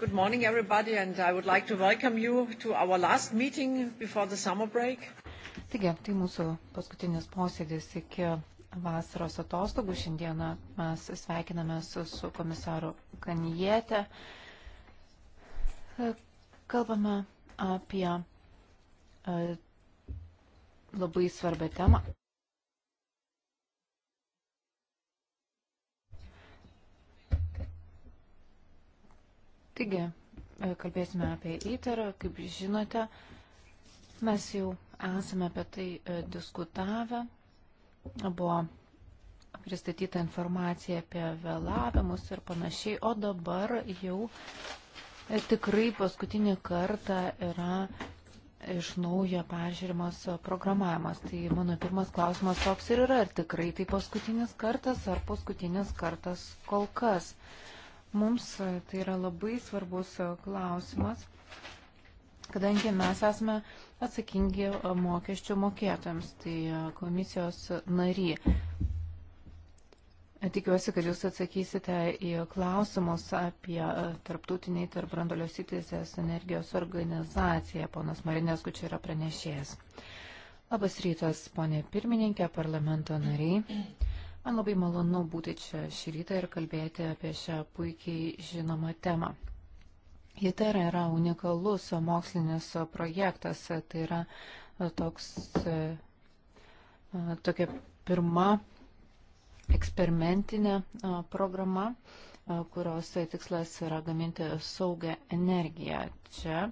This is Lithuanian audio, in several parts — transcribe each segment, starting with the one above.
Good morning, everybody, and I would like to welcome you to our last meeting before the summer break. Taigi, tai mūsų paskutinis posėdis iki vasaros atostogų. Šiandieną mes sveikiname su, su komisaru Kanijete. Kalbame apie e, labai svarbę temą. Taigi, e, kalbėsime apie įtarą. Kaip žinote, mes jau esame apie tai e, diskutavę. Buvo pristatyta informacija apie vėlavimus ir panašiai, o dabar jau e, tikrai paskutinį kartą yra iš naujo peržiūrimas programavimas. Tai mano pirmas klausimas toks ir yra, ar tikrai tai paskutinis kartas, ar paskutinis kartas kol kas. Uh, Mums e, tai yra labai svarbus e, klausimas, kadangi mes esame atsakingi e, mokesčių mokėtams, tai komisijos nary. Tikiuosi, kad jūs atsakysite į klausimus apie tarptautiniai tarp brandolio sitėsės energijos organizaciją. Ponas Marinesku čia yra pranešėjas. Labas rytas, ponė pirmininkė, parlamento nariai. Man labai malonu būti čia šį rytą ir kalbėti apie šią puikiai žinomą temą. ITER yra unikalus mokslinis projektas, tai yra e, toks, e, e, tokia pirma eksperimentinė programa, kurios tikslas yra gaminti saugę energiją. Čia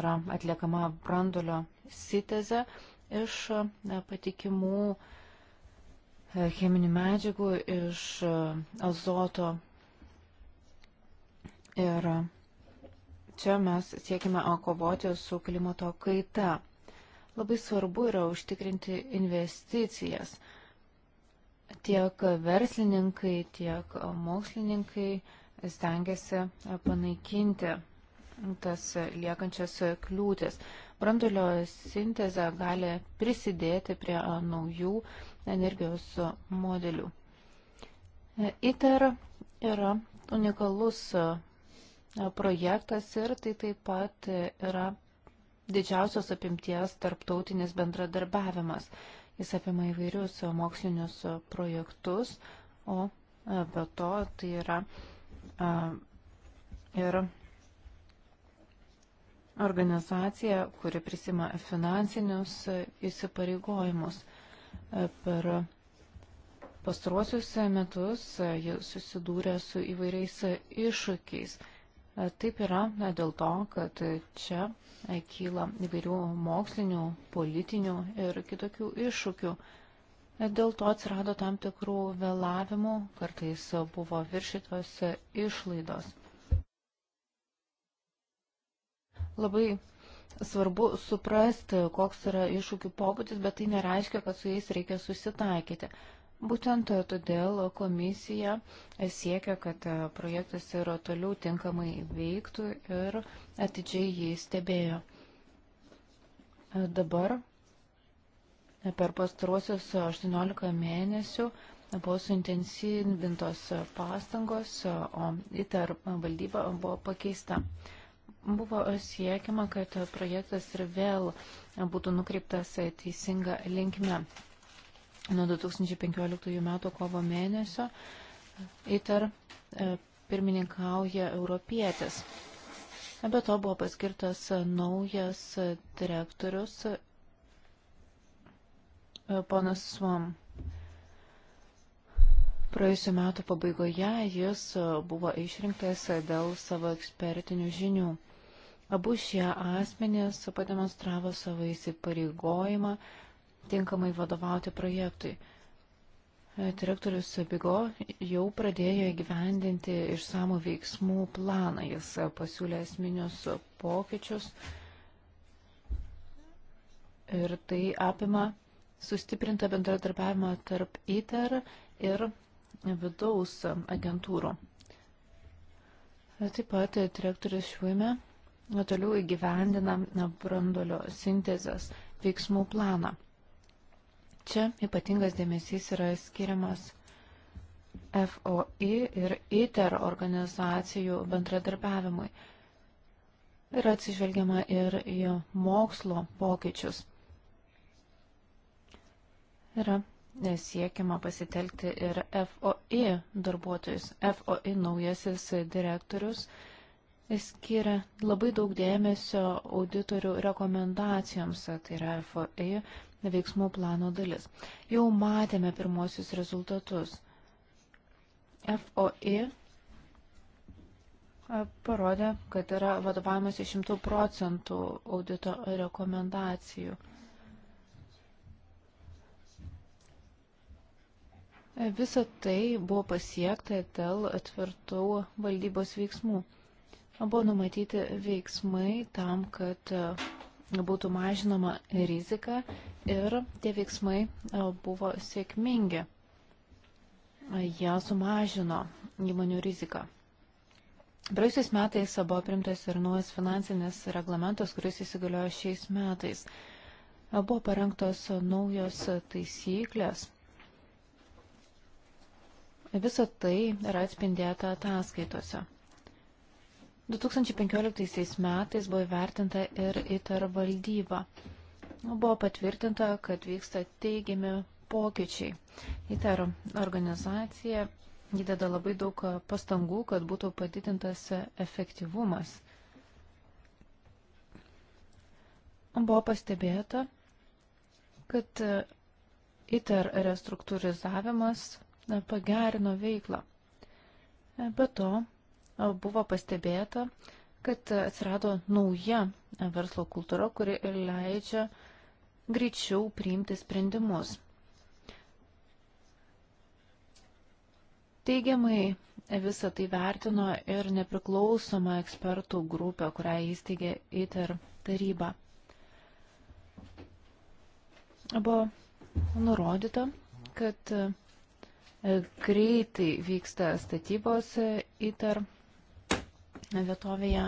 yra atliekama brandulio siteze iš patikimų E, cheminių medžiagų, iš e, azoto. Ir čia mes siekime kovoti su klimato kaita. Labai svarbu yra užtikrinti investicijas. Tiek verslininkai, tiek mokslininkai stengiasi panaikinti tas liekančias kliūtis. Brandulio sintezė gali prisidėti prie naujų energijos modelių. ITER yra unikalus e, projektas ir tai taip pat yra didžiausios apimties tarptautinis bendradarbiavimas. Jis apima įvairius mokslinius projektus, o e, be to tai yra e, ir organizacija, kuri prisima finansinius įsipareigojimus. Per pastaruosius metus e, ji susidūrė su įvairiais iššūkiais. E, taip yra e, dėl to, kad čia kyla įvairių mokslinių, politinių ir kitokių iššūkių. Dėl to atsirado tam tikrų vėlavimų, kartais buvo viršytos išlaidos. Labai Svarbu suprasti, koks yra iššūkių pobūdis, bet tai nereiškia, kad su jais reikia susitaikyti. Būtent todėl komisija siekia, kad projektas ir toliau tinkamai veiktų ir atidžiai jį stebėjo. Dabar per pastaruosius 18 mėnesių buvo suintensyvintos pastangos, o ITER valdyba buvo pakeista. Buvo siekiama, kad projektas ir vėl būtų nukreiptas teisinga linkme. Nuo 2015 m. kovo mėnesio ITER e, pirmininkauja europietis. Be to buvo paskirtas naujas direktorius e, ponas Svom. Praėjusiu metu pabaigoje jis buvo išrinktas dėl savo ekspertinių žinių. Abu šie asmenys pademonstravo savo įsipareigojimą tinkamai vadovauti projektui. Direktorius Bigo jau pradėjo įgyvendinti išsamų veiksmų planą. Jis pasiūlė esminius pokyčius ir tai apima sustiprintą bendradarbiavimą tarp ITER ir vidaus agentūrų. Taip pat direktorius Švime toliau įgyvendina brandolio sintezės veiksmų planą. Čia ypatingas dėmesys yra skiriamas FOI ir ITER organizacijų bendradarbiavimui. Yra atsižvelgiama ir į mokslo pokyčius. Yra siekiama pasitelkti ir FOI darbuotojus. FOI naujasis direktorius skiria labai daug dėmesio auditorių rekomendacijoms, tai yra FAI veiksmų plano dalis. Jau matėme pirmosius rezultatus. FOI parodė, kad yra vadovavimas 100 procentų audito rekomendacijų. Visa tai buvo pasiekta dėl atvirtų valdybos veiksmų buvo numatyti veiksmai tam, kad e, būtų mažinama rizika ir tie veiksmai e, buvo sėkmingi. E, jie sumažino įmonių riziką. Praėjusiais metais buvo primtas ir nuos finansinis reglamentas, kuris įsigaliojo šiais metais. Buvo parengtos naujos taisyklės. Visa tai yra atspindėta ataskaitose. 2015 metais buvo įvertinta ir ITER valdyba. Buvo patvirtinta, kad vyksta teigiami pokyčiai. ITER organizacija įdeda labai daug pastangų, kad būtų padidintas efektyvumas. Buvo pastebėta, kad ITER restruktūrizavimas pagerino veiklą. Be to, buvo pastebėta, kad atsirado nauja verslo kultūra, kuri leidžia greičiau priimti sprendimus. Teigiamai visą tai vertino ir nepriklausoma ekspertų grupė, kurią įsteigė ITER taryba. Buvo nurodyta, kad greitai vyksta statybos ITER taryba vietovėje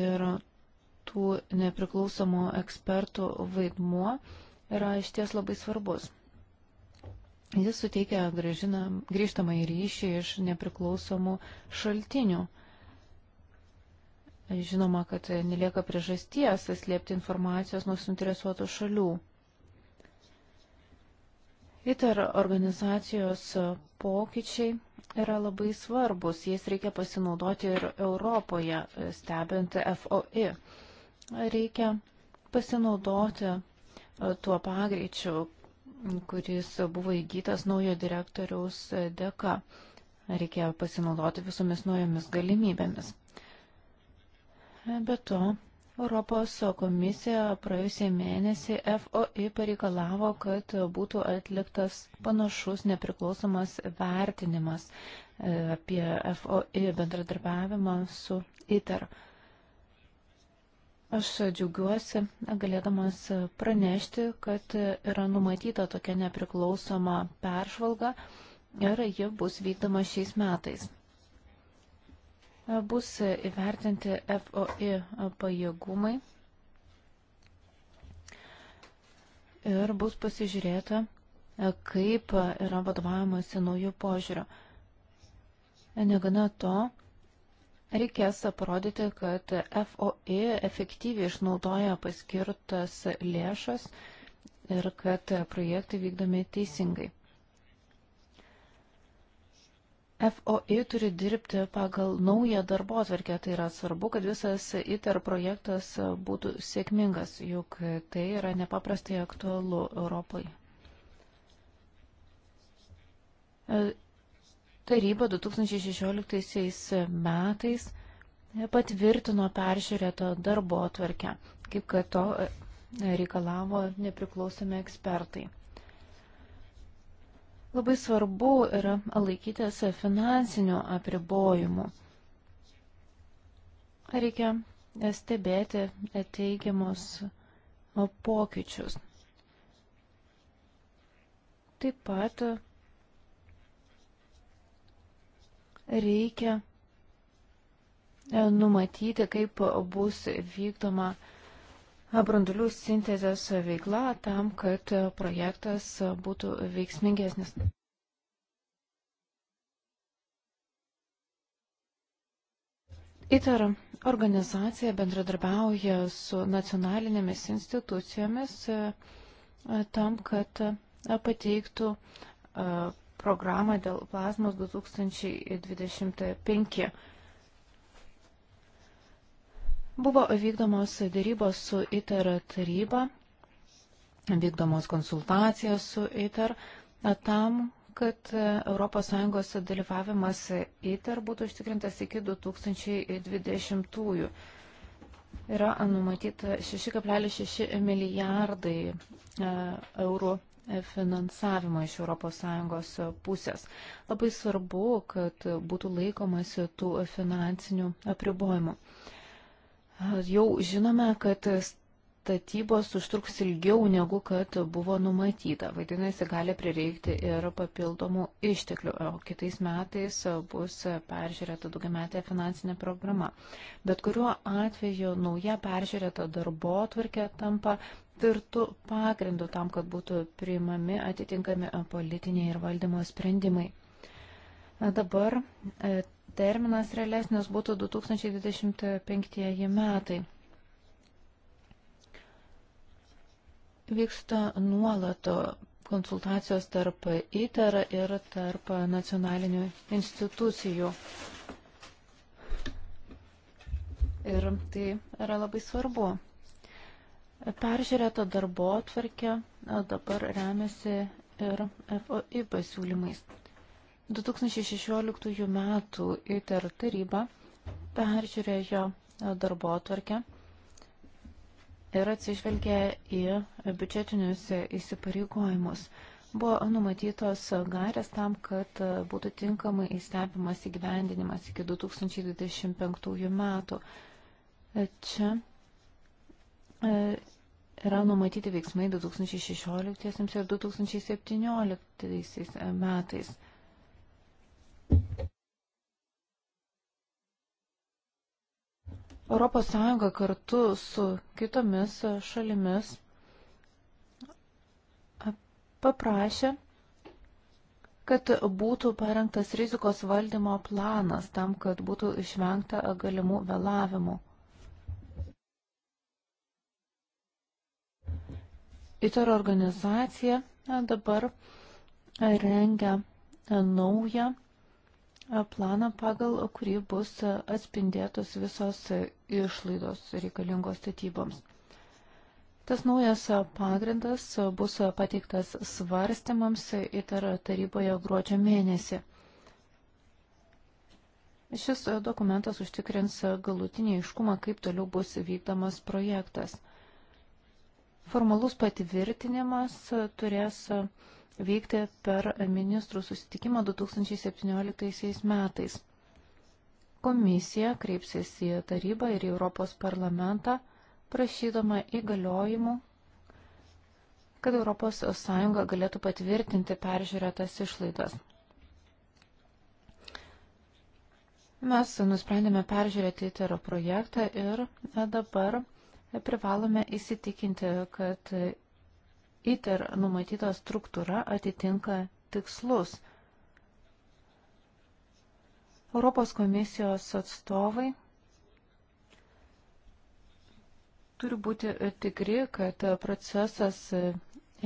ir tų nepriklausomų ekspertų vaidmuo yra iš ties labai svarbus. Jis suteikia grįžtamą į ryšį iš nepriklausomų šaltinių. Žinoma, kad nelieka priežasties slėpti informacijos nuo suinteresuotų šalių. ITER organizacijos pokyčiai yra labai svarbus. Jais reikia pasinaudoti ir Europoje, e, stebint FOI. Reikia pasinaudoti e, tuo pagreičiu, kuris buvo įgytas naujo direktoriaus dėka. Reikia pasinaudoti visomis naujomis galimybėmis. Be to, Europos komisija praėjusią mėnesį FOI pareikalavo, kad būtų atliktas panašus nepriklausomas vertinimas e, apie FOI bendradarbiavimą su ITER. Aš džiaugiuosi galėdamas pranešti, kad yra numatyta tokia nepriklausoma peržvalga ir ji bus vykdoma šiais metais bus įvertinti FOI pajėgumai ir bus pasižiūrėta, kaip yra vadovavimasi naujų požiūrių. Negana to, reikės parodyti, kad FOI efektyviai išnaudoja paskirtas lėšas ir kad projektai vykdomi teisingai. FOI turi dirbti pagal naują darbo atverkę, tai yra svarbu, kad visas ITER projektas būtų sėkmingas, juk tai yra nepaprastai aktualu Europai. E, taryba 2016 metais patvirtino peržiūrėtą darbo atverkę, kaip kad to reikalavo nepriklausomi ekspertai. Labai svarbu yra laikytis finansinių apribojimų. Reikia stebėti teigiamus pokyčius. Taip pat reikia numatyti, kaip bus vykdoma brandulių sintezės veikla tam, kad projektas būtų veiksmingesnis. ITER organizacija bendradarbiauja su nacionalinėmis institucijomis e, tam, kad e, pateiktų e, programą dėl plazmos 2025. Buvo vykdomos dėrybos su ITER taryba, vykdomos konsultacijos su ITER tam, kad ES dalyvavimas ITER būtų užtikrintas iki 2020-ųjų. Yra numatyta 6,6 milijardai e, eurų finansavimo iš ES pusės. Labai svarbu, kad būtų laikomasi tų finansinių apribojimų. Jau žinome, kad statybos užtruks ilgiau negu kad buvo numatyta. Vadinasi, gali prireikti ir papildomų išteklių, o kitais metais bus peržiūrėta daugiametė finansinė programa. Bet kuriuo atveju nauja peržiūrėta darbo tvarkė tampa tvirtų pagrindų tam, kad būtų priimami atitinkami politiniai ir valdymo sprendimai. Dabar e, terminas realesnis būtų 2025 metai. Vyksta nuolato konsultacijos tarp ITER ir tarp nacionalinių institucijų. Ir tai yra labai svarbu. Peržiūrėta darbo atvarkė dabar remiasi ir FOI pasiūlymais. 2016 m. ITER taryba peržiūrėjo e, darbo atvarkę ir atsižvelgė į biudžetinius įsipareigojimus. Buvo numatytos gairės tam, kad e, būtų tinkamai įstebimas įgyvendinimas iki 2025 metų. E, čia yra numatyti veiksmai 2016 ir 2017 metais. ES kartu su kitomis šalimis paprašė, kad būtų parengtas rizikos valdymo planas tam, kad būtų išvengta galimų vėlavimų. ITER organizacija dabar rengia naują planą, pagal kurį bus atspindėtos visos išlaidos reikalingos statyboms. Tas naujas pagrindas bus pateiktas svarstymams įtar taryboje gruodžio mėnesį. Šis dokumentas užtikrins galutinį iškumą, kaip toliau bus vykdomas projektas. Formalus patvirtinimas turės vykti per ministrų susitikimą 2017 metais. Komisija kreipsis į tarybą ir į Europos parlamentą, prašydama įgaliojimų, kad ES galėtų patvirtinti peržiūrėtas išlaidas. Mes nusprendėme peržiūrėti įtero projektą ir dabar privalome įsitikinti, kad ITER numatyta struktūra atitinka tikslus. Europos komisijos atstovai turi būti tikri, kad procesas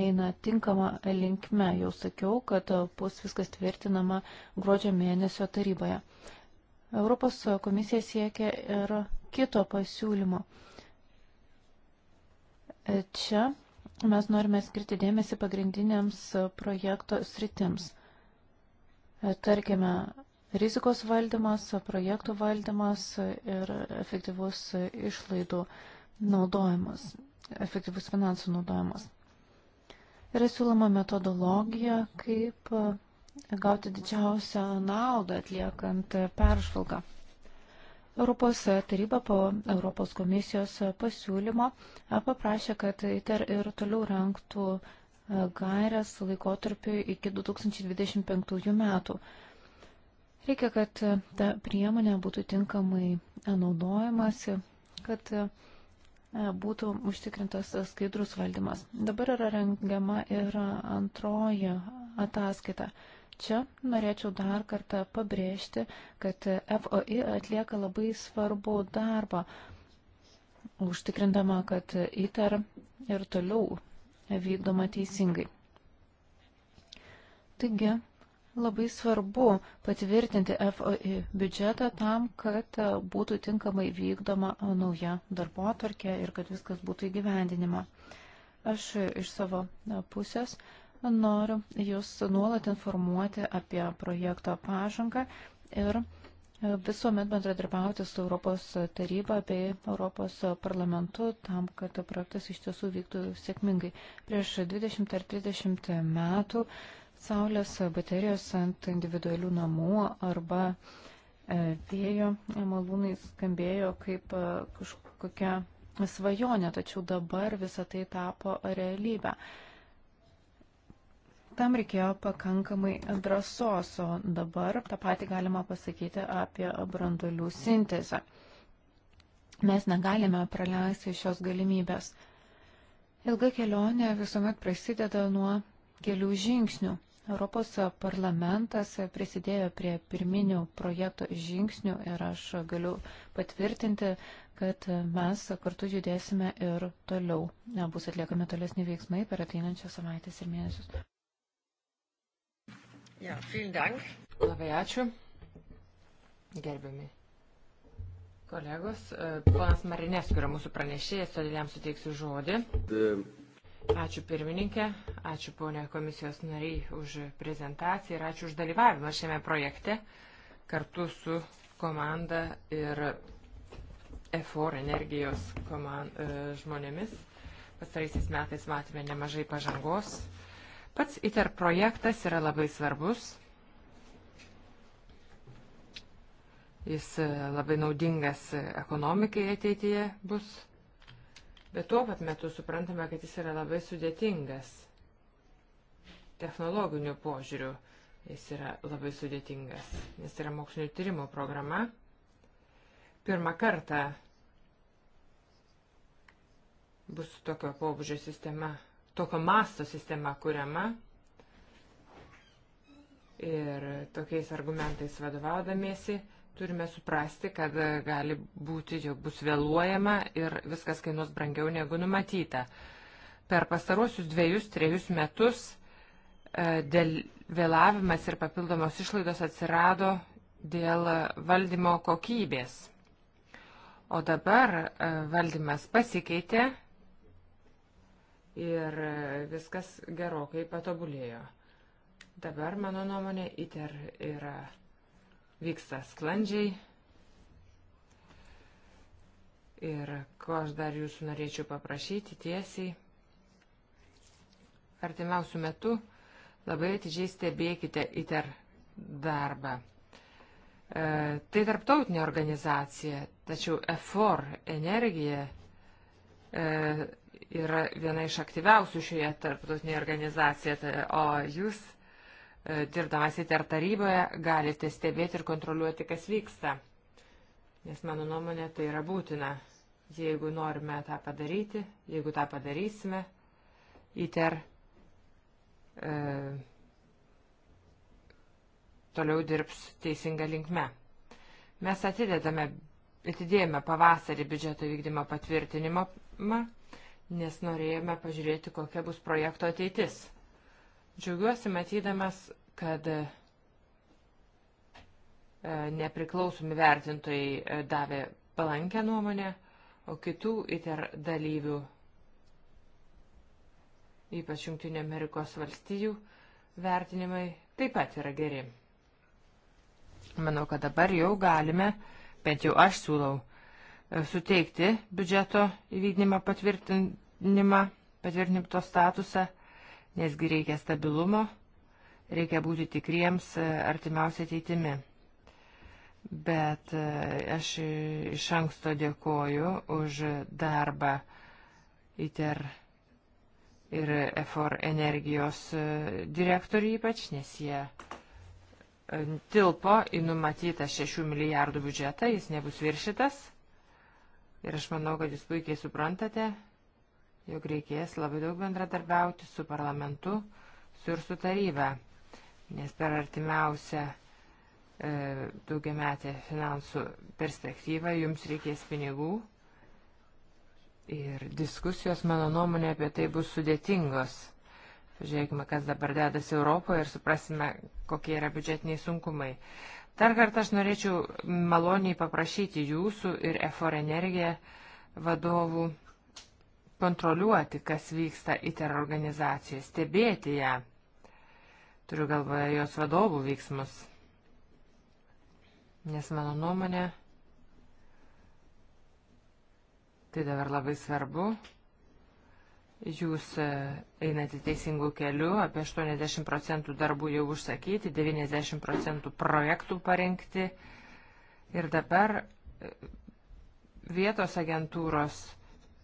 eina tinkama linkme. Jau sakiau, kad bus viskas tvirtinama gruodžio mėnesio taryboje. Europos komisija siekia ir kito pasiūlymo. Čia mes norime skirti dėmesį pagrindiniams e, projekto sritims. E, tarkime, rizikos valdymas, projektų valdymas ir efektyvus išlaidų naudojimas, efektyvus finansų naudojimas. Yra siūloma metodologija, kaip e, gauti didžiausią naudą atliekant peržvalgą. Europos taryba po Europos komisijos pasiūlymo paprašė, kad ITER ir toliau renktų e, gairias laikotarpiu iki 2025 metų. Reikia, kad e, ta priemonė būtų tinkamai e, naudojamasi, kad būtų užtikrintas skaidrus valdymas. Dabar yra rengiama ir antroji ataskaita. Čia norėčiau dar kartą pabrėžti, kad FOI atlieka labai svarbų darbą, užtikrindama, kad ITER ir toliau vykdoma teisingai. Taigi, labai svarbu patvirtinti FOI biudžetą tam, kad būtų tinkamai vykdoma nauja darbo atvarkė ir kad viskas būtų įgyvendinima. Aš iš savo pusės noriu Jūs nuolat informuoti apie projekto pažangą ir e, visuomet bendradarbiauti su Europos taryba bei Europos parlamentu tam, kad projektas iš tiesų vyktų sėkmingai. Prieš 20 ar 30 metų saulės baterijos ant individualių namų arba e, vėjo malūnai skambėjo kaip e, kažkokia svajonė, tačiau dabar visa tai tapo realybę. Tam reikėjo pakankamai drąsos, o dabar tą patį galima pasakyti apie brandolių sintezę. Mes negalime praleisti šios galimybės. Ilga kelionė visuomet prasideda nuo kelių žingsnių. Europos parlamentas prisidėjo prie pirminių projekto žingsnių ir aš galiu patvirtinti, kad mes kartu judėsime ir toliau. Bus atliekami tolesni veiksmai per ateinančias savaitės ir mėnesius. Ja, vielen Dank. Labai ačiū. Gerbiami kolegos. E, ponas Marinesku yra mūsų pranešėjas, todėl jam suteiksiu žodį. Ačiū pirmininkė, ačiū ponė komisijos nariai už prezentaciją ir ačiū už dalyvavimą šiame projekte kartu su komanda ir EFOR energijos koman, e, žmonėmis. Pastaraisiais metais matėme nemažai pažangos Pats ITER projektas yra labai svarbus. Jis e, labai naudingas e, ekonomikai ateityje bus. Bet tuo pat metu suprantame, kad jis yra labai sudėtingas. Technologiniu požiūriu jis yra labai sudėtingas, nes yra mokslinio tyrimo programa. Pirmą kartą bus tokio pobūdžio sistema tokio masto sistema kuriama. Ir tokiais argumentais vadovaudamiesi turime suprasti, kad gali būti, jog bus vėluojama ir viskas kainuos brangiau negu numatyta. Per pastaruosius dviejus, trejus metus e, dėl vėlavimas ir papildomos išlaidos atsirado dėl valdymo kokybės. O dabar e, valdymas pasikeitė ir viskas gerokai patobulėjo. Dabar, mano nuomonė, ITER yra vyksta sklandžiai. Ir ko aš dar jūsų norėčiau paprašyti tiesiai, artimiausių metų labai atidžiai stebėkite ITER darbą. E, tai tarptautinė organizacija, tačiau EFOR energija e, yra viena iš aktyviausių šioje tarptautinėje organizacijoje, tai, o jūs, e, dirbdamas įter taryboje, galite stebėti ir kontroliuoti, kas vyksta. Nes mano nuomonė tai yra būtina. Jeigu norime tą padaryti, jeigu tą padarysime, įter e, toliau dirbs teisinga linkme. Mes atidedame, atidėjome pavasarį biudžeto vykdymo patvirtinimą nes norėjome pažiūrėti, kokia bus projekto ateitis. Džiaugiuosi matydamas, kad e, nepriklausomi vertintojai e, davė palankę nuomonę, o kitų ITER dalyvių, ypač Junktinio Amerikos valstijų, vertinimai taip pat yra geri. Manau, kad dabar jau galime, bent jau aš siūlau, suteikti biudžeto įvykdymą patvirtinimą, patvirtinimto statusą, nesgi reikia stabilumo, reikia būti tikriems e, artimiausia ateitimi. Bet e, aš iš anksto dėkoju už darbą ITER ir EFOR energijos e, direktorių ypač, nes jie tilpo į numatytą 6 milijardų biudžetą, jis nebus viršytas. Ir aš manau, kad jūs puikiai suprantate, jog reikės labai daug bendradarbiauti su parlamentu, su ir su taryba, nes per artimiausią e, daugiametę finansų perspektyvą jums reikės pinigų ir diskusijos, mano nuomonė, apie tai bus sudėtingos. Pažiūrėkime, kas dabar dedasi Europoje ir suprasime, kokie yra biudžetiniai sunkumai. Dar kartą aš norėčiau maloniai paprašyti jūsų ir EFOR energiją vadovų kontroliuoti, kas vyksta ITER organizacijoje, stebėti ją. Turiu galvoje jos vadovų veiksmus. Nes mano nuomonė, tai dabar labai svarbu, Jūs e, einate teisingų kelių, apie 80 procentų darbų jau užsakyti, 90 procentų projektų parengti. Ir dabar e, vietos agentūros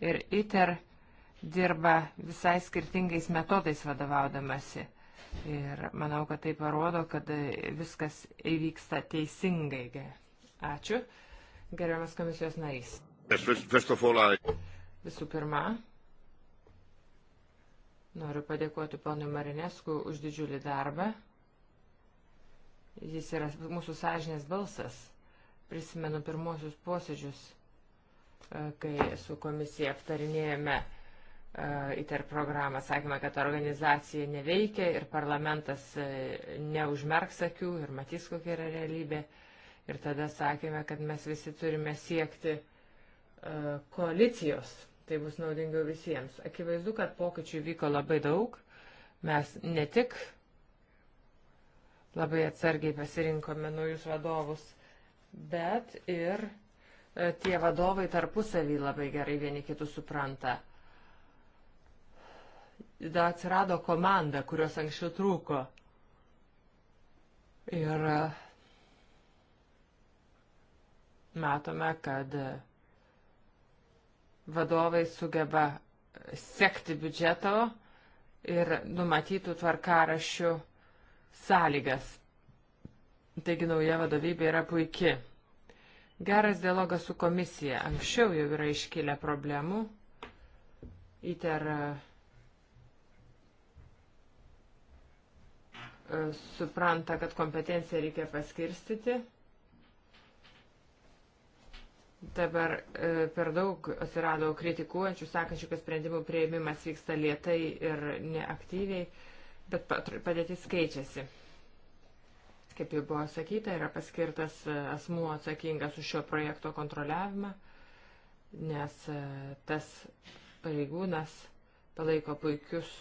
ir ITER dirba visai skirtingais metodais vadovaudamasi. Ir manau, kad tai parodo, kad e, viskas įvyksta teisingai. Ačiū. Gerbiamas komisijos narys. Visų pirma, Noriu padėkoti ponui Marinesku už didžiulį darbą. Jis yra mūsų sąžinės balsas. Prisimenu pirmosius posėdžius, e, kai su komisija aptarinėjome e, ITER programą. Sakėme, kad organizacija neveikia ir parlamentas e, neužmerks akių ir matys, kokia yra realybė. Ir tada sakėme, kad mes visi turime siekti koalicijos Tai bus naudingiau visiems. Akivaizdu, kad pokyčių vyko labai daug. Mes ne tik labai atsargiai pasirinkome naujus vadovus, bet ir e, tie vadovai tarpusavį labai gerai vieni kitus supranta. Da atsirado komanda, kurios anksčiau trūko. Ir e, matome, kad e, vadovai sugeba sekti biudžeto ir numatytų tvarkarašių sąlygas. Taigi nauja vadovybė yra puiki. Geras dialogas su komisija. Anksčiau jau yra iškilę problemų. ITER e, supranta, kad kompetenciją reikia paskirstyti. Dabar e, per daug atsirado kritikuojančių, sakančių, kad sprendimų prieimimas vyksta lietai ir neaktyviai, bet padėtis keičiasi. Kaip jau buvo sakyta, yra paskirtas e, asmuo atsakingas už šio projekto kontroliavimą, nes e, tas pareigūnas palaiko puikius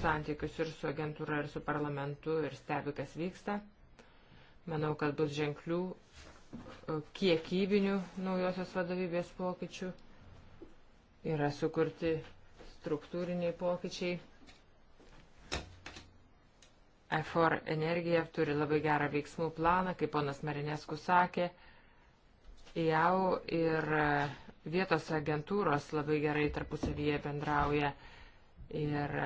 santykius ir su agentūra, ir su parlamentu, ir stebi, kas vyksta. Manau, kad bus ženklių kiekybinių naujosios vadovybės pokyčių, yra sukurti struktūriniai pokyčiai. EFOR energija turi labai gerą veiksmų planą, kaip ponas Marinesku sakė. IAU ir vietos agentūros labai gerai tarpusavyje bendrauja ir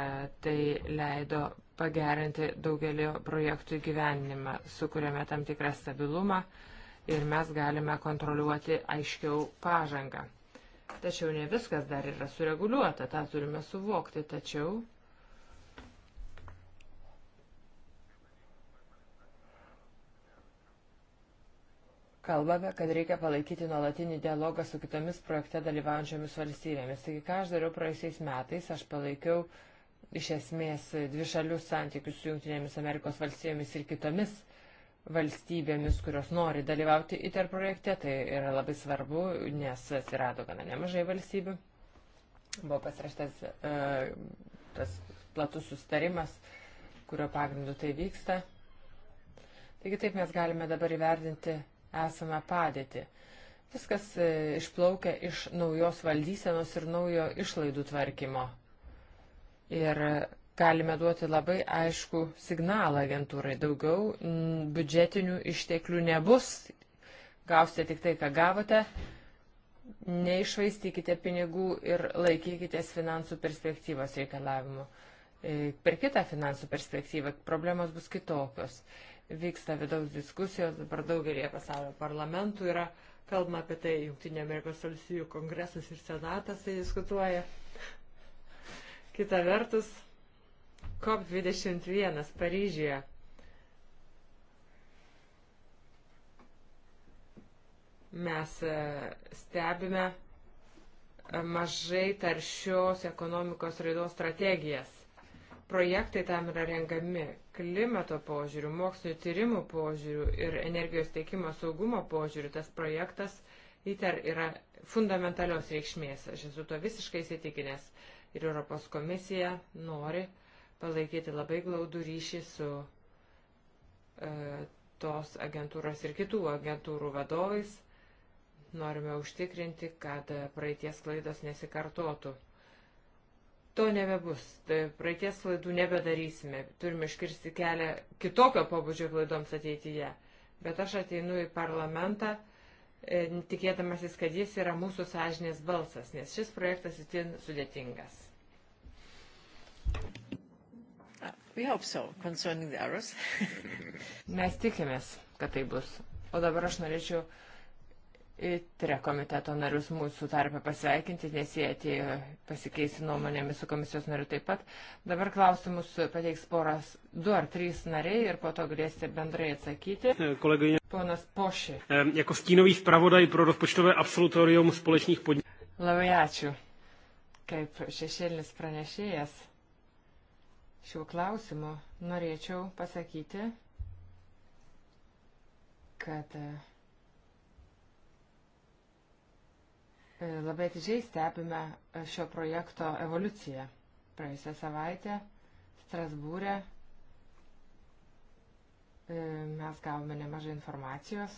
tai leido pagerinti daugelio projektų įgyvenimą, sukūrėme tam tikrą stabilumą. Uh, ir mes galime kontroliuoti aiškiau pažangą. Tačiau ne viskas dar yra sureguliuota, tą turime suvokti, tačiau kalbame, kad reikia palaikyti nuolatinį dialogą su kitomis projekte dalyvaujančiomis valstybėmis. Taigi, ką aš dariau praėjusiais metais, aš palaikiau iš esmės dvišalius santykius su Junktinėmis Amerikos valstybėmis ir kitomis valstybėmis, kurios nori dalyvauti ITER projekte. Tai yra labai svarbu, nes atsirado gana nemažai valstybių. Buvo pasiraštas e, tas platus sustarimas, kurio pagrindu tai vyksta. Taigi taip mes galime dabar įvertinti esamą padėtį. Viskas e, išplaukia iš naujos valdysenos ir naujo išlaidų tvarkymo. Ir galime duoti labai aišku signalą agentūrai. Daugiau m, mm, biudžetinių išteklių nebus. Gausite tik tai, ką gavote. Neišvaistykite pinigų ir laikykitės finansų perspektyvos reikalavimų. E, per kitą finansų perspektyvą problemos bus kitokios. Vyksta vidaus diskusijos, dabar daugelie pasaulio parlamentų yra kalbama apie tai, Junktinė Amerikos valstybių kongresas ir senatas tai diskutuoja. Kita vertus, COP21 Paryžiuje. Mes e, stebime e, mažai taršios ekonomikos raidos strategijas. Projektai tam yra rengami klimato požiūrių, mokslinio tyrimų požiūrių ir energijos teikimo saugumo požiūrių. Tas projektas ITER yra fundamentalios reikšmės. Aš esu to visiškai įsitikinęs. Ir Europos komisija nori, uh, palaikyti labai glaudų ryšį su e, tos agentūros ir kitų agentūrų vadovais. Norime užtikrinti, kad praeities klaidos nesikartotų. To nebebus. Tai praeities klaidų nebedarysime. Turime iškirsti kelią kitokio pobūdžio klaidoms ateityje. Bet aš ateinu į parlamentą, e, tikėdamasis, kad jis yra mūsų sąžinės balsas, nes šis projektas itin sudėtingas. Thank you. We hope so, concerning the errors. Mes tikimės, kad tai bus. O dabar aš norėčiau į tre komiteto narius mūsų tarpę pasveikinti, nes jie atėjo pasikeisti nuomonėmis su komisijos nariu taip pat. Dabar klausimus pateiks poras du ar trys nariai ir po to galėsite bendrai atsakyti. E, kolegai. Ponas Poši. E, jako stínový zpravodaj pro rozpočtové absolutorium společných podniků. Labai ačiū. Kaip šešėlinis pranešėjas šiuo klausimu, norėčiau pasakyti, kad e, e, labai atidžiai stebime e, šio projekto evoliuciją. Praėjusią savaitę Strasbūrė mes gavome nemažai informacijos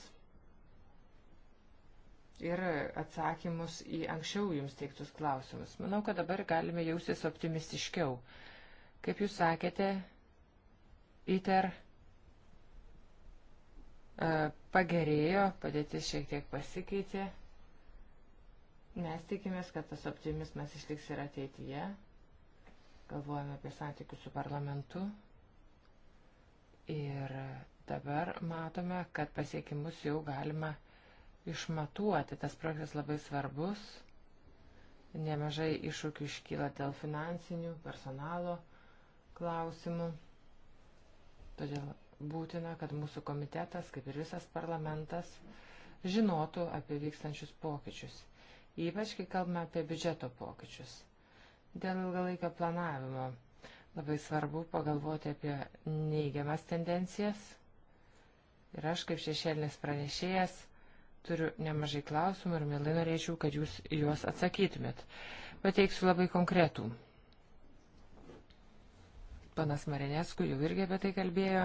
ir atsakymus į anksčiau jums teiktus klausimus. Manau, kad dabar galime jausis optimistiškiau. Kaip jūs sakėte, ITER e, pagerėjo, padėtis šiek tiek pasikeitė. Mes tikimės, kad tas optimizmas išliks ir ateityje. Galvojame apie santykius su parlamentu. Ir dabar matome, kad pasiekimus jau galima išmatuoti. Tas projektas labai svarbus. Nemažai iššūkių iškyla dėl finansinių, personalo klausimų. Todėl būtina, kad mūsų komitetas, kaip ir visas parlamentas, žinotų apie vykstančius pokyčius, ypač kai kalbame apie biudžeto pokyčius. Dėl ilgalaikio planavimo labai svarbu pagalvoti apie neigiamas tendencijas. Ir aš kaip šešėlinis pranešėjas turiu nemažai klausimų ir mielai norėčiau, kad jūs juos atsakytumėt. Pateiksiu labai konkretų Panas Marinesku jau irgi apie tai kalbėjo.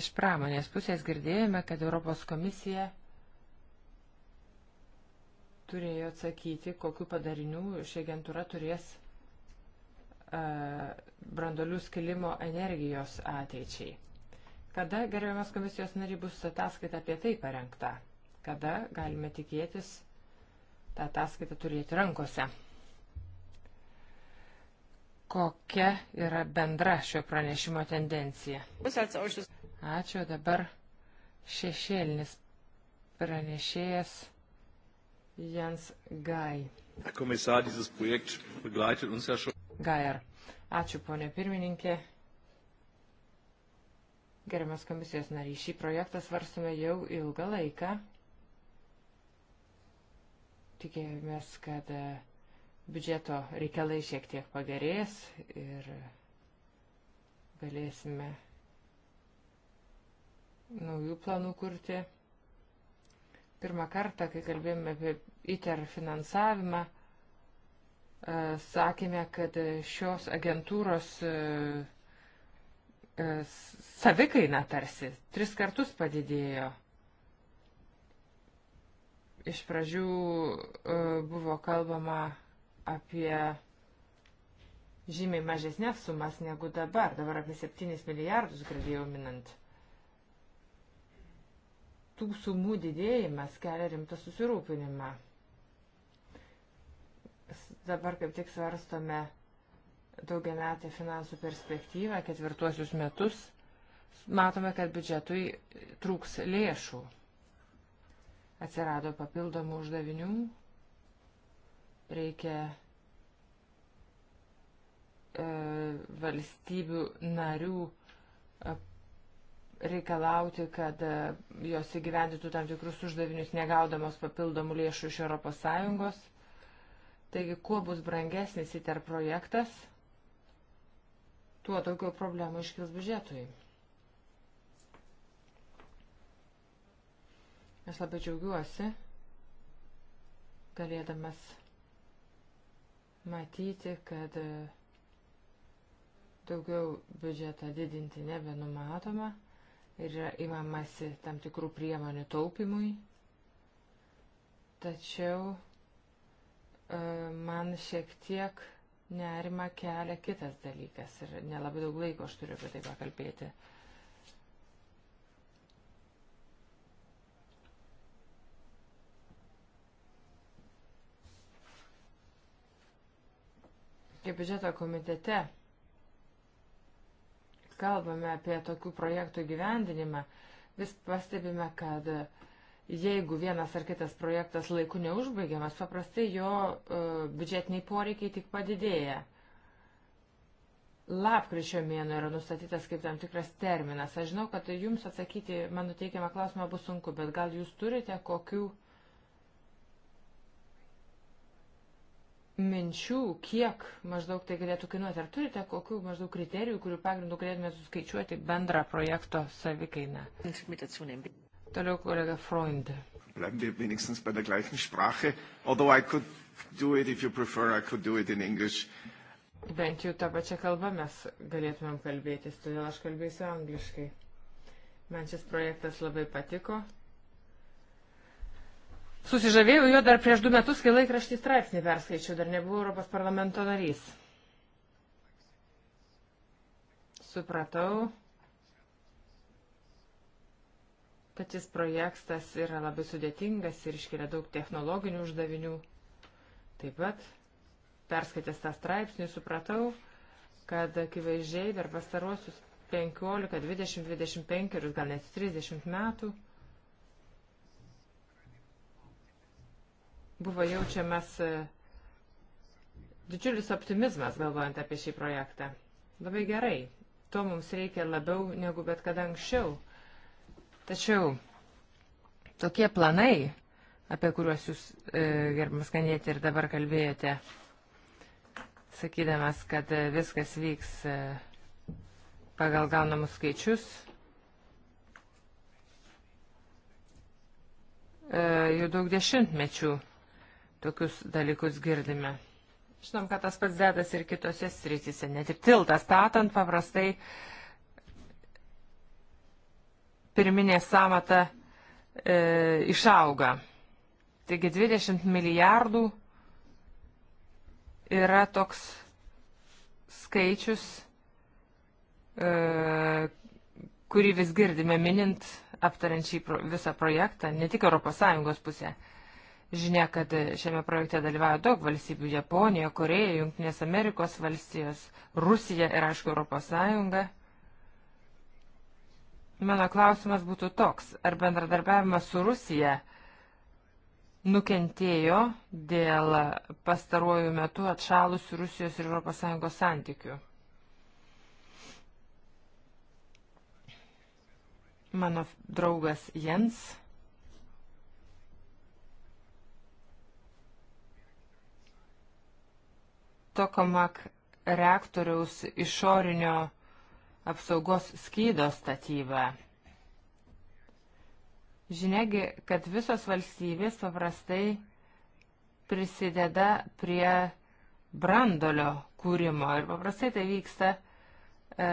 Iš pramonės pusės girdėjome, kad Europos komisija turėjo atsakyti, kokiu padariniu ši agentūra turės e, brandolių skilimo energijos ateičiai. Kada gerbiamas komisijos nariai bus ataskaita apie tai parengta? Kada galime tikėtis tą ataskaitą turėti rankose? kokia yra bendra šio pranešimo tendencija. Ačiū, dabar šešėlinis pranešėjas Jens Gai. Gair. Ačiū, ponė pirmininkė. Gerbiamas komisijos narys, šį projektą svarstume jau ilgą laiką. Tikėjomės, kad uh, biudžeto reikalai šiek tiek pagerės ir galėsime naujų planų kurti. Pirmą kartą, kai kalbėjome apie ITER finansavimą, e, sakėme, kad šios agentūros e, e, savikaina tarsi tris kartus padidėjo. Iš pradžių buvo kalbama apie žymiai mažesnės sumas negu dabar, dabar apie 7 milijardus girdėjau minant. Tų sumų didėjimas kelia rimtą susirūpinimą. Dabar kaip tik svarstome daugiametę finansų perspektyvą, ketvirtuosius metus, matome, kad biudžetui trūks lėšų. Atsirado papildomų uždavinių, Reikia e, valstybių narių e, reikalauti, kad e, jos įgyvendytų tam tikrus uždavinius negaudamos papildomų lėšų iš ES. Taigi, kuo bus brangesnis įter projektas, tuo daugiau problemų iškils biudžetui. Aš labai džiaugiuosi, galėdamas matyti, kad e, daugiau biudžetą didinti nebenumatoma ir yra imamasi tam tikrų priemonių taupimui. Tačiau e, man šiek tiek nerima kelia kitas dalykas ir nelabai daug laiko aš turiu apie tai pakalbėti. Kaip biudžeto komitete kalbame apie tokių projektų gyvendinimą, vis pastebime, kad jeigu vienas ar kitas projektas laiku neužbaigiamas, paprastai jo uh, biudžetiniai poreikiai tik padidėja. Lapkričio mėno yra nustatytas kaip tam tikras terminas. Aš žinau, kad jums atsakyti mano teikiamą klausimą bus sunku, bet gal jūs turite kokių uh, minčių, kiek maždaug tai galėtų kainuoti? Ar turite kokių maždaug kriterijų, kurių pagrindų galėtume suskaičiuoti bendrą projekto savikainą? Toliau kolega Freund. Bleiben wir wenigstens bei der gleichen Sprache, although I could do it if you prefer, I could do it in English. Bent jau tą pačią kalbą mes galėtumėm kalbėtis, todėl aš kalbėsiu angliškai. Man šis projektas labai patiko, Susižavėjau jo dar prieš du metus, kai laikraštį straipsnį perskaičiau, dar nebuvau Europos parlamento narys. Supratau, kad jis projektas yra labai sudėtingas ir iškelia daug technologinių uždavinių. Taip pat, perskaitęs tą straipsnį, supratau, kad akivaizdžiai per pastaruosius 15, 20, 25, gal net 30 metų buvo jaučiamas e, didžiulis optimizmas galvojant apie šį projektą. Labai gerai. To mums reikia labiau negu bet kada anksčiau. Tačiau tokie planai, apie kuriuos jūs, e, gerbimas kanėti, ir dabar kalbėjote, sakydamas, kad e, viskas vyks e, pagal gaunamus skaičius, e, jau daug dešimtmečių tokius dalykus girdime. Žinom, kad tas pats dedas ir kitose srityse, net ir tiltą statant paprastai pirminė samata e, išauga. Taigi 20 milijardų yra toks skaičius, e, kurį vis girdime minint, aptariant šį pro, visą projektą, ne tik ES pusė. E, Žinia, kad šiame projekte dalyvauja daug valstybių - Japonija, Koreja, Junktinės Amerikos valstijos, Rusija ir, aišku, Europos Sąjunga. Mano klausimas būtų toks, ar bendradarbiavimas su Rusija nukentėjo dėl pastaruoju metu atšalusių Rusijos ir Europos Sąjungos santykių? Mano draugas Jens Tokamak reaktoriaus išorinio apsaugos skydo statybą. Žinegi, kad visos valstybės paprastai prisideda prie brandolio kūrimo ir paprastai tai vyksta e,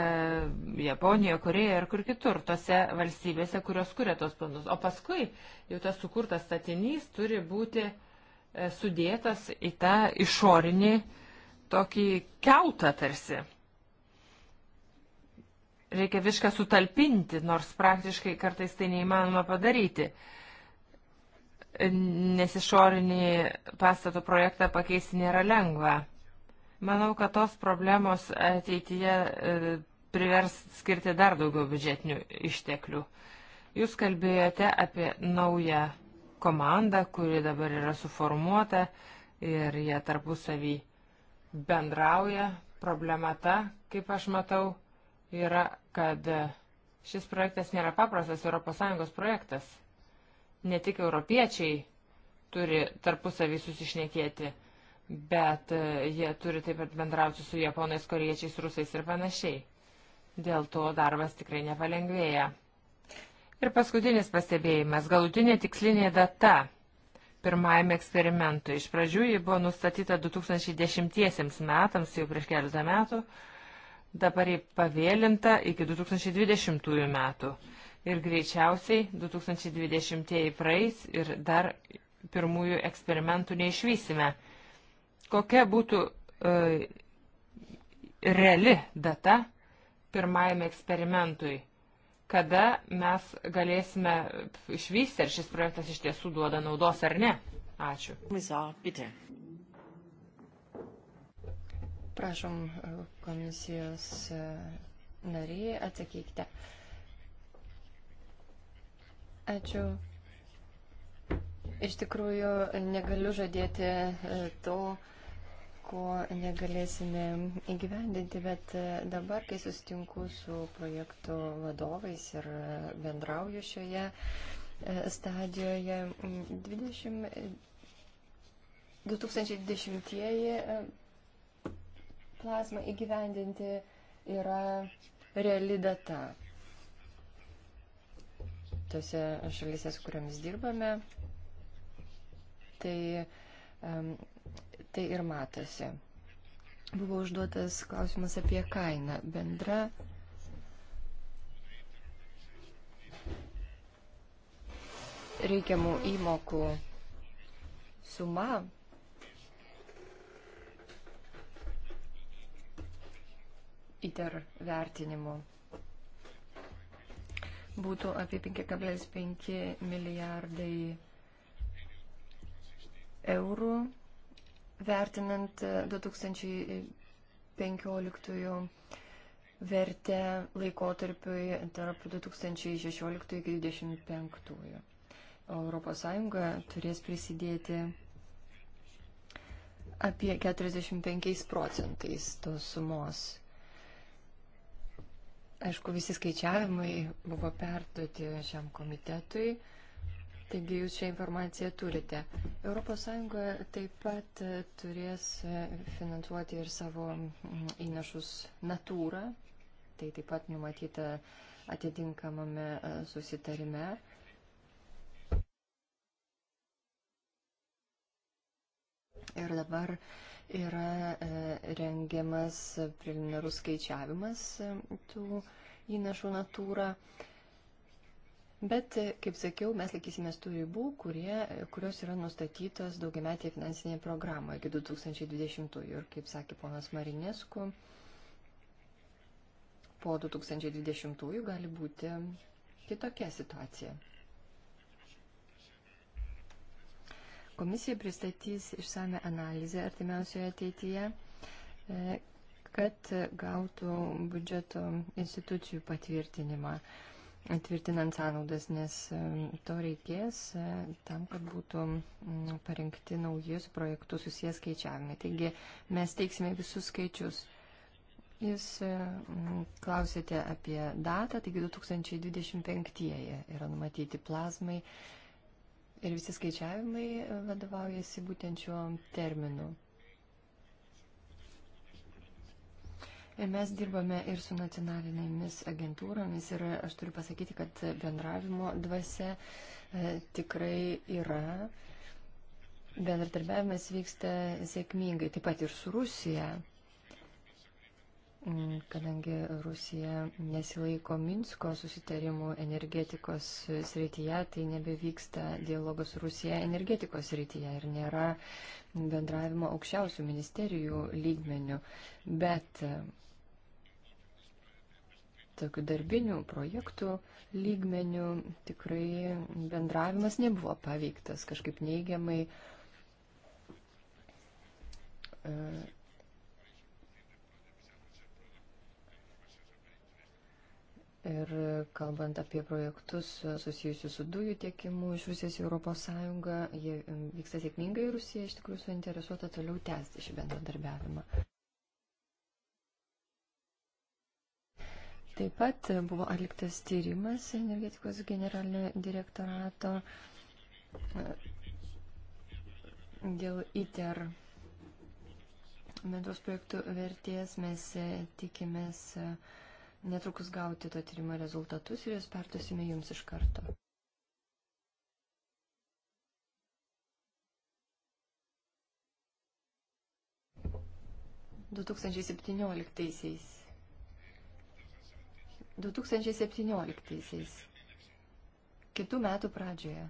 Japonijoje, Korejoje ir kur kitur, tose valstybėse, kurios kuria tos planus. O paskui jau tas sukurtas statinys turi būti e, sudėtas į tą išorinį uh, tokį keutą tarsi. Reikia viską sutalpinti, nors praktiškai kartais tai neįmanoma padaryti. Nes išorinį pastato projektą pakeisti nėra lengva. Manau, kad tos problemos ateityje e, privers skirti dar daugiau biudžetinių išteklių. Jūs kalbėjote apie naują komandą, kuri dabar yra suformuota ir jie tarpusavį bendrauja. Problema ta, kaip aš matau, yra, kad šis projektas nėra paprastas ES projektas. Ne tik europiečiai turi tarpusavį susišnekėti, bet e, jie turi taip pat bendrauti su japonais, koriečiais, rusais ir panašiai. Dėl to darbas tikrai nepalengvėja. Ir paskutinis pastebėjimas - galutinė tikslinė data pirmajam eksperimentui. Iš pradžių ji buvo nustatyta 2010 metams, jau prieš keletą metų, dabar ji pavėlinta iki 2020 metų. Ir greičiausiai 2020 praeis ir dar pirmųjų eksperimentų neišvysime. Kokia būtų e, reali data pirmajam eksperimentui? kada mes galėsime išvysti, ar šis projektas iš tiesų duoda naudos ar ne. Ačiū. Prašom komisijos e, nariai atsakykite. Ačiū. Iš tikrųjų, negaliu žadėti e, to, ko negalėsime įgyvendinti, bet e, dabar, kai sustinku su projektų vadovais ir bendrauju šioje e, stadijoje, 20, 2020 plazmą įgyvendinti yra reali data. Tose šalyse, su kuriamis dirbame, tai um, tai ir matosi. Buvo užduotas klausimas apie kainą. Bendra reikiamų įmokų suma įter vertinimu būtų apie 5,5 milijardai eurų vertinant 2015 vertę laikotarpiui tarp 2016 iki 2025. Europos Sąjunga turės prisidėti apie 45 procentais tos sumos. Aišku, visi skaičiavimai buvo perduoti šiam komitetui. Taigi jūs šią informaciją turite. ES taip pat e, turės e, finansuoti ir savo įnašus natūrą. Tai taip pat numatyta atitinkamame e, susitarime. Ir dabar yra rengiamas preliminarus skaičiavimas tų įnašų natūrą. Bet, e, kaip sakiau, mes laikysimės tų ribų, kurie, e, kurios yra nustatytos daugiametėje finansinėje programoje iki 2020. Ir, kaip sakė ponas Marinesku, po 2020 gali būti kitokia situacija. Komisija pristatys išsame analizę artimiausioje ateityje, e, kad gautų biudžeto institucijų patvirtinimą tvirtinant sąnaudas, nes to reikės e, tam, kad būtų parengti naujus projektus susijęs skaičiavimai. Taigi mes teiksime visus skaičius. Jūs e, klausėte apie datą, taigi 2025-ieji yra numatyti plazmai ir visi skaičiavimai e, vadovaujasi būtent šiuo terminu. Ir mes dirbame ir su nacionalinėmis agentūromis ir aš turiu pasakyti, kad bendravimo dvasia e, tikrai yra. Bendradarbiavimas vyksta sėkmingai, taip pat ir su Rusija, mm, kadangi Rusija nesilaiko Minsko susitarimų energetikos srityje, tai nebevyksta dialogas su Rusija energetikos srityje ir nėra bendravimo aukščiausių ministerijų lygmenių. Bet tokių darbinių projektų lygmenių tikrai bendravimas nebuvo paveiktas kažkaip neigiamai. Ir kalbant apie projektus susijusius su dujų tiekimu iš Rusijos į Europos Sąjungą, jie vyksta sėkmingai ir Rusija iš tikrųjų suinteresuota toliau tęsti šį bendradarbiavimą. Taip pat buvo atliktas tyrimas energetikos generalinio direktorato e, dėl ITER bendros projektų vertės. Mes e, tikimės e, netrukus gauti to tyrimo rezultatus ir juos pertusime jums iš karto. Du tūkstančiai septynioliktaisiais 2017-aisiais, kitų metų pradžioje.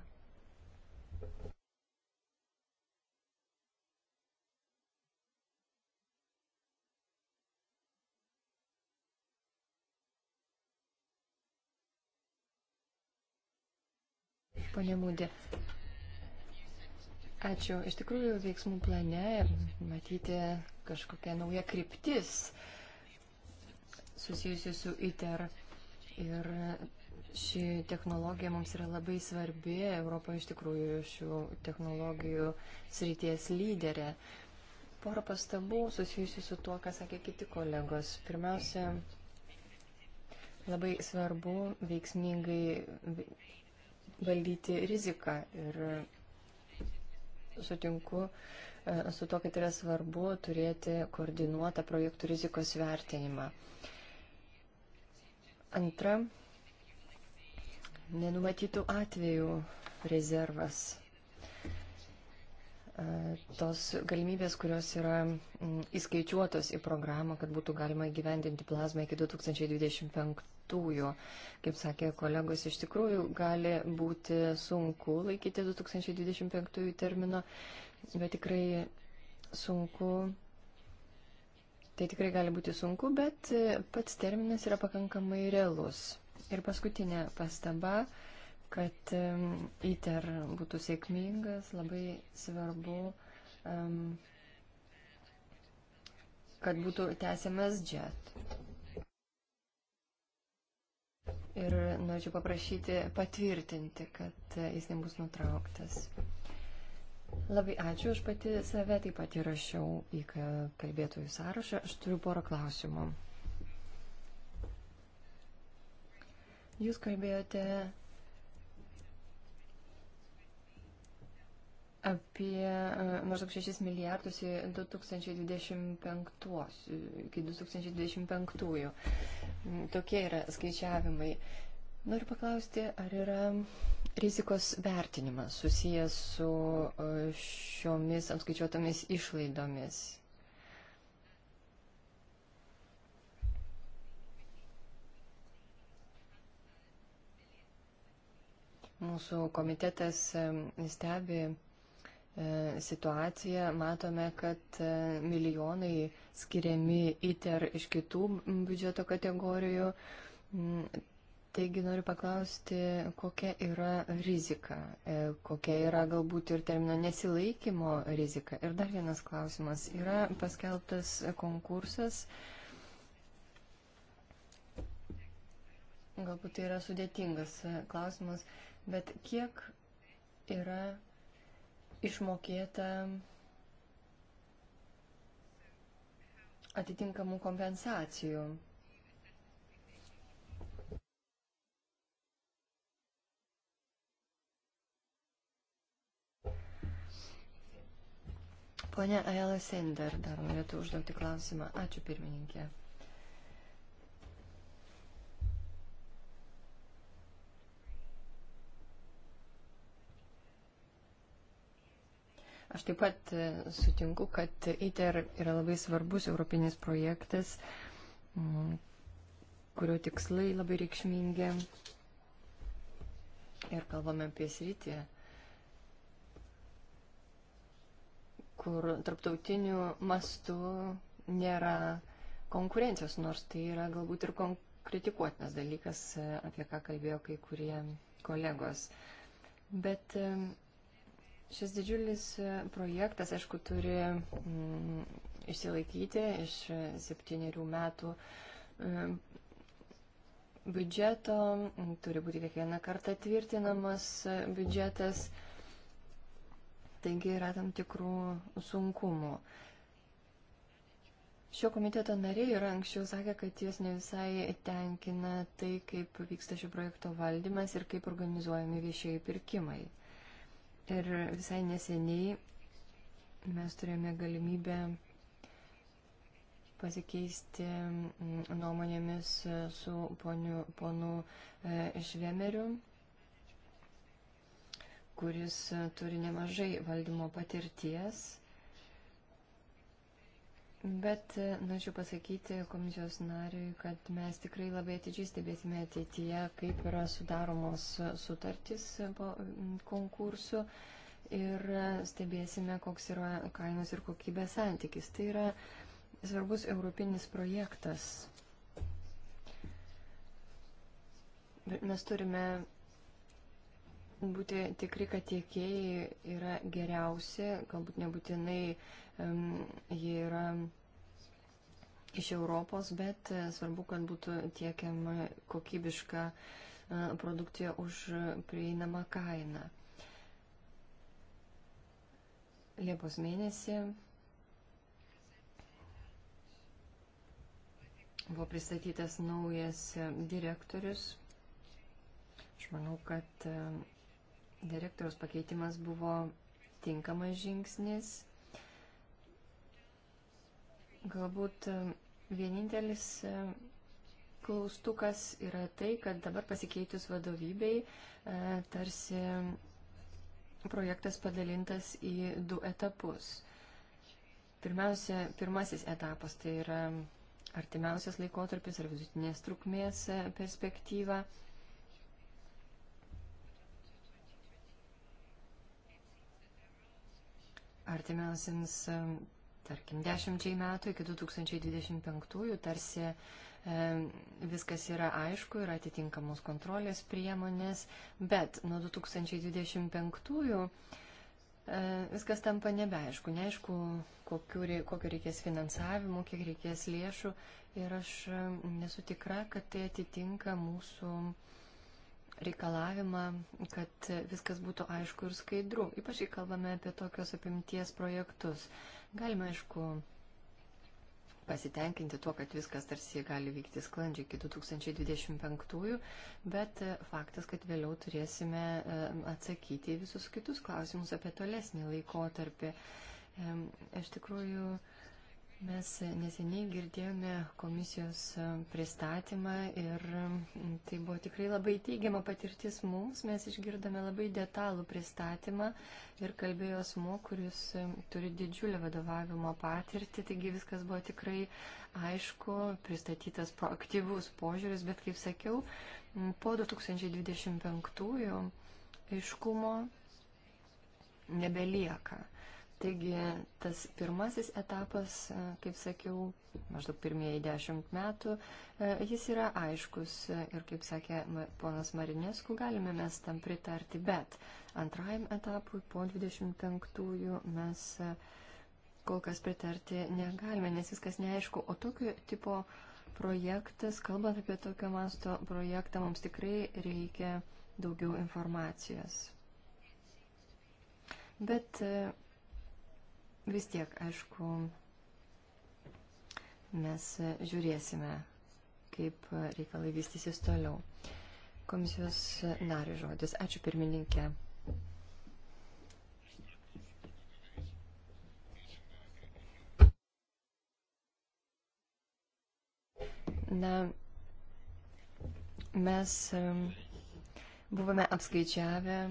Pone Mūdė, ačiū. Iš tikrųjų, veiksmų plane matyti kažkokia nauja kryptis. Uh, susijusių su ITER. Ir ši technologija mums yra labai svarbi. Europa iš tikrųjų šių technologijų srities lyderė. Porą pastabų susijusių su tuo, ką sakė kiti kolegos. Pirmiausia, labai svarbu veiksmingai valdyti riziką ir sutinku e, su to, kad yra svarbu turėti koordinuotą projektų rizikos vertinimą. Antra, nenumatytų atvejų rezervas. Tos galimybės, kurios yra įskaičiuotos į programą, kad būtų galima gyvendinti plazmą iki 2025 šeštųjų. Kaip sakė kolegos, iš tikrųjų gali būti sunku laikyti 2025 termino, bet tikrai sunku Tai tikrai gali būti sunku, bet e, pats terminas yra pakankamai realus. Ir paskutinė pastaba, kad ITER būtų sėkmingas, labai svarbu, kad būtų tęsiamas JET. Ir norėčiau paprašyti patvirtinti, kad e, jis nebus nutrauktas. Labai ačiū, aš pati save taip pat įrašiau į kalbėtojų sąrašą. Aš turiu porą klausimų. Jūs kalbėjote apie e, maždaug 6 milijardus į 2025, iki 2025. Tokie yra skaičiavimai. Noriu paklausti, ar yra rizikos vertinimas susijęs su e, šiomis apskaičiuotomis išlaidomis? Mūsų komitetas e, stebi e, situaciją, matome, kad milijonai skiriami ITER iš kitų biudžeto kategorijų. Mm, Taigi noriu paklausti, kokia yra rizika, e, kokia yra galbūt ir termino nesilaikymo rizika. Ir dar vienas klausimas. Yra paskelbtas konkursas. Galbūt tai yra sudėtingas e, klausimas, bet kiek yra išmokėta atitinkamų kompensacijų Pone Aela Sender dar norėtų užduoti klausimą. Ačiū pirmininkė. Aš taip pat e, sutinku, kad ITER yra labai svarbus europinis projektas, kurio tikslai labai reikšmingi. Ir kalbame apie sritį, kur tarptautiniu mastu nėra konkurencijos, nors tai yra galbūt ir kritikuotinas dalykas, e, apie ką kalbėjo kai kurie kolegos. Bet e, šis didžiulis e, projektas, aišku, turi mm, išsilaikyti iš septyniarių metų mm, biudžeto, turi būti kiekvieną kartą tvirtinamas biudžetas. Mm, taigi yra tam tikrų sunkumų. Šio komiteto nariai yra anksčiau sakę, kad jos ne visai tenkina tai, kaip vyksta šio projekto valdymas ir kaip organizuojami viešieji pirkimai. Ir visai neseniai mes turėjome galimybę pasikeisti mm, nuomonėmis su ponu, ponu e, Švemeriu kuris e, turi nemažai valdymo patirties. Bet e, norėčiau pasakyti komisijos nariui, kad mes tikrai labai atidžiai stebėsime ateityje, kaip yra sudaromos sutartys po konkursų ir e, stebėsime, koks yra kainos ir kokybės santykis. Tai yra svarbus europinis projektas. Mes turime būti tikri, kad tiekėjai yra geriausi, galbūt nebūtinai um, jie yra iš Europos, bet e, svarbu, kad būtų tiekiama kokybiška e, produkcija už prieinamą kainą. Liepos mėnesį buvo pristatytas naujas e, direktorius. Aš manau, kad direktoriaus pakeitimas buvo tinkamas žingsnis. Galbūt e, vienintelis e, klaustukas yra tai, kad dabar pasikeitus vadovybei e, tarsi projektas padalintas į du etapus. Pirmiausia, pirmasis etapas tai yra artimiausias laikotarpis ar vidutinės trukmės perspektyva. artimiausiams, tarkim, dešimčiai metų iki 2025-ųjų tarsi e, viskas yra aišku, yra atitinkamos kontrolės priemonės, bet nuo 2025-ųjų e, viskas tampa nebeaišku, neaišku, kokiu, kokiu reikės finansavimu, kiek reikės lėšų ir aš nesu tikra, kad tai atitinka mūsų reikalavimą, kad viskas būtų aišku ir skaidru, ypač kai kalbame apie tokios apimties projektus. Galime, aišku, pasitenkinti tuo, kad viskas tarsi gali vykti sklandžiai iki 2025, bet e, faktas, kad vėliau turėsime e, atsakyti visus kitus klausimus apie tolesnį laikotarpį. Iš tikrųjų, Mes neseniai girdėjome komisijos pristatymą ir tai buvo tikrai labai teigiama patirtis mums. Mes išgirdome labai detalų pristatymą ir kalbėjo asmo, kuris turi didžiulę vadovavimo patirtį, taigi viskas buvo tikrai aišku, pristatytas proaktyvus požiūris, bet kaip sakiau, po 2025 aiškumo nebelieka. Taigi tas pirmasis etapas, e, kaip sakiau, maždaug pirmieji dešimt metų, e, jis yra aiškus e, ir, kaip sakė ponas Marinesku, galime mes tam pritarti, bet antrajam etapui po 25-ųjų mes kol kas pritarti negalime, nes viskas neaišku, o tokio tipo projektas, kalbant apie tokio masto projektą, mums tikrai reikia daugiau informacijos. Bet Vis tiek, aišku, mes žiūrėsime, kaip reikalai vystysis toliau. Komisijos narių žodis. Ačiū pirmininkė. Na, mes buvome apskaičiavę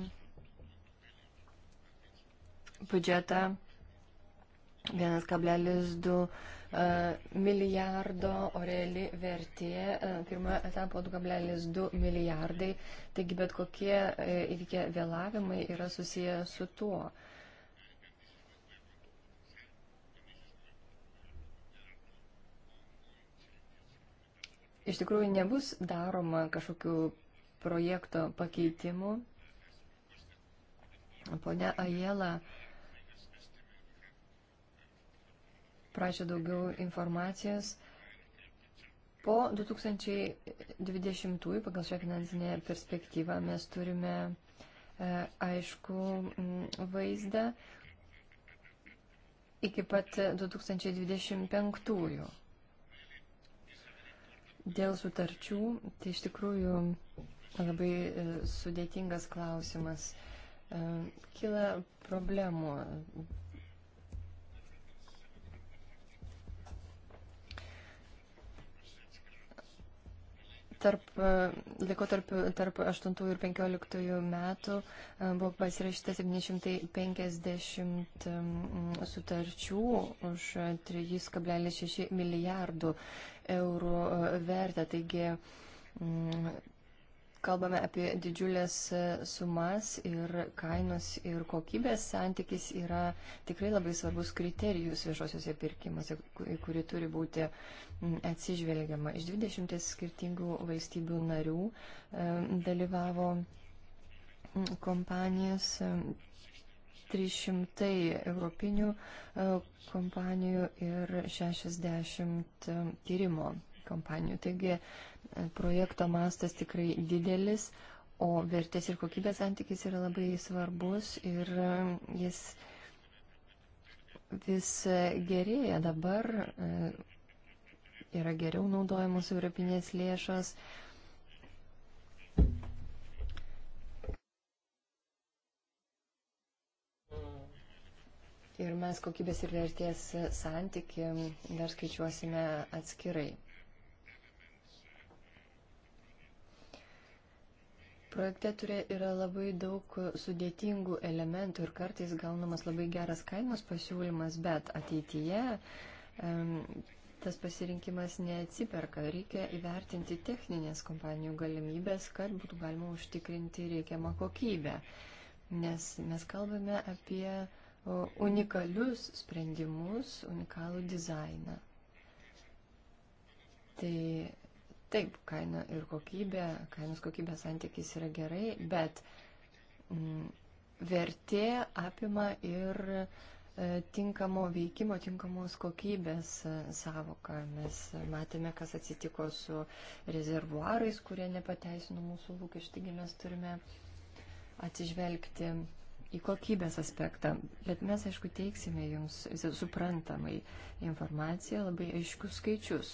biudžetą 1,2 e, milijardo, o reali vertė e, pirmojo etapo 2,2 milijardai. Taigi bet kokie e, įvykę vėlavimai yra susiję su tuo. Iš tikrųjų nebus daroma kažkokių projekto pakeitimų. Pone Ajela, uh, prašė daugiau informacijos. Po 2020 pagal šią finansinę perspektyvą mes turime e, aišku vaizdą iki pat 2025. Dėl sutarčių, tai iš tikrųjų labai e, sudėtingas klausimas. E, Kila problemų tarp e, laikotarpių tarp 8 ir 15 metų e, buvo pasirašyta 750 mm, sutarčių už 3,6 milijardų eurų e, vertę. Taigi mm, kalbame apie didžiulės e, sumas ir kainos ir kokybės santykis yra tikrai labai svarbus kriterijus viešosiuose pirkimuose, į kurį turi būti atsižvelgiama. Iš 20 skirtingų valstybių narių e, dalyvavo kompanijos. 300 e, europinių kompanijų ir 60 tyrimo kompanijų. Taigi e, projekto mastas tikrai didelis, o vertės ir kokybės santykis yra labai svarbus ir e, jis vis gerėja dabar, e, yra geriau naudojamos europinės lėšos. Ir mes kokybės ir vertės santyki dar skaičiuosime atskirai. Projekte turė yra labai daug sudėtingų elementų ir kartais gaunamas labai geras kainos pasiūlymas, bet ateityje um, tas pasirinkimas neatsiperka. Reikia įvertinti techninės kompanijų galimybės, kad būtų galima užtikrinti reikiamą kokybę. Nes mes kalbame apie unikalius sprendimus, unikalų dizainą. Tai Taip, kaina ir kokybė, kainos kokybės santykis yra gerai, bet mm, vertė apima ir e, tinkamo veikimo, tinkamos kokybės e, savoką. Mes matėme, kas atsitiko su rezervuarais, kurie nepateisino mūsų lūkesčių, taigi mes turime atsižvelgti į kokybės aspektą, bet mes, aišku, teiksime jums suprantamai informaciją, labai aiškius skaičius.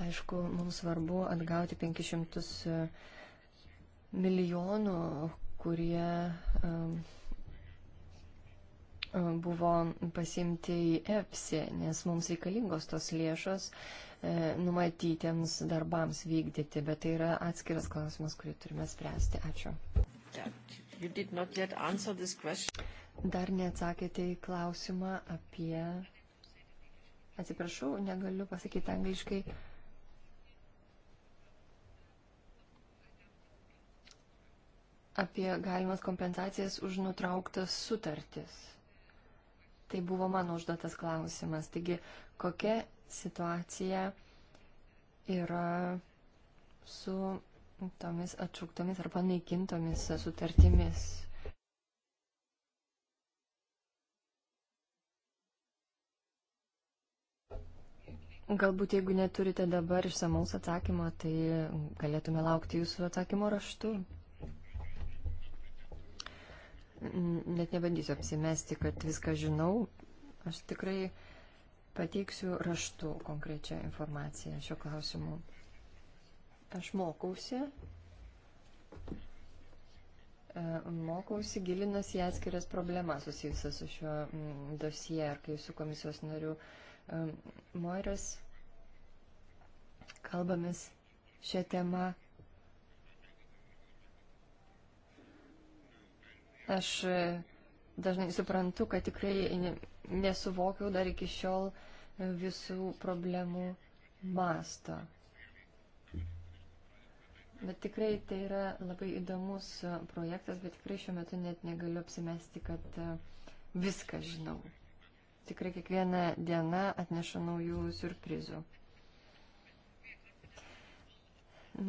Aišku, mums svarbu atgauti 500 e, milijonų, kurie um, buvo pasimti į EPSI, nes mums reikalingos tos lėšos e, numatytiems darbams vykdyti, bet tai yra atskiras klausimas, kurį turime spręsti. Ačiū. Dar neatsakėte į klausimą apie. Atsiprašau, negaliu pasakyti angliškai apie galimas kompensacijas už nutrauktas sutartis. Tai buvo mano užduotas klausimas. Taigi, kokia situacija yra su tomis atšauktomis ar panaikintomis sutartimis? Galbūt jeigu neturite dabar išsamaus atsakymo, tai galėtume laukti jūsų atsakymo raštu net nebandysiu apsimesti, kad viską žinau. Aš tikrai pateiksiu raštu konkrečią informaciją šio klausimu. Aš mokausi, e, mokausi gilinas į atskiras problemas susijusias su šiuo mm, dosie ar kai su komisijos nariu e, Moiras kalbamis šią temą Aš e, dažnai suprantu, kad tikrai nesuvokiau dar iki šiol e, visų problemų masto. Bet tikrai tai yra labai įdomus e, projektas, bet tikrai šiuo metu net negaliu apsimesti, kad viską žinau. Tikrai kiekviena diena atneša naujų surprizų.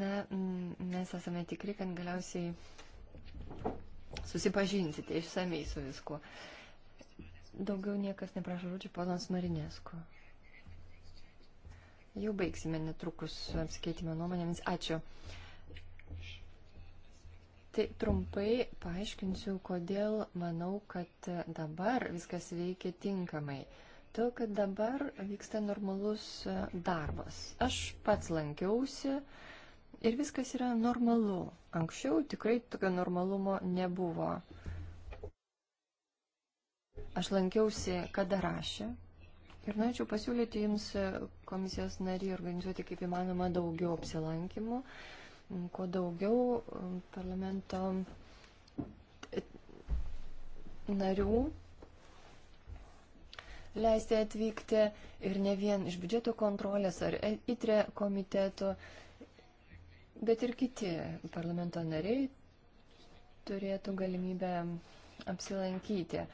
Na, mes esame tikri, kad galiausiai susipažinsite išsamei su viskuo. Daugiau niekas neprašo žodžių, ponas Marinesku. Jau baigsime netrukus apsikeitimą nuomonėmis. Ačiū. Tai trumpai paaiškinsiu, kodėl manau, kad dabar viskas veikia tinkamai. To, kad dabar vyksta normalus darbas. Aš pats lankiausi uh, Ir viskas yra normalu. Anksčiau tikrai tokio normalumo nebuvo. Aš lankiausi Kadarašė ir norėčiau pasiūlyti Jums e, komisijos narį organizuoti kaip įmanoma daugiau apsilankimų, mm, kuo daugiau mm, parlamento e, narių leisti atvykti ir ne vien iš biudžeto kontrolės ar e, ITRE komiteto, bet ir kiti parlamento nariai turėtų galimybę apsilankyti.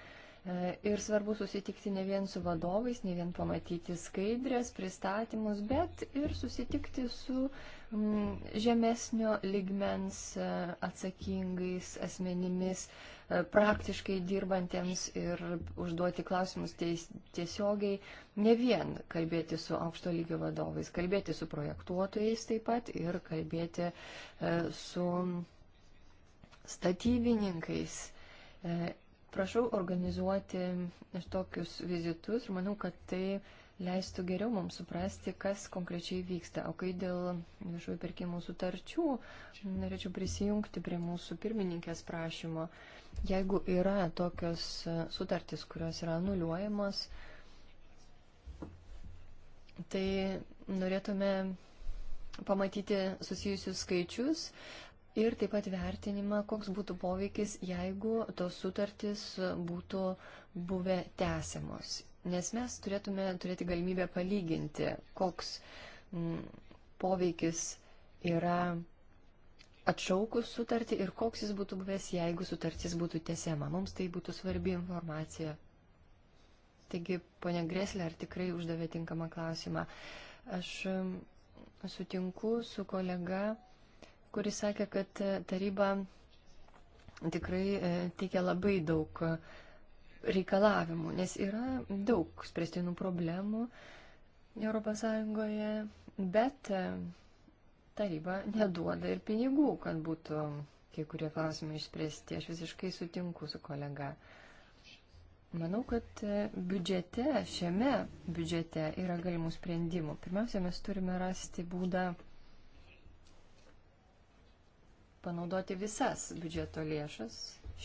E, ir svarbu susitikti ne vien su vadovais, ne vien pamatyti skaidrės, pristatymus, bet ir susitikti su mm, žemesnio ligmens e, atsakingais asmenimis, e, praktiškai dirbantiems ir užduoti klausimus tiesiogiai, ne vien kalbėti su aukšto lygio vadovais, kalbėti su projektuotojais taip pat ir kalbėti su statybininkais prašau organizuoti tokius vizitus ir manau, kad tai leistų geriau mums suprasti, kas konkrečiai vyksta. O kai dėl viešųjų pirkimų sutarčių, norėčiau prisijungti prie mūsų pirmininkės prašymo. Jeigu yra tokios sutartys, kurios yra anuliuojamos, tai norėtume pamatyti susijusius skaičius, ir taip pat vertinimą, koks būtų poveikis, jeigu tos sutartys būtų buvę tęsiamos. Nes mes turėtume turėti galimybę palyginti, koks m, poveikis yra atšaukus sutartį ir koks jis būtų buvęs, jeigu sutartis būtų tęsiama. Mums tai būtų svarbi informacija. Taigi, ponia Greslė, ar tikrai uždavė tinkamą klausimą? Aš sutinku su kolega kuris sakė, kad e, taryba tikrai e, teikia labai daug e, reikalavimų, nes yra daug spręstinų problemų ES, bet taryba neduoda ir pinigų, kad būtų kai kurie klausimai išspręsti. Aš visiškai sutinku su kolega. Manau, kad biudžete, šiame biudžete yra galimų sprendimų. Pirmiausia, mes turime rasti būdą panaudoti visas biudžeto lėšas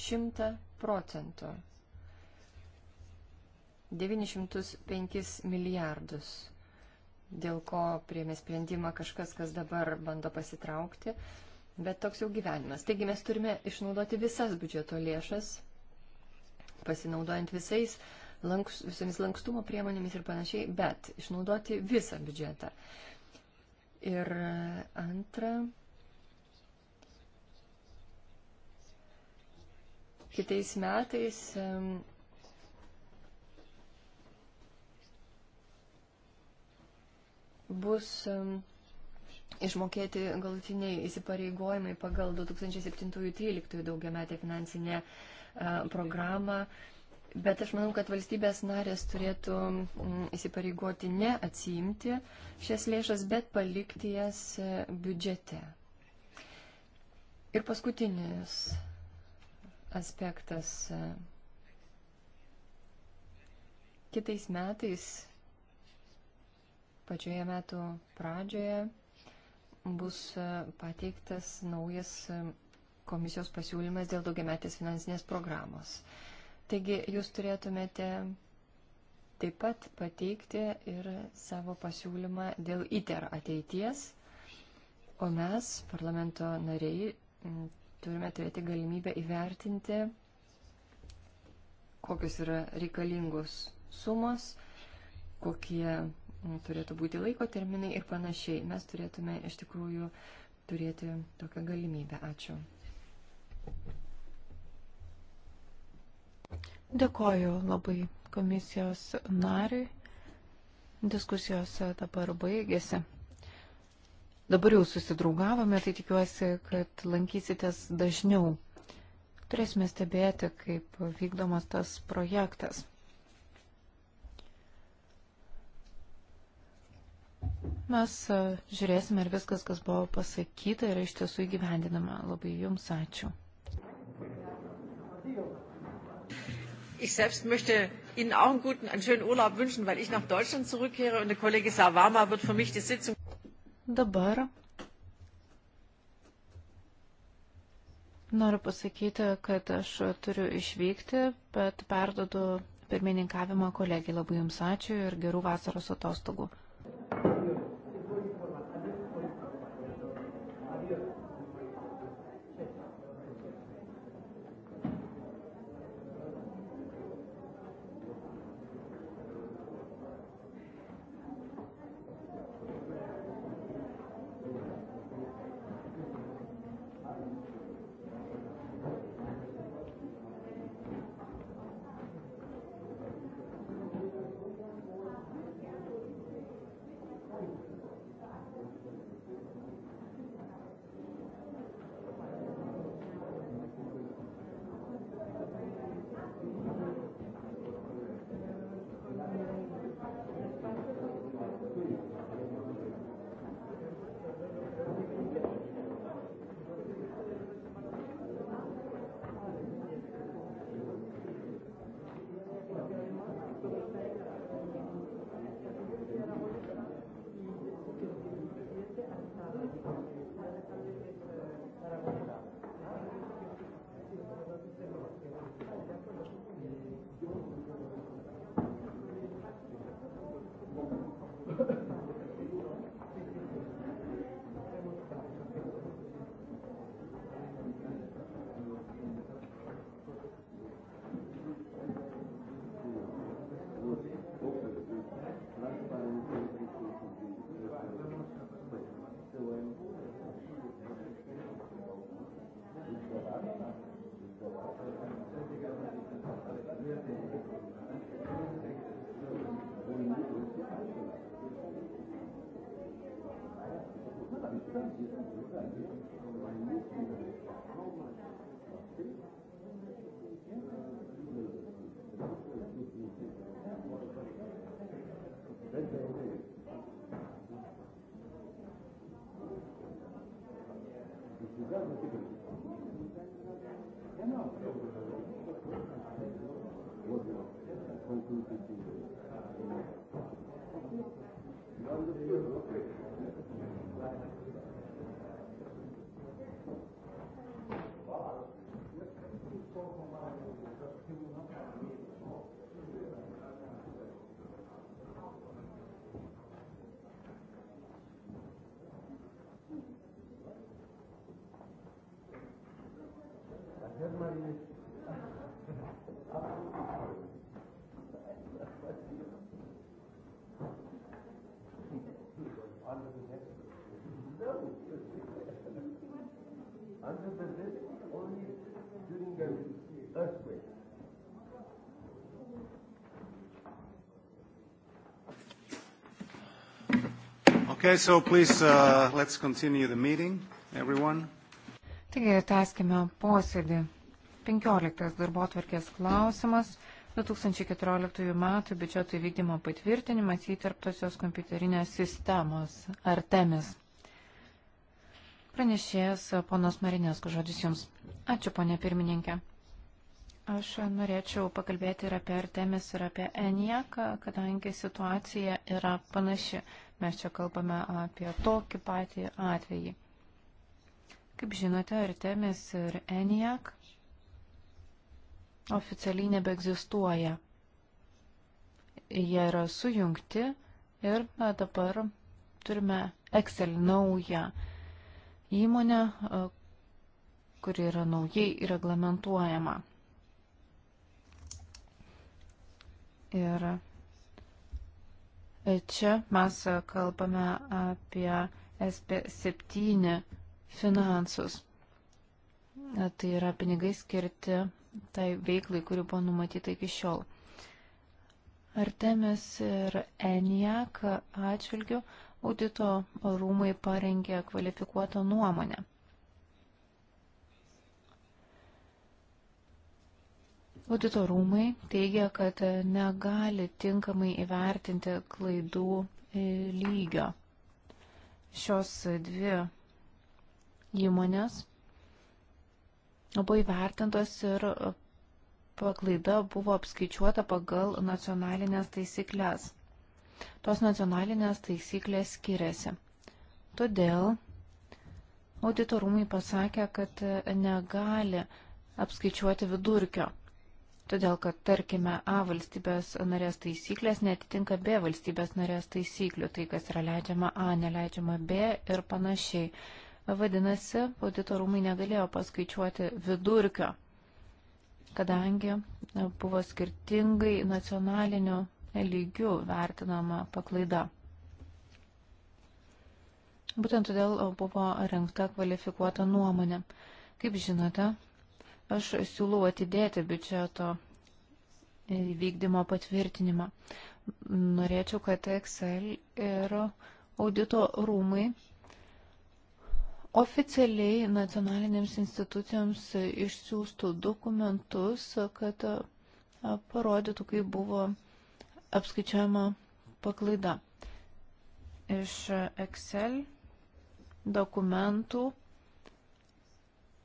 100 procentų. 905 milijardus, dėl ko priemė sprendimą kažkas, kas dabar bando pasitraukti, bet toks jau gyvenimas. Taigi mes turime išnaudoti visas biudžeto lėšas, pasinaudojant visais lanks, visomis lankstumo priemonėmis ir panašiai, bet išnaudoti visą biudžetą. Ir antra, kitais metais. bus išmokėti galutiniai įsipareigojimai pagal 2007-2013 daugiametę finansinę e, programą. Bet aš manau, kad valstybės narės turėtų įsipareigoti ne atsiimti šias lėšas, bet palikti jas e, biudžete. Ir paskutinis aspektas. E, kitais metais, pačioje metų pradžioje, bus e, pateiktas naujas e, komisijos pasiūlymas dėl daugiametės finansinės programos. Taigi jūs turėtumėte taip pat pateikti ir savo pasiūlymą dėl ITER ateities, o mes, parlamento nariai, turime turėti galimybę įvertinti, kokios yra reikalingos sumos, kokie mm, turėtų būti laiko terminai ir panašiai. Mes turėtume iš tikrųjų turėti tokią galimybę. Ačiū. Dėkoju labai komisijos nariui. Diskusijos dabar baigėsi. Dabar jau susidraugavome, tai tikiuosi, kad lankysitės dažniau. Turėsime stebėti, kaip vykdomas tas projektas. Mes e, žiūrėsime, ar viskas, kas buvo pasakyta, yra iš tiesų įgyvendinama. Labai Jums ačiū. Ich selbst möchte Ihnen auch einen guten, einen schönen Urlaub wünschen, weil ich nach Deutschland zurückkehre und der Kollege Sawama wird für mich die Sitzung. Dabar noriu pasakyti, kad aš turiu išvykti, bet perdodu pirmininkavimą kolegiai. Labai Jums ačiū ir gerų vasaros atostogų. Thank you. Okay, so please, uh, let's continue the meeting, everyone. Taigi, tęskime posėdį. 15 darbo atvarkės klausimas. 2014 m. biudžeto įvykdymo patvirtinimas įtarptosios kompiuterinės sistemos Artemis. Pranešėjas ponas Marinės, žodis jums. Ačiū, ponė pirmininkė. Aš norėčiau pakalbėti ir apie Artemis, ir apie Eniaką, kadangi situacija yra panaši. Mes čia kalbame apie tokį patį atvejį. Kaip žinote, Artemis ir Eniak oficialiai nebeegzistuoja. Jie yra sujungti ir na, dabar turime Excel naują įmonę, kuri yra naujai reglamentuojama. Ir čia mes kalbame apie SP7 finansus. Tai yra pinigai skirti tai veiklai, kuri buvo numatyta iki šiol. Artemis ir Enijak atžvilgių audito rūmai parengė kvalifikuotą nuomonę. Auditorumai teigia, kad negali tinkamai įvertinti klaidų e, lygio. Šios dvi įmonės buvo įvertintos ir paklaida buvo apskaičiuota pagal nacionalinės taisyklės. Tos nacionalinės taisyklės skiriasi. Todėl auditorumai pasakė, kad negali apskaičiuoti vidurkio Todėl, kad, tarkime, A valstybės narės taisyklės netitinka B valstybės narės taisyklių, tai kas yra leidžiama A, neleidžiama B ir panašiai. Vadinasi, auditorumai negalėjo paskaičiuoti vidurkio, kadangi buvo skirtingai nacionaliniu lygiu vertinama paklaida. Būtent todėl buvo renkta kvalifikuota nuomonė. Kaip žinote, Aš siūlau atidėti biudžeto vykdymo patvirtinimą. Norėčiau, kad Excel ir audito rūmai oficialiai nacionalinėms institucijoms išsiųstų dokumentus, kad parodytų, kaip buvo apskaičiuojama paklaida. Iš Excel dokumentų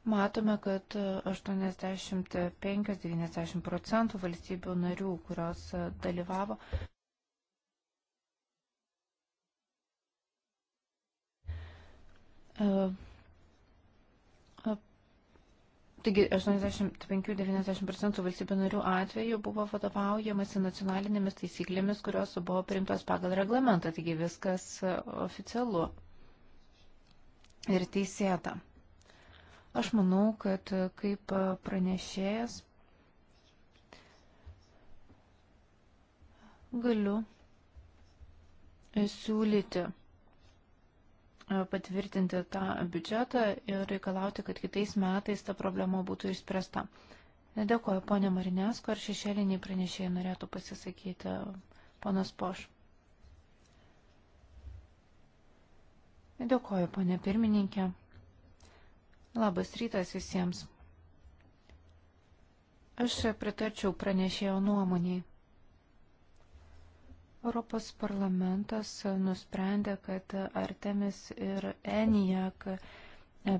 Matome, kad 85-90 procentų valstybių narių, kurios dalyvavo, e, e, Taigi 85-90 procentų valstybių narių atveju buvo vadovaujamasi nacionalinėmis taisyklėmis, kurios buvo priimtos pagal reglamentą, taigi viskas oficialu ir teisėta. Aš manau, kad e, kaip e, pranešėjas galiu e, siūlyti patvirtinti tą biudžetą ir reikalauti, kad kitais metais ta problema būtų išspręsta. Dėkuoju, ponė Marinesko, ar šešėliniai pranešėjai norėtų pasisakyti, ponas Poš. Dėkuoju, ponė pirmininkė. Labas rytas visiems. Aš pritarčiau pranešėjo nuomoniai. Europos parlamentas nusprendė, kad Artemis ir Enijak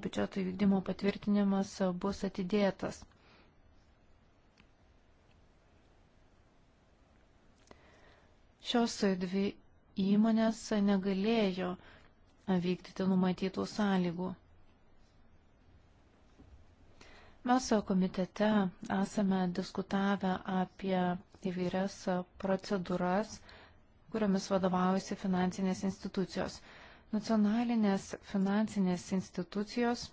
biudžeto vykdymo patvirtinimas bus atidėtas. Šios dvi įmonės negalėjo vykdyti numatytų sąlygų. Mes komitete esame diskutavę apie įvairias procedūras, kuriomis vadovaujasi finansinės institucijos. Nacionalinės finansinės institucijos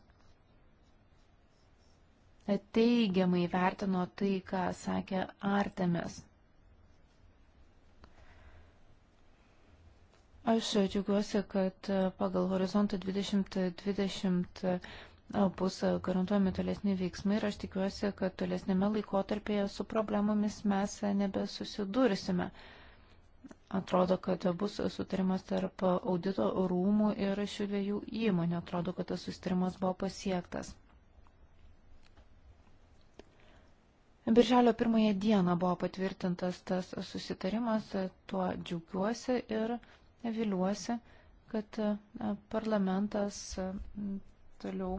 teigiamai vertino tai, ką sakė Artemis. Aš džiaugiuosi, kad pagal horizontą 2020 bus garantuojami tolesni veiksmai ir aš tikiuosi, kad tolesnėme laikotarpėje su problemomis mes nebesusidursime. Atrodo, kad bus sutarimas tarp audito rūmų ir šių dviejų įmonių. Atrodo, kad tas sutarimas buvo pasiektas. Birželio pirmąją dieną buvo patvirtintas tas susitarimas, tuo džiaugiuosi ir viliuosi, kad parlamentas toliau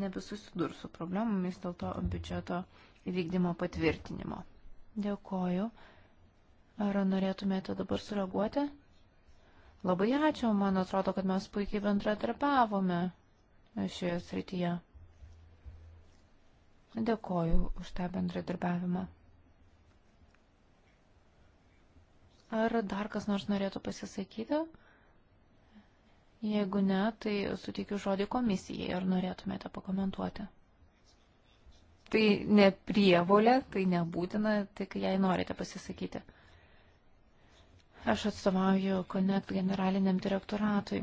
nebesusidurs su problemomis dėl to biudžeto įvykdymo patvirtinimo. Dėkoju. Ar norėtumėte dabar sureaguoti? Labai ačiū, man atrodo, kad mes puikiai bendradarbiavome šioje srityje. Dėkoju už tą bendradarbiavimą. Ar dar kas nors norėtų pasisakyti? Jeigu ne, tai suteikiu žodį komisijai. Ar norėtumėte pakomentuoti? Tai ne prievolė, tai nebūtina, tik jei norite pasisakyti. Aš atstovauju Connect generaliniam direktoratui.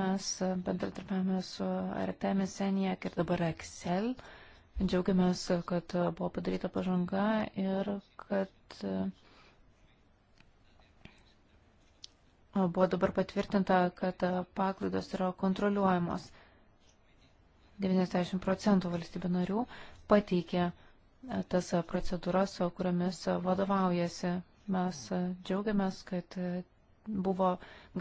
Mes bendradarbiavame su Artemis Senijak ir dabar Excel. Džiaugiamės, kad buvo padaryta pažanga ir kad Buvo dabar patvirtinta, kad paklaidos yra kontroliuojamos. 90 procentų valstybių narių pateikė e, tas procedūras, kuriomis vadovaujasi. Mes e, džiaugiamės, kad e, buvo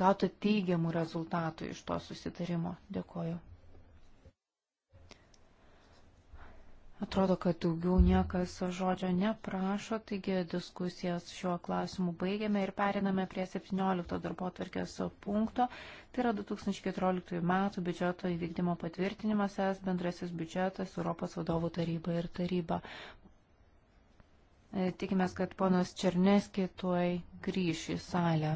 gauta teigiamų rezultatų iš to susitarimo. Dėkoju. Atrodo, kad daugiau niekas žodžio neprašo, taigi diskusijas šiuo klausimu baigiame ir periname prie 17 darbo tvarkės punkto. Tai yra 2014 metų biudžeto įvykdymo patvirtinimas es bendrasis biudžetas Europos vadovų taryba ir taryba. E, tikimės, kad ponas Černeski tuoj grįš į salę.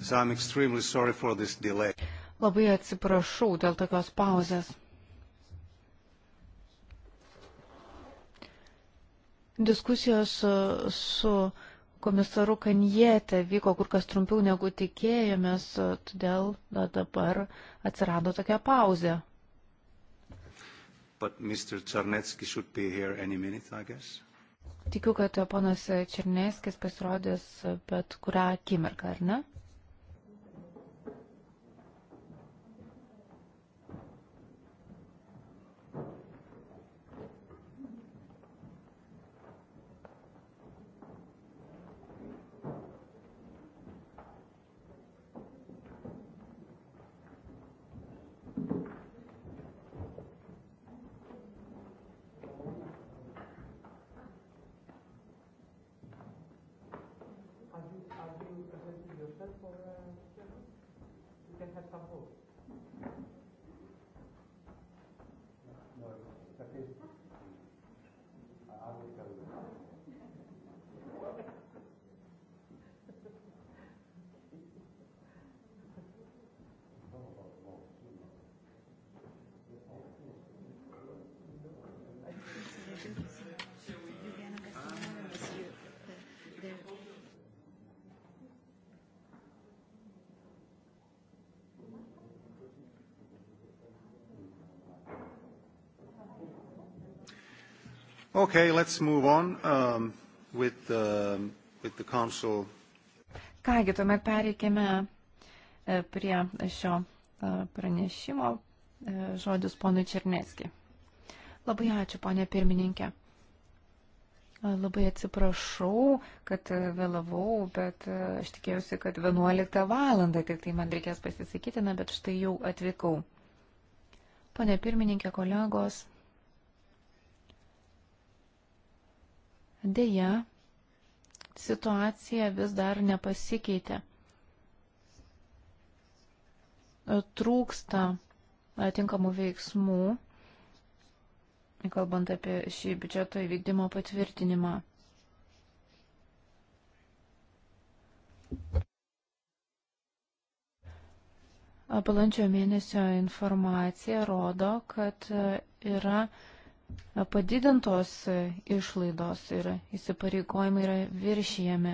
So Labai atsiprašau dėl tokios pauzės. Diskusijos su, su komisaru Kanjete vyko kur kas trumpiau negu tikėjomės, todėl na, dabar atsirado tokia pauzė. But Mr. Czarnecki should be here any minute, I guess. Tikiu, kad ponas Černeskis pasirodys bet kurią akimirką, ar ne? Okay, let's move on um, with, the, um, with the council. Kągi, tuomet pereikime e, prie šio e, pranešimo. E, žodis ponui Černeski. Labai ačiū, ponė pirmininkė. Labai atsiprašau, kad vėlavau, bet aš tikėjausi, kad 11 valandą tik tai man reikės pasisakyti, na, bet štai jau atvykau. Pone pirmininkė, kolegos, Deja, situacija vis dar nepasikeitė. Trūksta tinkamų veiksmų, kalbant apie šį biudžeto įvykdymo patvirtinimą. Balandžio mėnesio informacija rodo, kad yra padidintos išlaidos ir įsipareigojimai yra viršijami.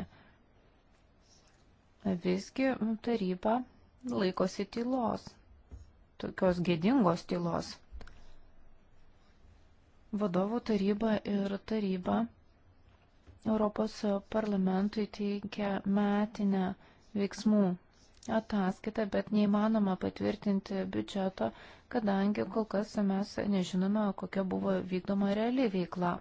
Visgi taryba laikosi tylos, tokios gėdingos tylos. Vadovų taryba ir taryba Europos parlamentui teikia metinę veiksmų ataskaitą, bet neįmanoma patvirtinti biudžeto, kadangi kol kas mes nežinome, kokia buvo vykdoma reali veikla.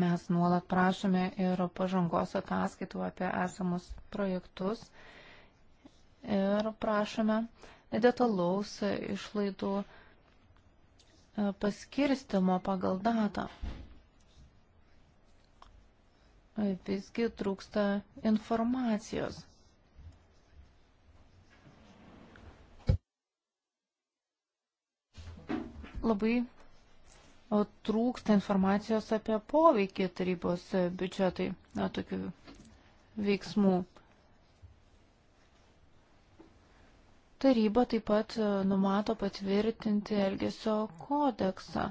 Mes nuolat prašome ir pažangos ataskaitų apie esamus projektus ir prašome detalaus išlaidų e, paskirstimo pagal datą. Visgi trūksta informacijos. labai trūksta informacijos apie poveikį tarybos biudžetai na, tokių veiksmų. Taryba taip pat e, numato patvirtinti Elgesio kodeksą.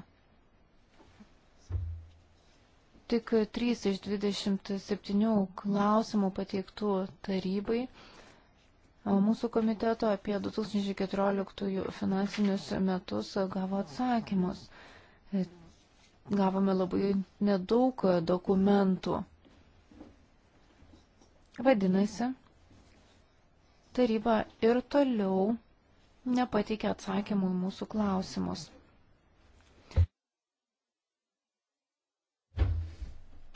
Tik 3 iš 27 klausimų pateiktų tarybai Mūsų komiteto apie 2014 finansinius metus gavo atsakymus. E, gavome labai nedaug dokumentų. Vadinasi, taryba ir toliau nepateikė atsakymų į mūsų klausimus.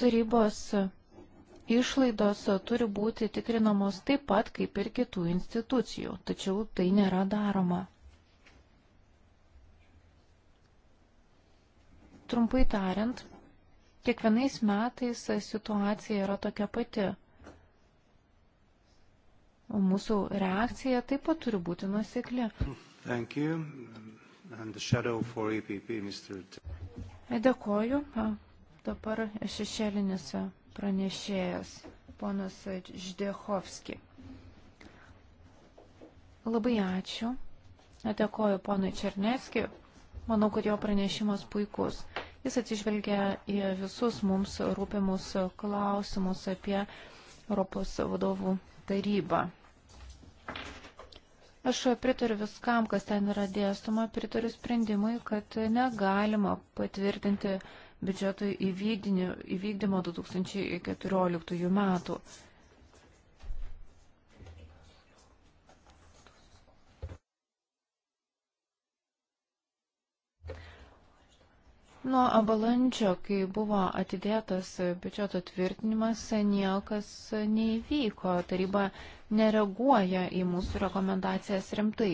Tarybos išlaidos turi būti tikrinamos taip pat kaip ir kitų institucijų, tačiau tai nėra daroma. Trumpai tariant, kiekvienais metais situacija yra tokia pati. O mūsų reakcija taip pat turi būti nusikli. EPP, e Dėkoju. Dabar šešėlinėse pranešėjas, ponas Ždėchovski. Labai ačiū. Dėkoju ponui Černeckiu. Manau, kad jo pranešimas puikus. Jis atsižvelgia į visus mums rūpimus klausimus apie Europos vadovų tarybą. Aš pritariu viskam, kas ten yra dėstoma, pritariu sprendimui, kad negalima patvirtinti uh, biudžeto įvykdymo 2014 metų. Nuo balandžio, kai buvo atidėtas biudžeto tvirtinimas, niekas neįvyko. Taryba nereaguoja į mūsų rekomendacijas rimtai.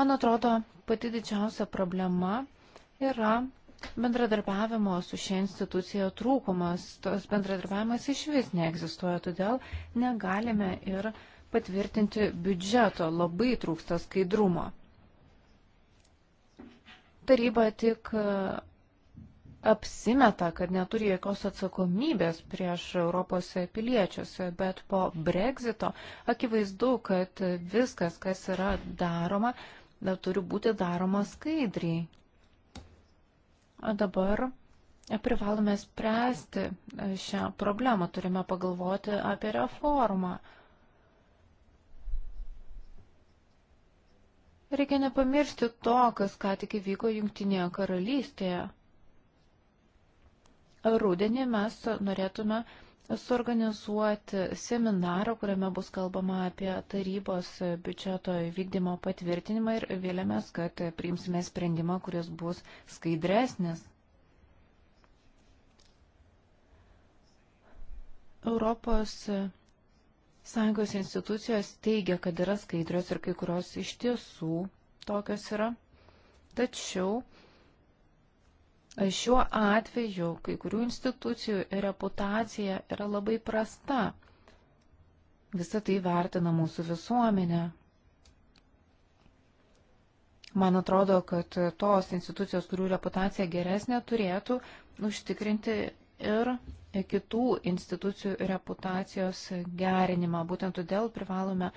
Man atrodo, pati didžiausia problema yra bendradarbiavimo su šia institucija trūkumas. Tos bendradarbiavimas iš vis neegzistuoja, todėl negalime ir patvirtinti biudžeto. Labai trūksta skaidrumo. Taryba tik e, apsimeta, kad neturi jokios atsakomybės prieš Europos piliečius, bet po Brexito akivaizdu, kad viskas, kas yra daroma, turi būti daroma skaidriai. Dabar privalome spręsti e, šią problemą, turime pagalvoti apie reformą. Reikia nepamiršti to, kas ką tik įvyko Junktinėje karalystėje. Rūdienį mes norėtume suorganizuoti seminarą, kuriame bus kalbama apie tarybos biudžeto įvykdymo patvirtinimą ir vėliamės, kad priimsime sprendimą, kuris bus skaidresnis. Europos Sąjungos institucijos teigia, kad yra skaidrios ir kai kurios iš tiesų tokios yra. Tačiau Šiuo atveju kai kurių institucijų reputacija yra labai prasta. Visą tai vertina mūsų visuomenė. Man atrodo, kad tos institucijos, kurių reputacija geresnė, turėtų užtikrinti ir kitų institucijų reputacijos gerinimą. Būtent todėl privalome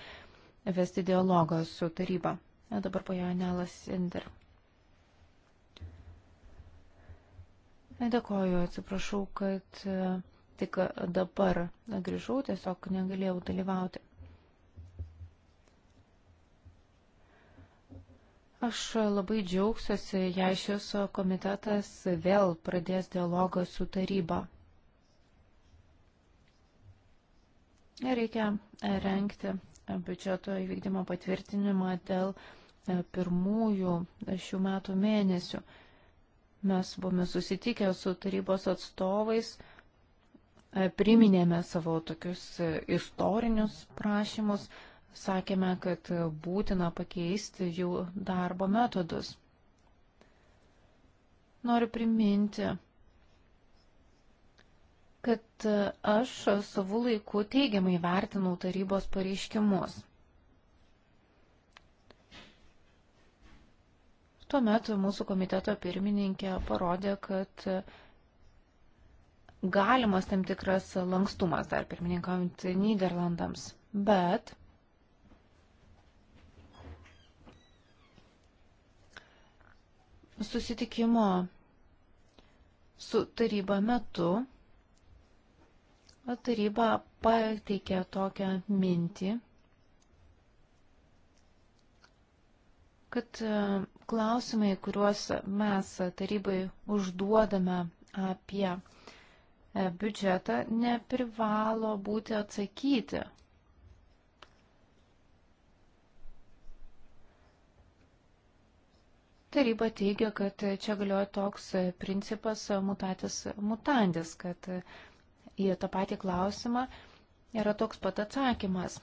vesti dialogą su taryba. Na, dabar po jo Nelas Inder. Dėkoju, atsiprašau, kad e, tik dabar grįžau, tiesiog negalėjau dalyvauti. Aš labai džiaugsiuosi, jei šis komitetas vėl pradės dialogą su taryba. Reikia renkti biudžeto įvykdymo patvirtinimą dėl e, pirmųjų šių metų mėnesių. Mes buvome susitikę su tarybos atstovais, e, priminėme savo tokius e, istorinius prašymus, sakėme, kad e, būtina pakeisti jų darbo metodus. Noriu priminti, kad aš savų laikų teigiamai vertinau tarybos pareiškimus. Tuomet mūsų komiteto pirmininkė parodė, kad galimas tam tikras lankstumas dar pirmininkant Niderlandams. Bet susitikimo su taryba metu taryba pateikė tokią mintį, kad klausimai, kuriuos mes tarybai užduodame apie e, biudžetą, neprivalo būti atsakyti. Taryba teigia, kad čia galioja toks principas mutatis mutandis, kad į tą patį klausimą yra toks pat atsakymas.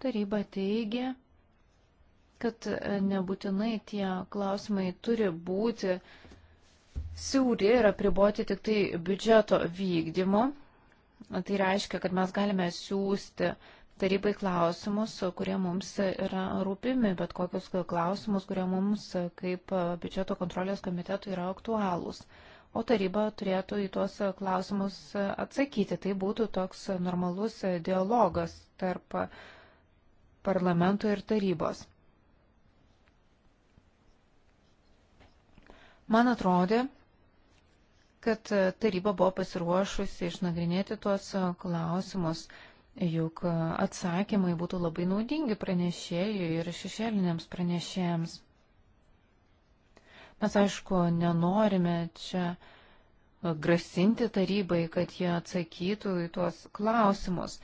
Taryba teigia, kad e, nebūtinai tie klausimai turi būti siūri ir apriboti tik tai biudžeto vykdymu. Tai reiškia, kad mes galime siūsti tarybai klausimus, kurie mums yra rūpimi, bet kokius klausimus, kurie mums kaip e, biudžeto kontrolės komitetui yra aktualūs. O taryba turėtų į tuos klausimus atsakyti. Tai būtų toks normalus dialogas tarp uh, parlamento ir tarybos. Man atrodė, kad taryba buvo pasiruošusi išnagrinėti tuos klausimus, juk atsakymai būtų labai naudingi pranešėjui ir šešėliniams pranešėjams. Mes, aišku, nenorime čia grasinti tarybai, kad jie atsakytų į tuos klausimus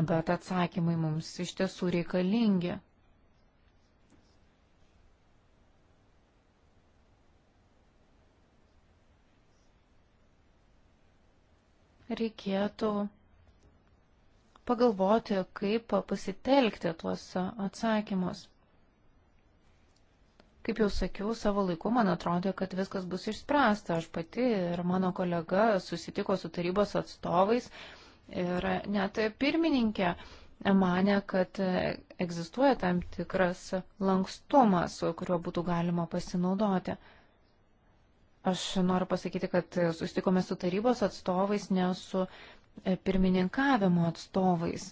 bet atsakymai mums iš tiesų reikalingi. Reikėtų pagalvoti, kaip pasitelkti tuos atsakymus. Kaip jau sakiau, savo laiku man atrodė, kad viskas bus išspręsta. Aš pati ir mano kolega susitiko su tarybos atstovais Ir net pirmininkė mane, kad egzistuoja tam tikras lankstumas, kuriuo būtų galima pasinaudoti. Aš noriu pasakyti, kad susitikome su tarybos atstovais, ne su pirmininkavimo atstovais.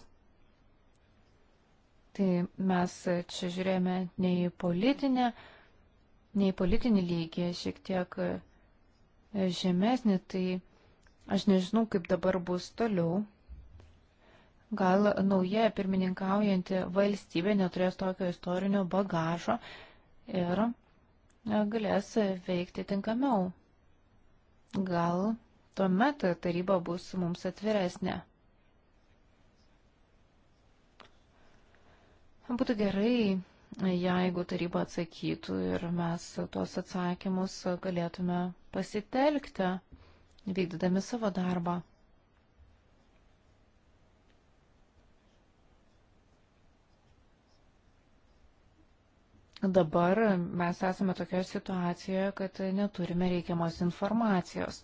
Tai mes čia žiūrėjome ne į politinę, ne į politinį lygį, šiek tiek žemesnį, tai Aš nežinau, kaip dabar bus toliau. Gal nauja pirmininkaujanti valstybė neturės tokio istorinio bagažo ir e, galės veikti tinkamiau. Gal tuomet taryba bus mums atviresnė. Būtų gerai, jeigu taryba atsakytų ir mes tuos atsakymus galėtume pasitelkti vykdydami savo darbą. Dabar mes esame tokioje situacijoje, kad neturime reikiamos informacijos.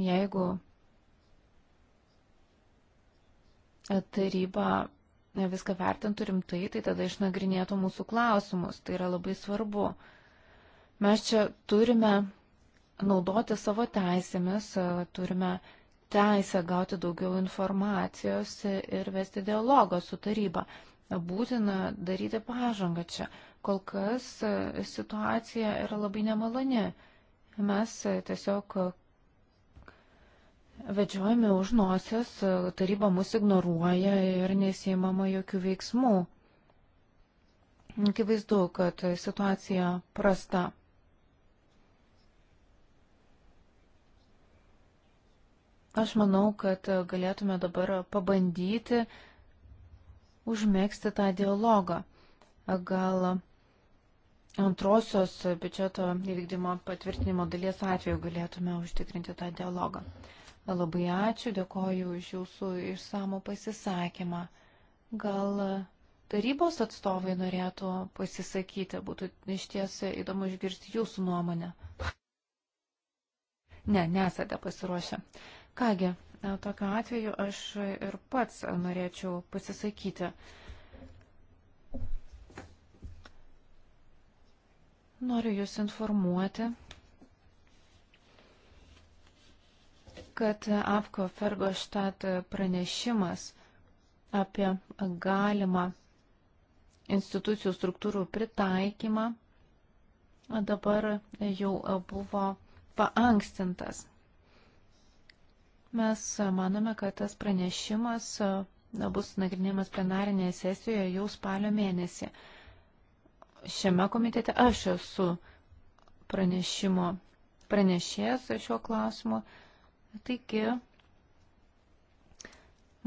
Jeigu taryba viską vertintų rimtai, tai tada išnagrinėtų mūsų klausimus. Tai yra labai svarbu. Mes čia turime naudoti savo teisėmis, e, turime teisę gauti daugiau informacijos ir vesti dialogą su taryba. Būtina daryti pažangą čia. Kol kas e, situacija yra labai nemaloni. Mes e, tiesiog vedžiojame už nosios, taryba mus ignoruoja ir nesijimama jokių veiksmų. Akivaizdu, kad situacija prasta. Aš manau, kad galėtume dabar pabandyti užmėgsti tą dialogą. Gal antrosios biudžeto įvykdymo patvirtinimo dalies atveju galėtume užtikrinti tą dialogą. Labai ačiū, dėkoju už jūsų išsamų pasisakymą. Gal tarybos atstovai norėtų pasisakyti, būtų iš ties įdomu išgirsti jūsų nuomonę. Ne, nesate pasiruošę. Kągi, tokiu atveju aš ir pats norėčiau pasisakyti. Noriu Jūs informuoti, kad Apko Fergoštat pranešimas apie galimą institucijų struktūrų pritaikymą dabar jau buvo paankstintas. Mes manome, kad tas pranešimas bus nagrinėjamas plenarinėje sesijoje jau spalio mėnesį. Šiame komitete aš esu pranešimo pranešėjas šiuo klausimu. Taigi,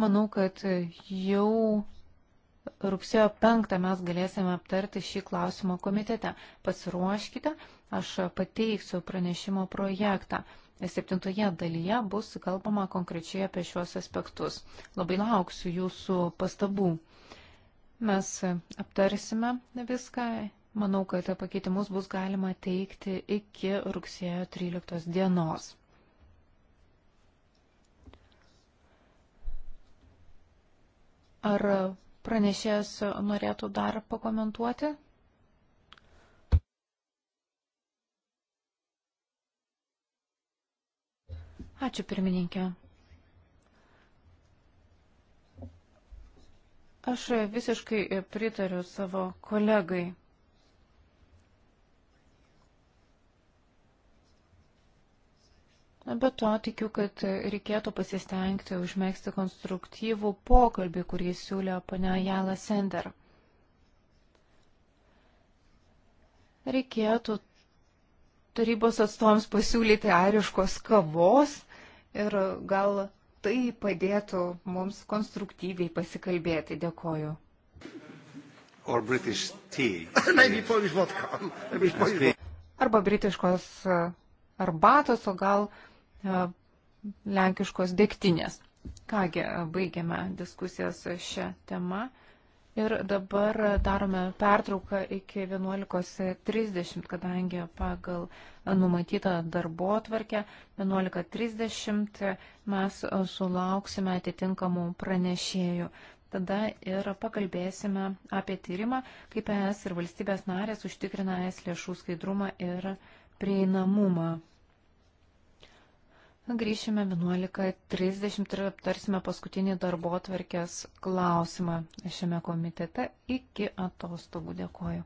manau, kad jau rugsėjo 5 mes galėsime aptarti šį klausimą komitete. Pasiruoškite, aš pateiksiu pranešimo projektą septintoje dalyje bus kalbama konkrečiai apie šios aspektus. Labai lauksiu jūsų pastabų. Mes aptarsime viską. Manau, kad pakeitimus bus galima teikti iki rugsėjo 13 dienos. Ar pranešėjas norėtų dar pakomentuoti? Ačiū pirmininkė. Aš visiškai pritariu savo kolegai. Be to, tikiu, kad reikėtų pasistengti užmėgsti konstruktyvų pokalbį, kurį siūlė ponia Jala Sender. Reikėtų tarybos atstovams pasiūlyti ariškos kavos ir gal tai padėtų mums konstruktyviai pasikalbėti. Dėkoju. Arba britiškos e, arbatos, o gal e, lenkiškos dėktinės. Kągi, e, baigiame diskusijas šią temą. Ir dabar darome pertrauką iki 11.30, kadangi pagal numatytą darbo tvarkę 11.30 mes sulauksime atitinkamų pranešėjų. Tada ir pakalbėsime apie tyrimą, kaip ES ir valstybės narės užtikrina ES lėšų skaidrumą ir prieinamumą. Nu, grįšime 11.30 ir aptarsime paskutinį darbo tvarkės klausimą šiame komitete iki atostogų. Dėkoju.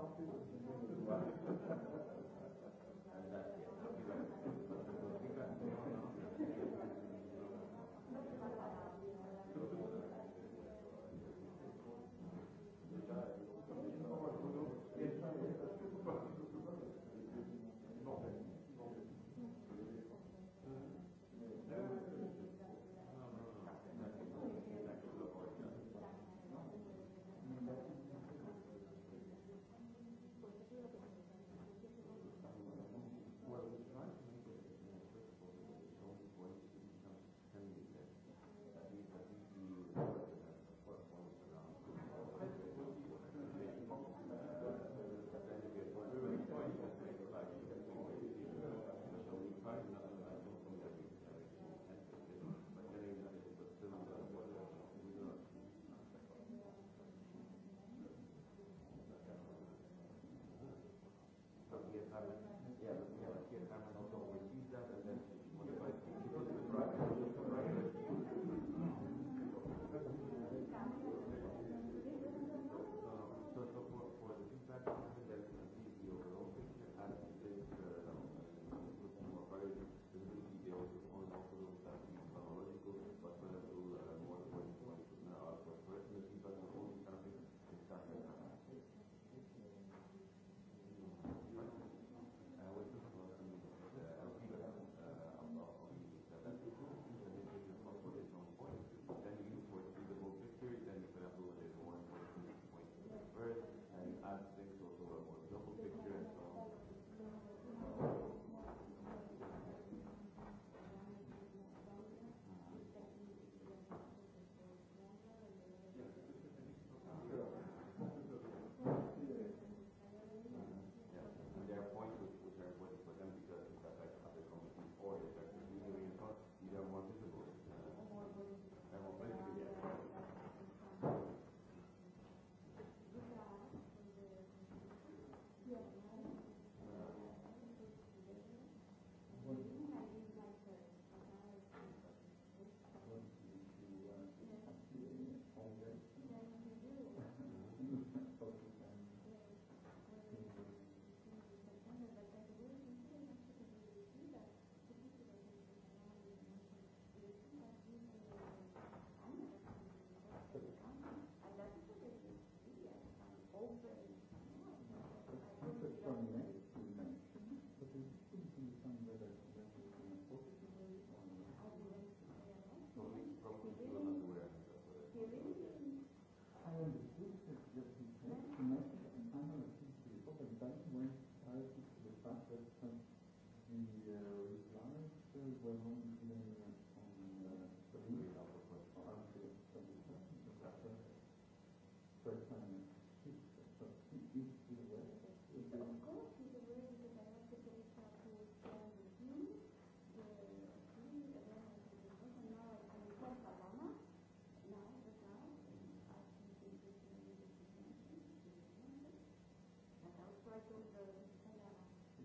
something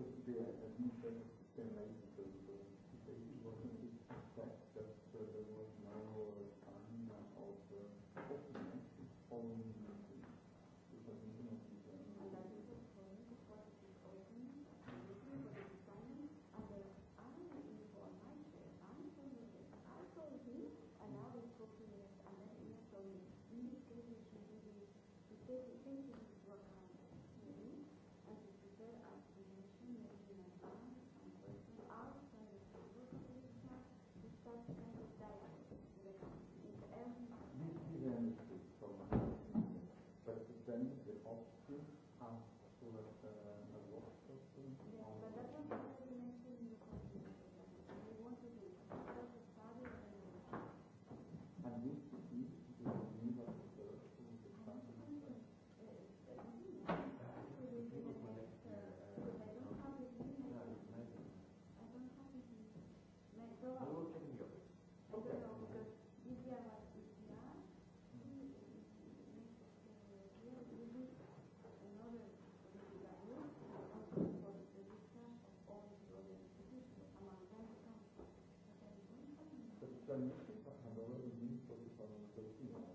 be nu, administrative dalykai pas mane labai pavyko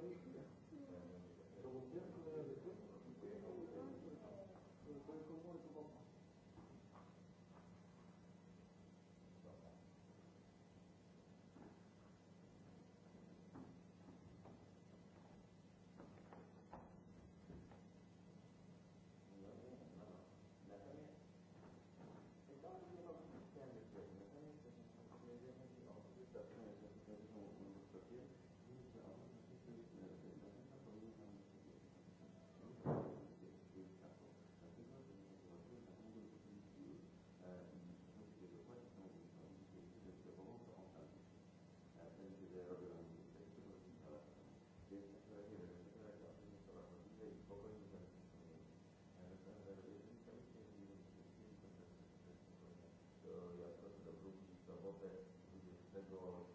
reikia tego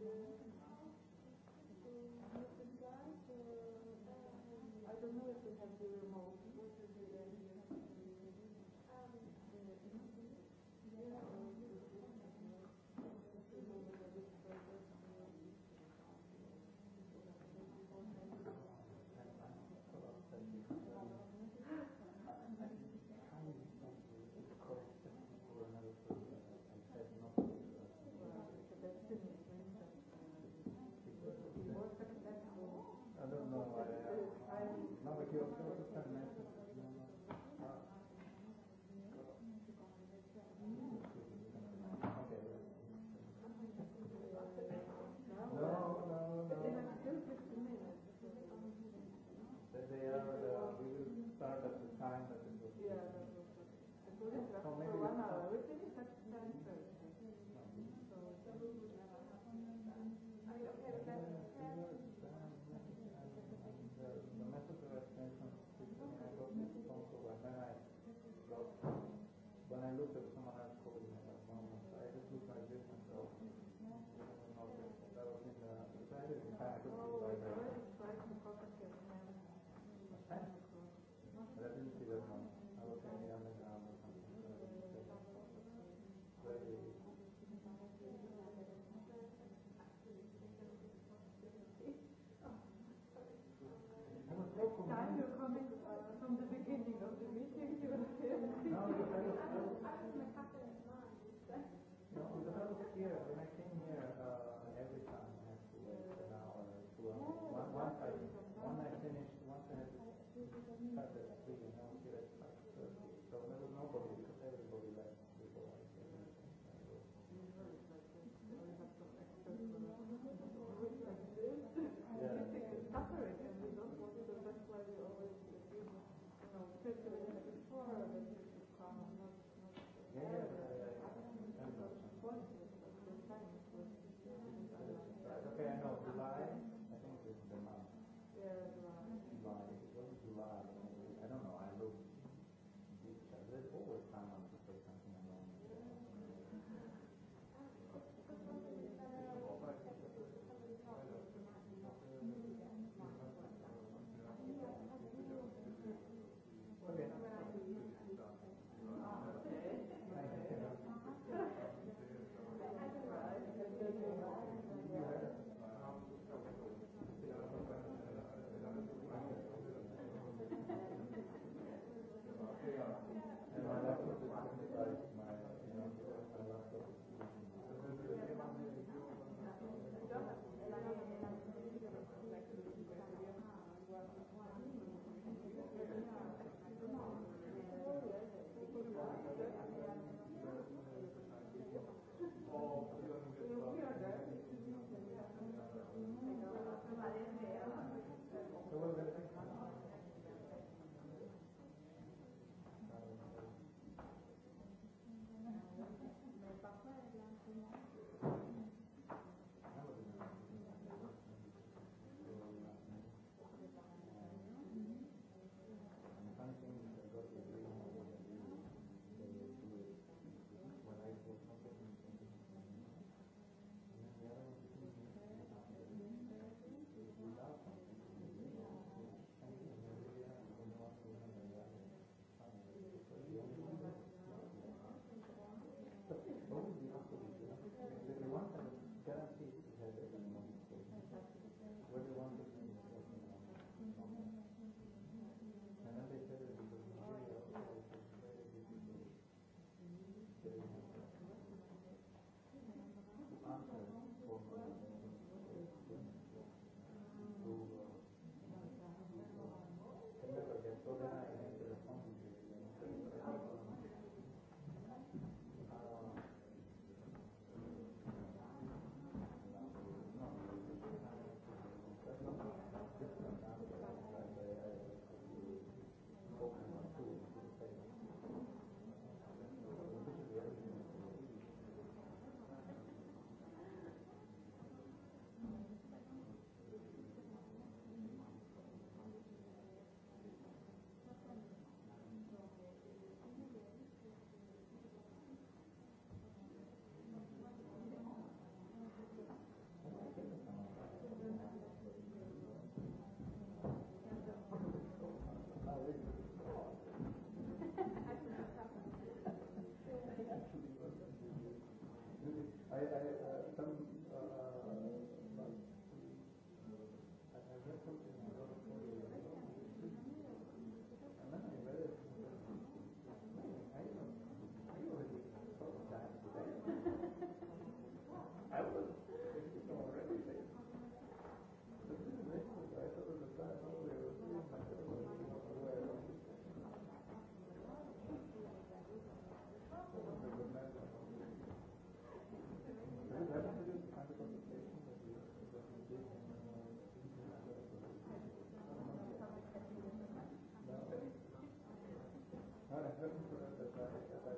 I don't know if we have the remote. Thank you.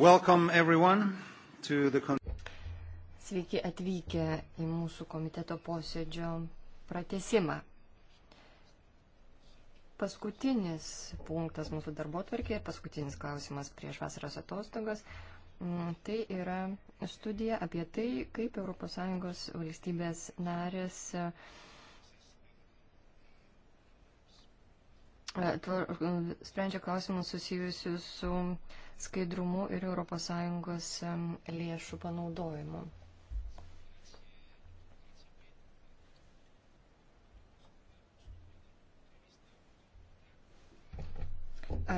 Welcome everyone to the Sveiki atvykę į mūsų komiteto posėdžio pratesimą. Paskutinis punktas mūsų darbo tvarkėje, paskutinis klausimas prieš vasaros atostogas, mm, tai yra studija apie tai, kaip ES valstybės narės uh, E, e, sprendžia klausimus susijusius su skaidrumu ir ES lėšų panaudojimu.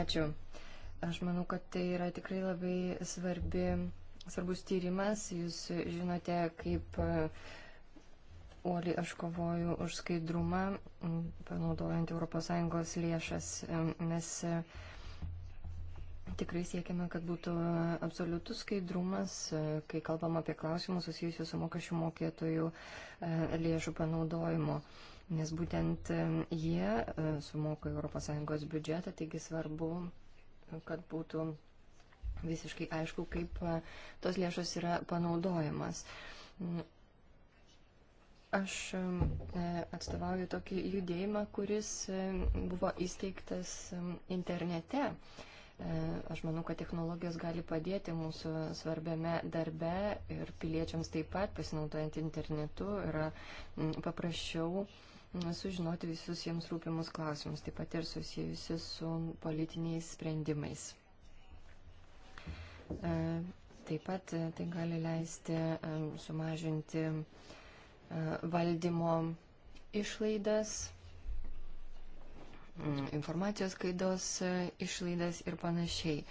Ačiū. Aš manau, kad tai yra tikrai labai svarbi, svarbus tyrimas. Jūs žinote, kaip uoliai aš kovoju už skaidrumą, panaudojant ES lėšas. Mes e, e, tikrai siekiame, kad būtų absoliutus skaidrumas, e, kai kalbam apie klausimus susijusius su mokesčių mokėtojų lėšų panaudojimu. Nes būtent jie sumoka ES biudžetą, taigi svarbu, kad būtų visiškai aišku, kaip tos lėšos yra panaudojamas. Aš e, atstovauju tokį judėjimą, kuris buvo įsteigtas internete. E, aš manau, kad technologijos gali padėti mūsų svarbiame darbe ir piliečiams taip pat, pasinaudojant internetu, yra paprasčiau sužinoti visus jiems rūpimus klausimus, taip pat ir susijusi su politiniais sprendimais. E, taip pat tai gali leisti sumažinti valdymo išlaidas, mm, informacijos klaidos e, išlaidas ir panašiai.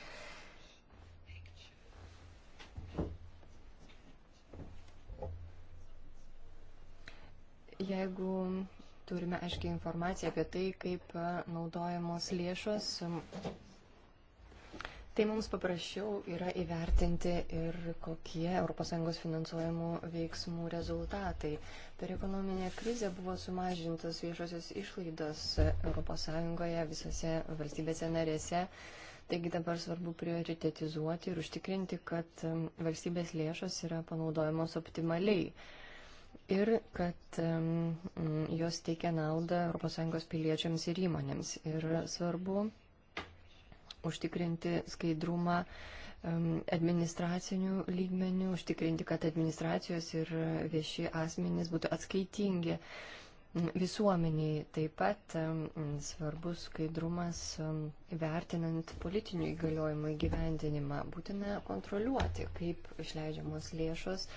Jeigu turime aiškiai informaciją apie tai, kaip e, naudojamos lėšos, Tai mums paprasčiau yra įvertinti ir kokie ES finansuojamų veiksmų rezultatai. Per ekonominę krizę buvo sumažintos viešosios išlaidos ES visose valstybėse narėse. Taigi dabar svarbu prioritetizuoti ir užtikrinti, kad valstybės lėšos yra panaudojamos optimaliai ir kad um, jos teikia naudą ES piliečiams ir įmonėms. Ir svarbu užtikrinti skaidrumą administracinių lygmenių, užtikrinti, kad administracijos ir vieši asmenys būtų atskaitingi visuomeniai. Taip pat svarbus skaidrumas vertinant politinių įgaliojimų įgyvendinimą. Būtina kontroliuoti, kaip išleidžiamos lėšos.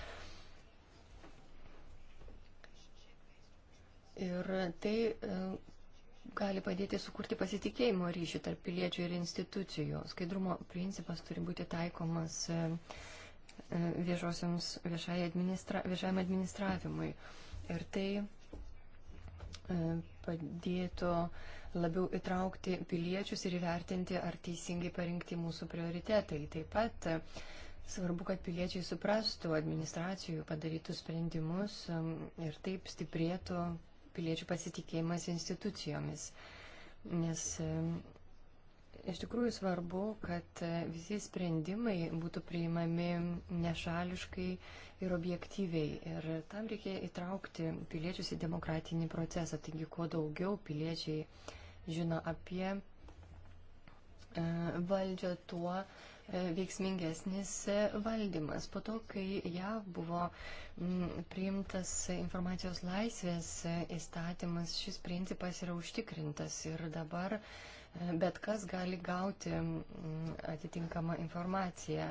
Ir tai gali padėti sukurti pasitikėjimo ryšį tarp piliečių ir institucijų. Skaidrumo principas turi būti taikomas e, e, viešai administra, viešajam administravimui. Ir tai e, padėtų labiau įtraukti piliečius ir įvertinti, ar teisingai parinkti mūsų prioritetai. Taip pat svarbu, kad piliečiai suprastų administracijų padarytus sprendimus ir taip stiprėtų piliečių pasitikėjimas institucijomis. Nes e, iš tikrųjų svarbu, kad e, visi sprendimai būtų priimami nešališkai ir objektyviai. Ir tam reikia įtraukti piliečius į demokratinį procesą. Taigi, kuo daugiau piliečiai žino apie e, valdžią, tuo E, veiksmingesnis e, valdymas. Po to, kai JAV buvo priimtas informacijos laisvės e, įstatymas, šis principas yra užtikrintas ir dabar bet kas gali gauti atitinkamą informaciją,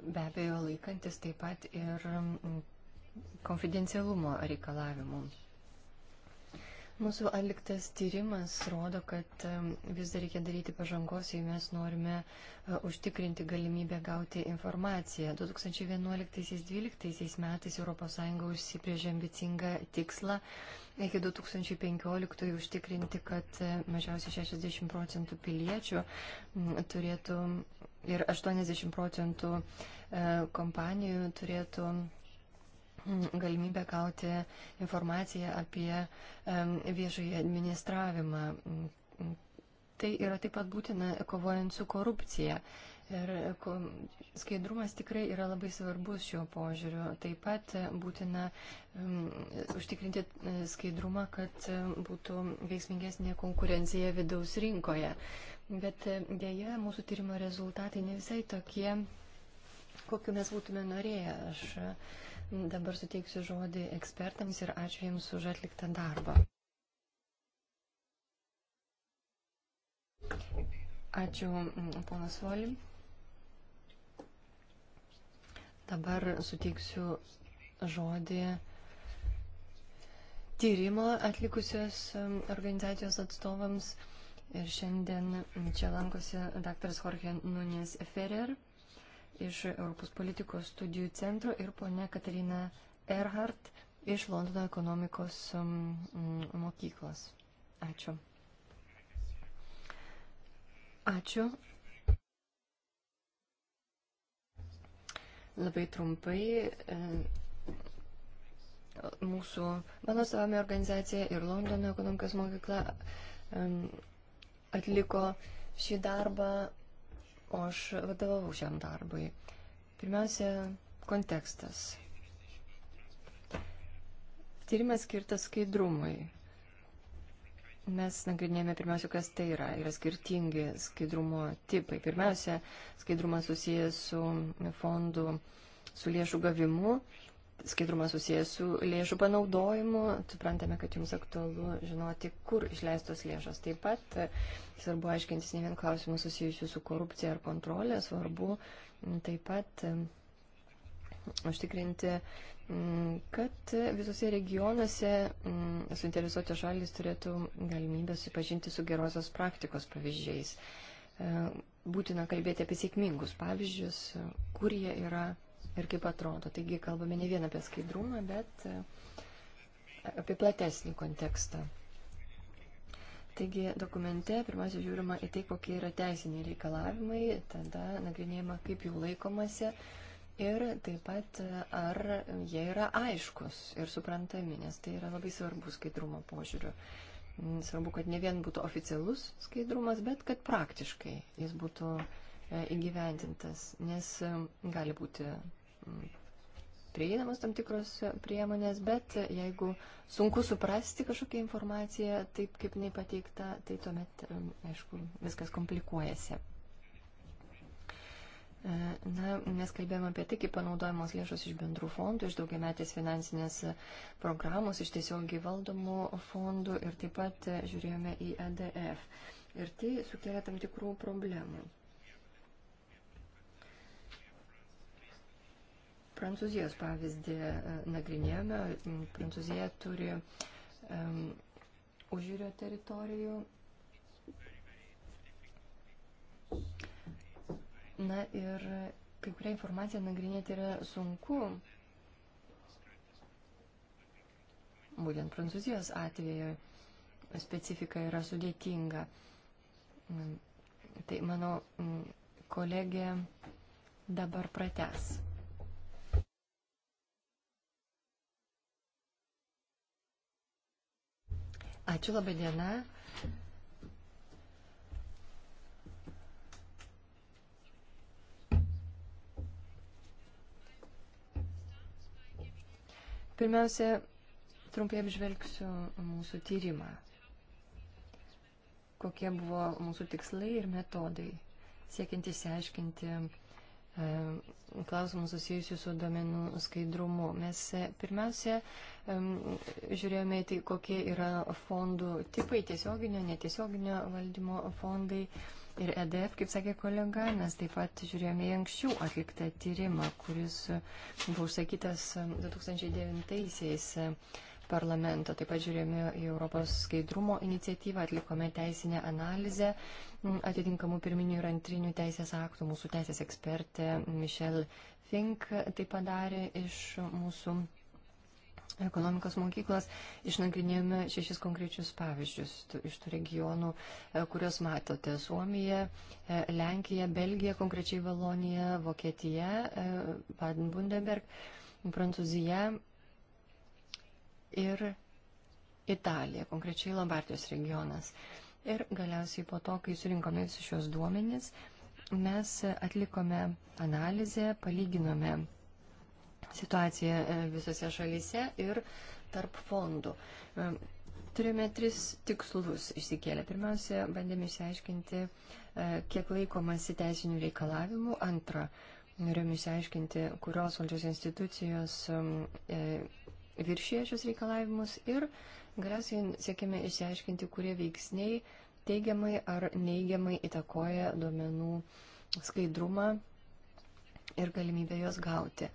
be abejo laikantis taip pat ir konfidencialumo reikalavimų. Mūsų atliktas tyrimas rodo, kad vis dar reikia daryti pažangos, jei mes norime e, užtikrinti galimybę gauti informaciją. 2011-2012 metais ES užsibrėžė ambicingą tikslą iki 2015 užtikrinti, kad e, mažiausiai 60 procentų piliečių turėtų ir 80 procentų e, kompanijų turėtų galimybę gauti informaciją apie viešąjį administravimą. Tai yra taip pat būtina kovojant su korupcija. Ir skaidrumas tikrai yra labai svarbus šiuo požiūriu. Taip pat būtina um, užtikrinti e, skaidrumą, kad e, būtų veiksmingesnė konkurencija vidaus rinkoje. Bet e, dėja, mūsų tyrimo rezultatai ne visai tokie, kokiu mes būtume norėję. Aš Dabar suteiksiu žodį ekspertams ir ačiū Jums už atliktą darbą. Ačiū, mm, ponas Volim. Dabar suteiksiu žodį tyrimo atlikusios mm, organizacijos atstovams. Ir šiandien čia lankosi dr. Jorge Nunes Ferrer iš Europos politikos studijų centro ir ponia Katarina Erhardt iš Londono ekonomikos um, mokyklos. Ačiū. Ačiū. Labai trumpai. E, mūsų mano savame organizacija ir Londono ekonomikos mokykla atliko šį darbą o aš vadovavau šiam darbui. Pirmiausia, kontekstas. Tyrimas skirtas skaidrumui. Mes nagrinėjame pirmiausia, kas tai yra. Yra skirtingi skaidrumo tipai. Pirmiausia, skaidrumas susijęs su fondų, su lėšų gavimu skaidrumas susijęs su lėšų panaudojimu. Suprantame, kad jums aktualu žinoti, kur išleistos lėšos. Taip pat e, svarbu aiškintis ne vien klausimus susijusius su korupcija ar kontrolė, svarbu taip pat e, užtikrinti, kad visose regionuose suinteresuotos šalis turėtų galimybę susipažinti su gerosios praktikos pavyzdžiais. E, būtina kalbėti apie sėkmingus pavyzdžius, kur jie yra, ir kaip atrodo. Taigi kalbame ne vien apie skaidrumą, bet e, apie platesnį kontekstą. Taigi dokumente pirmiausia žiūrima į tai, kokie yra teisiniai reikalavimai, tada nagrinėjama, kaip jų laikomasi ir taip pat e, ar jie yra aiškus ir suprantami, nes tai yra labai svarbu skaidrumo požiūriu. Mm, svarbu, kad ne vien būtų oficialus skaidrumas, bet kad praktiškai jis būtų e, įgyvendintas, nes gali būti prieinamos tam tikros priemonės, bet jeigu sunku suprasti kažkokią informaciją taip, kaip jinai pateikta, tai tuomet, aišku, viskas komplikuojasi. E, na, mes kalbėjome apie tai, kaip panaudojamos lėšos iš bendrų fondų, iš daugiametės finansinės programos, iš tiesiogiai valdomų fondų ir taip pat e, žiūrėjome į EDF. Ir tai sukelia tam tikrų problemų. Prancūzijos pavyzdį e, nagrinėjome. Prancūzija turi um, užjūrio teritorijų. Na ir kai kurią informaciją nagrinėti yra sunku. Būtent Prancūzijos atveju specifika yra sudėtinga. Tai mano kolegė dabar prates. Ačiū, labai diena. Pirmiausia, trumpai apžvelgsiu mūsų tyrimą. Kokie buvo mūsų tikslai ir metodai, siekiant įsiaiškinti E, klausimų susijusių su domenų skaidrumu. Mes e, pirmiausia e, žiūrėjome į tai, kokie yra fondų tipai - tiesioginio, netiesioginio valdymo fondai. Ir EDF, kaip sakė kolega, mes taip pat žiūrėjome į anksčiau atliktą tyrimą, kuris buvo užsakytas 2009-aisiais parlamento. Taip pat žiūrėjome į Europos skaidrumo iniciatyvą, atlikome teisinę analizę atitinkamų pirminių ir antrinių teisės aktų. Mūsų teisės ekspertė Michelle Fink tai padarė iš mūsų ekonomikos mokyklos išnagrinėjome šešis konkrečius pavyzdžius iš tų regionų, e, kuriuos matote - Suomija, e, Lenkija, Belgija, konkrečiai Valonija, Vokietija, e, Baden-Bundeberg, Prancūzija, ir Italija, konkrečiai Lombardijos regionas. Ir galiausiai po to, kai surinkome visus šios duomenys, mes atlikome analizę, palyginome situaciją e, visose šalyse ir tarp fondų. E, turime tris tikslus išsikėlę. Pirmiausia, bandėme išsiaiškinti, e, kiek laikomasi teisinių reikalavimų. Antra, norėjome išsiaiškinti, kurios valdžios institucijos viršyje šios reikalavimus ir galiausiai siekime išsiaiškinti, kurie veiksniai teigiamai ar neigiamai įtakoja duomenų skaidrumą ir galimybę juos gauti.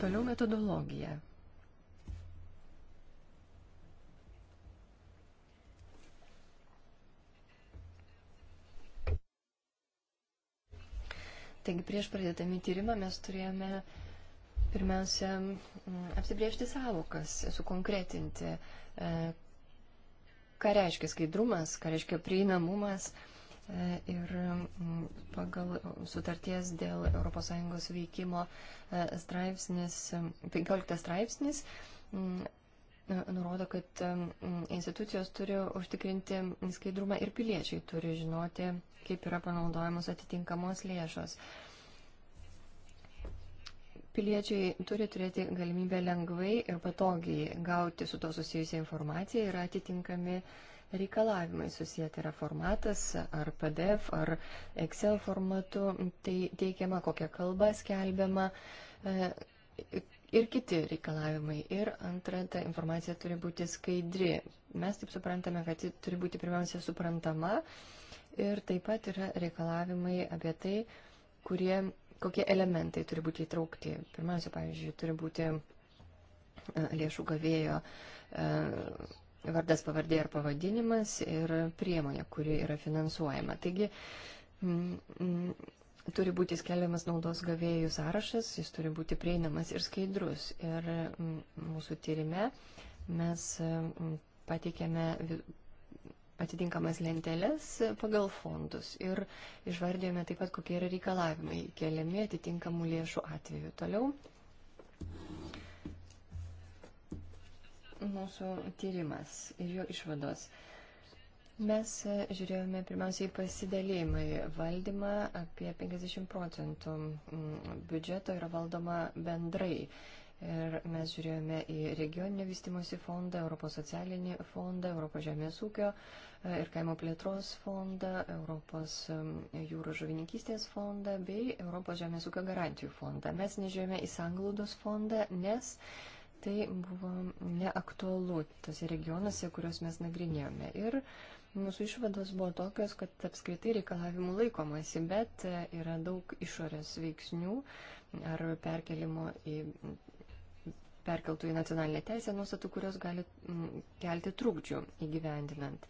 Toliau metodologija. Taigi prieš pradėdami tyrimą mes turėjome pirmiausia, apsibriežti savokas, sukonkretinti, e, ką reiškia skaidrumas, ką reiškia prieinamumas e, ir pagal sutarties dėl ES veikimo e, straipsnis, 15 straipsnis nu, nurodo, kad institucijos turi užtikrinti skaidrumą ir piliečiai turi žinoti, kaip yra panaudojamos atitinkamos lėšos. Piliečiai turi turėti galimybę lengvai ir patogiai gauti su to susijusią informaciją ir atitinkami reikalavimai susijęti yra formatas ar PDF ar Excel formatu, tai teikiama kokia kalba skelbiama e, ir kiti reikalavimai. Ir antra, ta informacija turi būti skaidri. Mes taip suprantame, kad ji turi būti pirmiausia suprantama ir taip pat yra reikalavimai apie tai, kurie kokie elementai turi būti įtraukti. Pirmiausia, pavyzdžiui, turi būti e, lėšų gavėjo e, vardas, pavardė ar pavadinimas ir priemonė, kuri yra finansuojama. Taigi, turi būti skelbiamas naudos gavėjų sąrašas, jis turi būti prieinamas ir skaidrus. Ir mūsų tyrime mes pateikėme atitinkamas lenteles pagal fondus ir išvardėjome taip pat, kokie yra reikalavimai keliami atitinkamų lėšų atveju. Toliau mūsų tyrimas ir jo išvados. Mes žiūrėjome pirmiausiai pasidalėjimą į valdymą, apie 50 procentų biudžeto yra valdoma bendrai. Ir mes žiūrėjome į regioninio vystimosi fondą, Europos socialinį fondą, Europos žemės ūkio e, ir kaimo plėtros fondą, Europos e, jūros žuvininkystės fondą bei Europos žemės ūkio garantijų fondą. Mes nežiūrėjome į sanglaudos fondą, nes tai buvo neaktualu tose regionuose, kuriuos mes nagrinėjome. Ir Mūsų išvados buvo tokios, kad apskritai reikalavimų laikomasi, bet e, yra daug išorės veiksnių ar perkelimo į perkeltų į nacionalinę teisę nuostatų, kurios gali mm, kelti trukdžių įgyvendinant.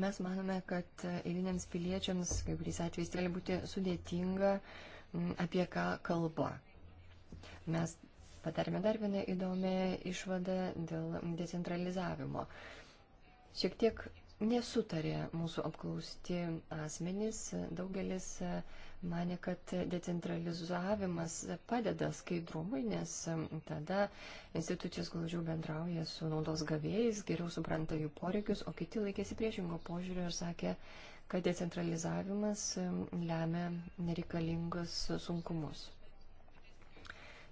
Mes manome, kad e, eiliniams piliečiams, kai kuriais atvejais, gali būti sudėtinga, mm, apie ką kalba. Mes padarėme dar vieną įdomią išvadą dėl decentralizavimo. Šiek tiek nesutarė mūsų apklausti asmenys, daugelis e, mane, kad decentralizavimas padeda skaidrumui, nes tada institucijos glaudžiau bendrauja su naudos gavėjais, geriau supranta jų poreikius, o kiti laikėsi priešingo požiūrio ir sakė, kad decentralizavimas lemia nereikalingus sunkumus.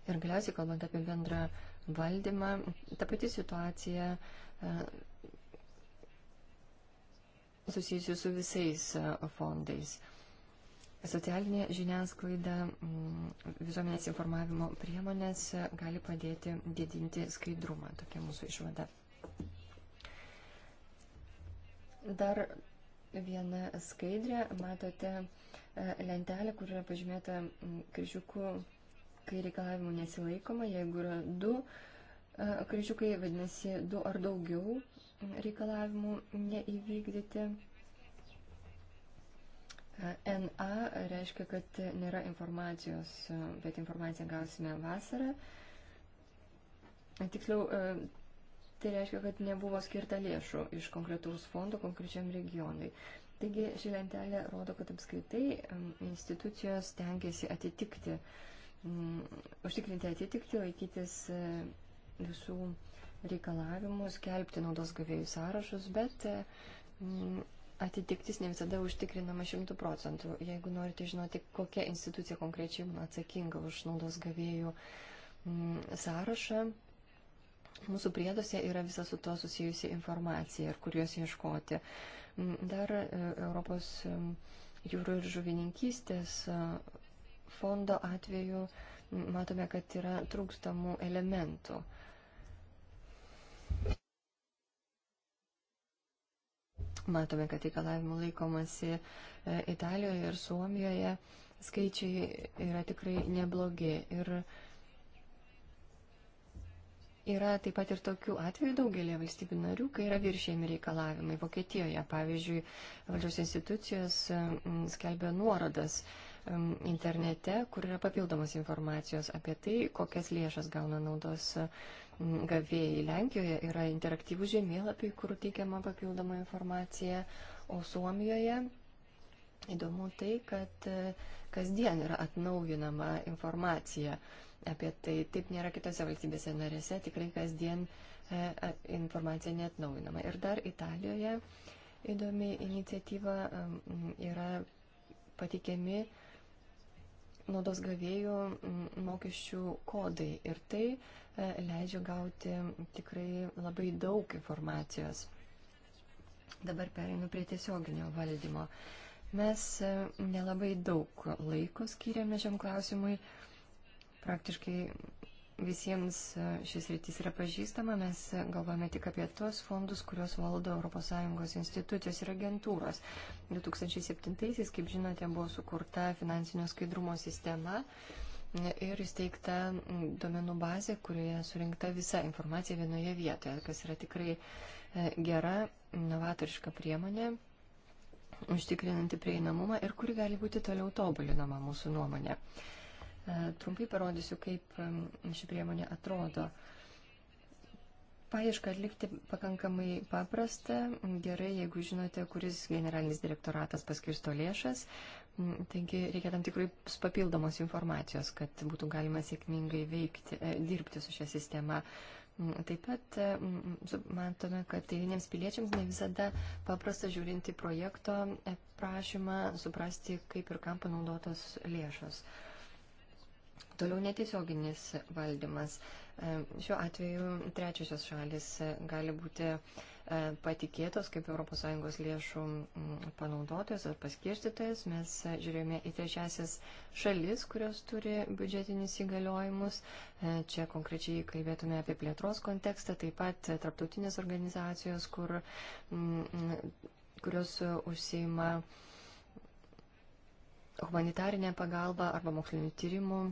Ir galiausiai, kalbant apie bendrą valdymą, ta pati situacija e, susijusi su visais fondais. Socialinė žiniasklaida, mm, visuomenės informavimo priemonės gali padėti didinti skaidrumą. Tokia mūsų išvada. Dar vieną skaidrę matote e, lentelę, kur yra pažymėta mm, kryžiuku, kai reikalavimų nesilaikoma. Jeigu yra du e, kryžiukai, vadinasi, du ar daugiau reikalavimų neįvykdyti NA reiškia, kad nėra informacijos, bet informaciją gausime vasarą. Tiksliau, e, tai reiškia, kad nebuvo skirta lėšų iš konkretaus fondo konkrečiam regionui. Taigi ši lentelė rodo, kad apskritai institucijos tenkėsi atitikti, užtikrinti atitikti, laikytis e, visų reikalavimų, skelbti naudos gavėjų sąrašus, bet e, atitiktis ne visada užtikrinama šimtų procentų. Jeigu norite žinoti, kokia institucija konkrečiai atsakinga už naudos gavėjų mm, sąrašą, mūsų prieduose yra visa su to susijusi informacija ir kur jos ieškoti. Mm, dar e, Europos jūrų ir žuvininkystės e, fondo atveju matome, kad yra trūkstamų elementų. Matome, kad reikalavimų laikomasi e, Italijoje ir Suomijoje. Skaičiai yra tikrai neblogi. Ir yra taip pat ir tokių atvejų daugelį valstybių narių, kai yra viršėjami reikalavimai. Vokietijoje, pavyzdžiui, valdžios institucijos skelbia nuorodas internete, kur yra papildomos informacijos apie tai, kokias lėšas gauna naudos gavėjai. Lenkijoje yra interaktyvų žemėlapiai, kur teikiama papildoma informacija, o Suomijoje įdomu tai, kad e, kasdien yra atnaujinama informacija apie tai. Taip nėra kitose valstybėse narėse, tikrai kasdien e, informacija netnaujinama. Ir dar Italijoje įdomi iniciatyva yra pateikiami naudos gavėjų mokesčių kodai ir tai e, leidžia gauti tikrai labai daug informacijos. Dabar pereinu prie tiesioginio valdymo. Mes e, nelabai daug laiko skiriame šiam klausimui, praktiškai visiems e, šis rytis yra pažįstama, mes galvojame tik apie tos fondus, kuriuos valdo ES institucijos ir agentūros. 2007-aisiais, kaip žinote, buvo sukurta finansinio skaidrumo sistema ir įsteigta domenų bazė, kurioje surinkta visa informacija vienoje vietoje, kas yra tikrai e, gera, novatoriška priemonė, užtikrinanti prieinamumą ir kuri gali būti toliau tobulinama mūsų nuomonė. E, trumpai parodysiu, kaip ši priemonė atrodo. Paiešką atlikti pakankamai paprasta, gerai, jeigu žinote, kuris generalinis direktoratas paskirsto lėšas, taigi reikia tam tikros papildomos informacijos, kad būtų galima sėkmingai veikti, e, dirbti su šią sistemą. Taip pat e, matome, kad eiliniams piliečiams ne visada paprasta žiūrinti projekto prašymą, suprasti, kaip ir kam panaudotos lėšos. Toliau netiesioginis valdymas. E, šiuo atveju trečiosios šalis gali būti e, patikėtos kaip ES lėšų panaudotojas ar paskirstytojas. Mes žiūrėjome į trečiasias šalis, kurios turi biudžetinius įgaliojimus. E, čia konkrečiai kalbėtume apie plėtros kontekstą, taip pat tarptautinės organizacijos, kur, kurios užsieima humanitarinę pagalbą arba mokslinių tyrimų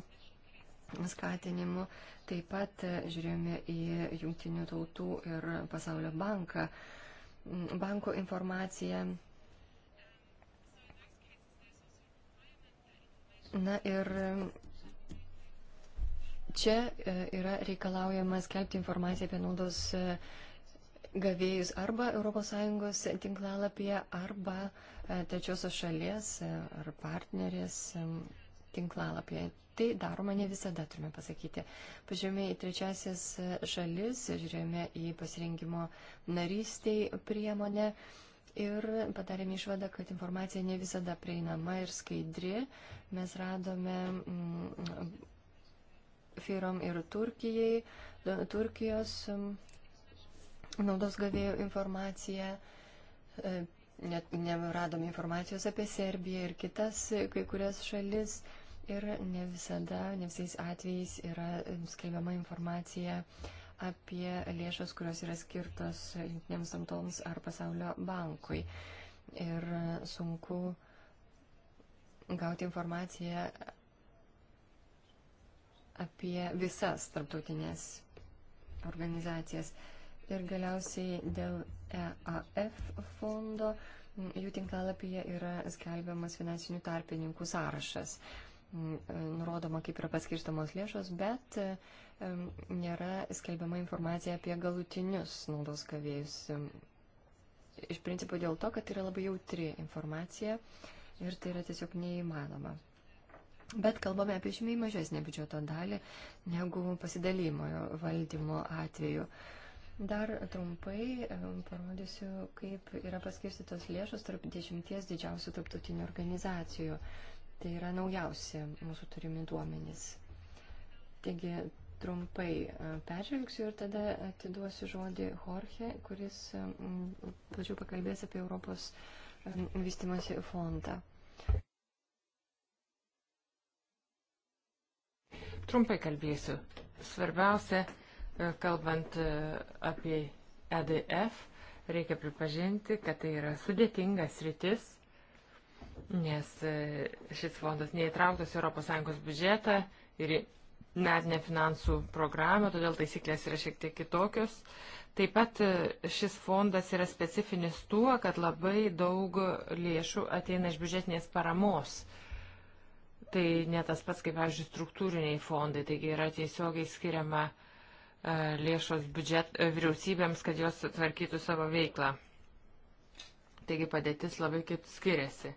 skatinimu. Taip pat e, žiūrėjome į Junktinių tautų ir Pasaulio banką, banko informaciją. Na ir čia e, yra reikalaujama skelbti informaciją apie naudos e, gavėjus arba ES tinklalapyje, arba trečiosios šalies ar partnerės tinklalapyje. Tai daroma ne visada, turime pasakyti. Pažiūrėjome į trečiasis e, šalis, žiūrėjome į pasirinkimo narystiai priemonę ir padarėme išvadą, kad informacija ne visada prieinama ir skaidri. Mes radome mm, firom ir Turkijai, Turkijos mm, naudos gavėjų informaciją. E, net neradom informacijos apie Serbiją ir kitas e, kai kurias šalis. E, ir ne visada, ne visais atvejais yra skelbiama informacija apie lėšas, kurios yra skirtos jungtinėms tamtoms ar pasaulio bankui. Ir sunku gauti informaciją apie visas tarptautinės organizacijas. Ir galiausiai dėl EAF fondo jų tinklalapyje yra skelbiamas finansinių tarpininkų sąrašas nurodoma, kaip yra paskirstamos lėšos, bet nėra skelbiama informacija apie galutinius naudos gavėjus. Iš principo dėl to, kad tai yra labai jautri informacija ir tai yra tiesiog neįmanoma. Bet kalbame apie žymiai mažesnę biudžeto dalį negu pasidalymojo valdymo atveju. Dar trumpai parodysiu, kaip yra paskirstytos lėšos tarp dešimties didžiausių tarptautinių organizacijų. Tai yra naujausi mūsų turimi duomenys. Taigi trumpai e, peržvelgsiu ir tada atiduosiu žodį Jorge, kuris plačiau pakalbės apie Europos e, vystimosi fondą. Trumpai kalbėsiu. Svarbiausia, e, kalbant apie EDF, reikia pripažinti, kad tai yra sudėtingas rytis nes e, šis fondas neįtrauktas ES biudžetą ir metinę finansų programą, todėl taisyklės yra šiek tiek kitokios. Taip pat e, šis fondas yra specifinis tuo, kad labai daug lėšų ateina iš biudžetinės paramos. Tai ne tas pats, kaip, pavyzdžiui, struktūriniai fondai, taigi yra tiesiogiai skiriama e, lėšos biudžet, vyriausybėms, kad jos tvarkytų savo veiklą. Taigi padėtis labai kaip skiriasi.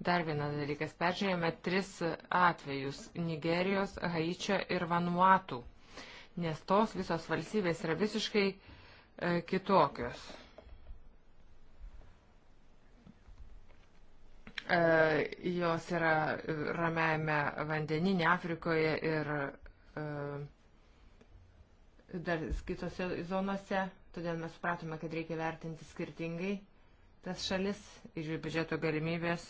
Dar vienas dalykas. Peržiūrėjome tris atvejus - Nigerijos, Haičio ir Vanuatų. Nes tos visos valstybės yra visiškai e, kitokios. E, jos yra ramiajame vandeninė Afrikoje ir e, dar kitose zonose. Todėl mes supratome, kad reikia vertinti skirtingai tas šalis ir jų biudžeto galimybės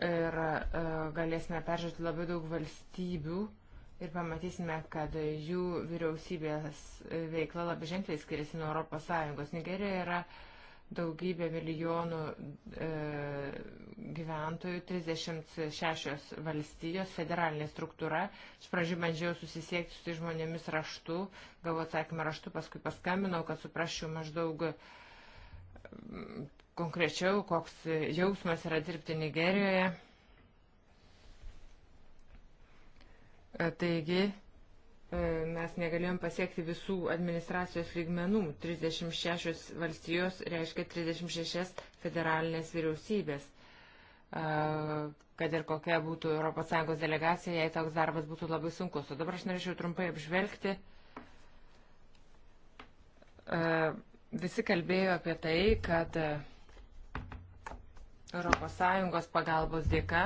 ir e, galėsime peržiūrėti labai daug valstybių ir pamatysime, kad jų vyriausybės veikla labai ženkliai skiriasi nuo ES. Nigerija yra daugybė milijonų e, gyventojų, 36 valstijos, federalinė struktūra. Iš pradžių bandžiau susisiekti su tai žmonėmis raštu, gavau atsakymą raštu, paskui paskambinau, kad suprasčiau maždaug konkrečiau, koks jausmas yra dirbti Nigerijoje. E, taigi, e, mes negalėjom pasiekti visų administracijos lygmenų. 36 valstijos reiškia 36 federalinės vyriausybės. E, kad ir kokia būtų ES delegacija, jei toks darbas būtų labai sunkus. O dabar aš norėčiau trumpai apžvelgti. Visi kalbėjo apie tai, kad ES pagalbos dėka.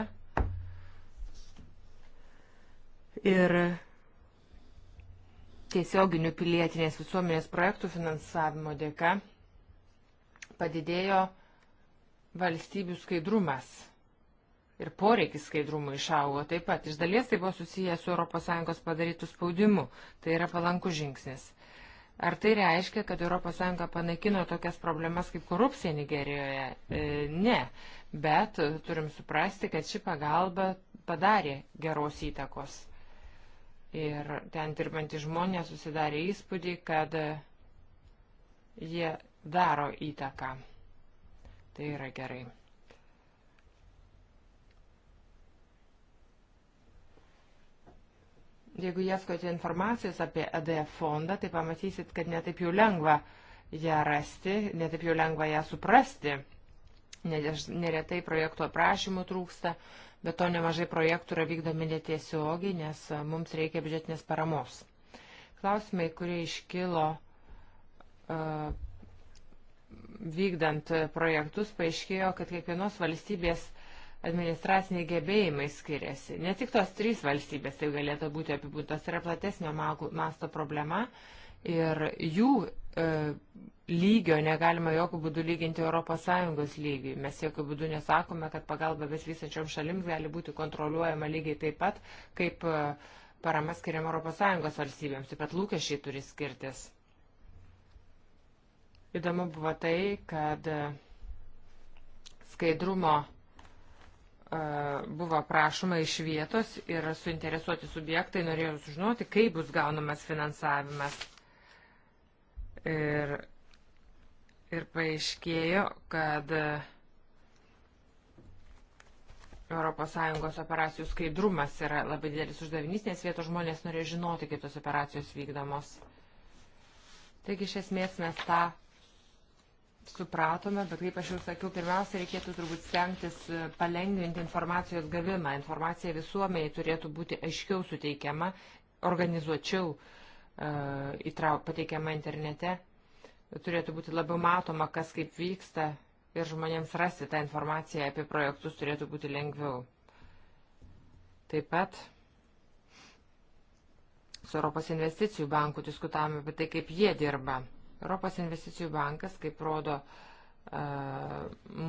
Ir tiesioginių pilietinės visuomenės projektų finansavimo dėka padidėjo valstybių skaidrumas ir poreikis skaidrumui išaugo taip pat. Iš dalies tai buvo susijęs su ES padarytų spaudimu. Tai yra palankus žingsnis. Ar tai reiškia, kad ES panaikino tokias problemas kaip korupcija Nigerijoje? E, ne, bet e, turim suprasti, kad ši pagalba padarė geros įtakos. Ir ten dirbantys žmonės susidarė įspūdį, kad e, jie daro įtaką. Tai yra gerai. Jeigu ieškote informacijos apie EDF fondą, tai pamatysit, kad netaip jau lengva ją rasti, netaip jau lengva ją suprasti. Neretai projektų aprašymų trūksta, bet to nemažai projektų yra vykdomi netiesiogiai, nes mums reikia biudžetinės paramos. Klausimai, kurie iškilo uh, vykdant projektus, paaiškėjo, kad kiekvienos valstybės administraciniai gebėjimai skiriasi. Ne tik tos trys valstybės tai galėtų būti apibūtos, tai yra platesnio masto problema ir jų e, lygio negalima jokių būdų lyginti ES lygiui. Mes jokių būdų nesakome, kad pagalba besvysančiom šalims gali būti kontroliuojama lygiai taip pat, kaip e, parama skiriama ES valstybėms, taip pat lūkesčiai turi skirtis. Įdomu buvo tai, kad e, skaidrumo buvo prašoma iš vietos ir suinteresuoti subjektai norėjo sužinoti, kaip bus gaunamas finansavimas. Ir, ir paaiškėjo, kad ES operacijų skaidrumas yra labai didelis uždavinys, nes vietos žmonės norėjo žinoti, kaip tos operacijos vykdomos. Taigi iš esmės mes tą supratome, bet kaip aš jau sakiau, pirmiausia, reikėtų turbūt stengtis e, palengvinti informacijos gavimą. Informacija visuomeniai turėtų būti aiškiau suteikiama, organizuočiau e, įtrauk, pateikiama internete. Turėtų būti labiau matoma, kas kaip vyksta ir žmonėms rasti tą informaciją apie projektus turėtų būti lengviau. Taip pat su Europos investicijų banku diskutavome apie tai, kaip jie dirba. Europos investicijų bankas, kaip rodo e,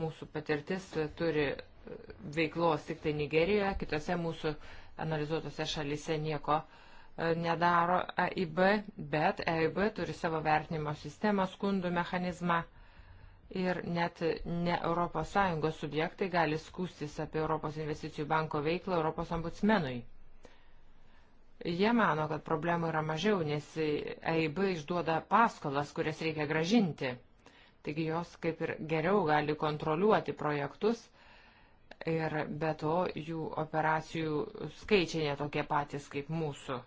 mūsų patirtis, turi veiklos tik tai Nigerijoje, kitose mūsų analizuotose šalise nieko e, nedaro EIB, bet EIB turi savo vertinimo sistemą, skundų mechanizmą ir net ne ES subjektai gali skūstis apie ES banko veiklą ES ombudsmenui. Jie mano, kad problemų yra mažiau, nes EIB išduoda paskolas, kurias reikia gražinti. Taigi jos kaip ir geriau gali kontroliuoti projektus ir be to jų operacijų skaičiai netokie patys kaip mūsų.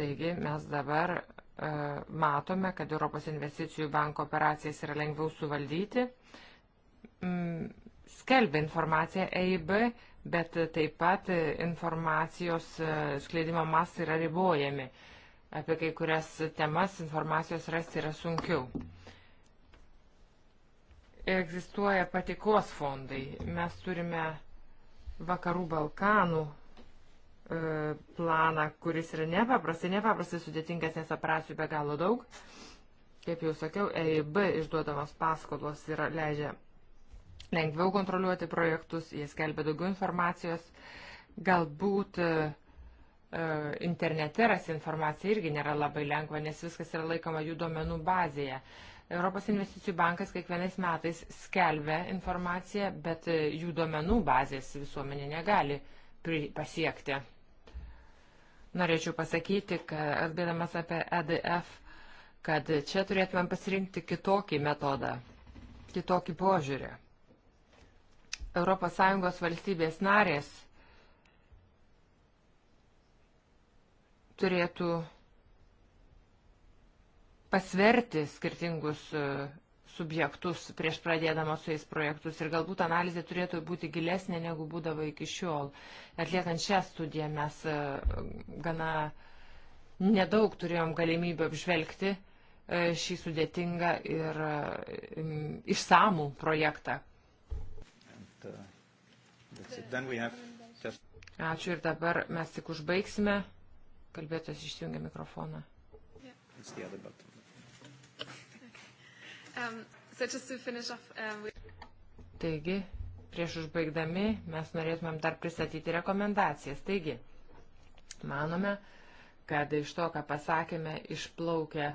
Taigi mes dabar e, matome, kad Europos investicijų banko operacijas yra lengviau suvaldyti. Mm, skelbia informaciją EIB bet taip pat informacijos e, skleidimo mastai yra ribojami. Apie kai kurias temas informacijos rasti yra sunkiau. Egzistuoja patikos fondai. Mes turime Vakarų Balkanų e, planą, kuris yra nepaprastai, nepaprastai sudėtingas, nes operacijų be galo daug. Kaip jau sakiau, EIB išduodamos paskolos yra leidžia lengviau kontroliuoti projektus, jie skelbia daugiau informacijos, galbūt e, e, internete rasti informaciją irgi nėra labai lengva, nes viskas yra laikoma jų duomenų bazėje. Europos investicijų bankas kiekvienais metais skelbia informaciją, bet e, jų duomenų bazės visuomenė negali pasiekti. Norėčiau pasakyti, kad atbėdamas apie EDF, kad čia turėtumėm pasirinkti kitokį metodą, kitokį požiūrį. ES valstybės narės turėtų pasverti skirtingus e, subjektus prieš pradėdamos su jais projektus ir galbūt analizė turėtų būti gilesnė negu būdavo iki šiol. Atliekant šią studiją mes e, gana nedaug turėjom galimybę apžvelgti e, šį sudėtingą ir išsamų projektą, Uh, Ačiū ir dabar mes tik užbaigsime. Kalbėtas išjungia mikrofoną. Um, um, Taigi, prieš užbaigdami mes norėtumėm dar pristatyti rekomendacijas. Taigi, manome, kad iš to, ką pasakėme, išplaukia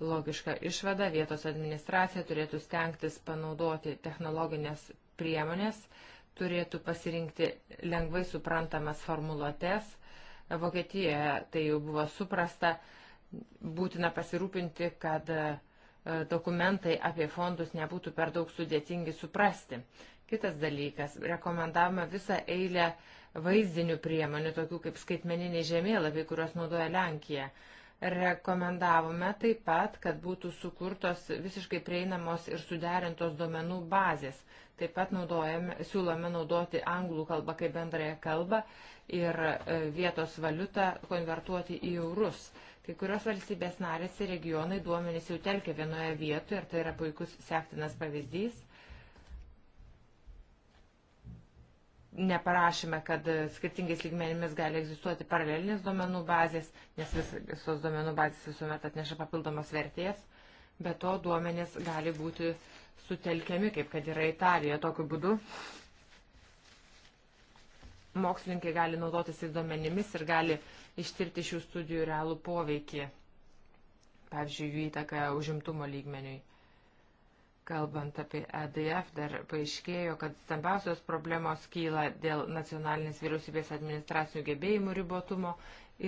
logiška išvada, vietos administracija turėtų stengtis panaudoti technologinės priemonės turėtų pasirinkti lengvai suprantamas formuluotės. Vokietijoje tai jau buvo suprasta, būtina pasirūpinti, kad e, dokumentai apie fondus nebūtų per daug sudėtingi suprasti. Kitas dalykas, rekomendavome visą eilę vaizdinių priemonių, tokių kaip skaitmeniniai žemėlapiai, kuriuos naudoja Lenkija. Rekomendavome taip pat, kad būtų sukurtos visiškai prieinamos ir suderintos duomenų bazės, Taip pat naudojame, siūlome naudoti anglų kalbą kaip bendrąją kalbą ir e, vietos valiutą konvertuoti į eurus. Kai kurios valstybės narės ir regionai duomenys jau telkia vienoje vietoje ir tai yra puikus sektinas pavyzdys. Neparašėme, kad skirtingais lygmenimis gali egzistuoti paralelinės duomenų bazės, nes vis, visos duomenų bazės visuomet atneša papildomas vertės, bet to duomenys gali būti uh, sutelkiami, kaip kad yra Italija. Tokiu būdu mokslininkai gali naudotis į duomenimis ir gali ištirti šių studijų realų poveikį, pavyzdžiui, jų įtaką užimtumo lygmeniui. Kalbant apie EDF, dar paaiškėjo, kad stambiausios problemos kyla dėl nacionalinės vyriausybės administracinių gebėjimų ribotumo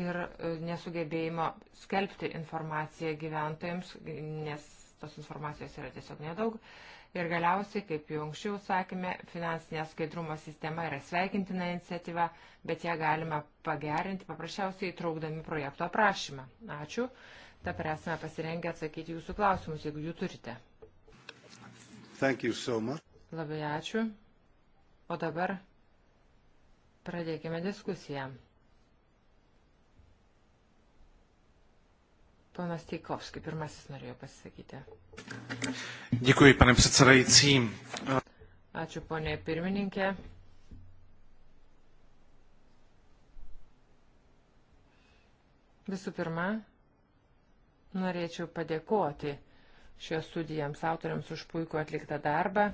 ir e, nesugebėjimo skelbti informaciją gyventojams, nes tos informacijos yra tiesiog nedaug. Ir galiausiai, kaip jau anksčiau sakėme, finansinė skaidrumo sistema yra sveikintina iniciatyva, bet ją galima pagerinti paprasčiausiai įtraukdami projekto aprašymą. Ačiū. Dabar esame pasirengę atsakyti jūsų klausimus, jeigu jų turite. So much. Labai ačiū. O dabar pradėkime diskusiją. Ponas Teikovski, pirmasis norėjo pasisakyti. Dėkui, pane předsedající. Ačiū, ponė pirmininkė. Visų pirma, norėčiau padėkoti šios studijams autoriams už puikų atliktą darbą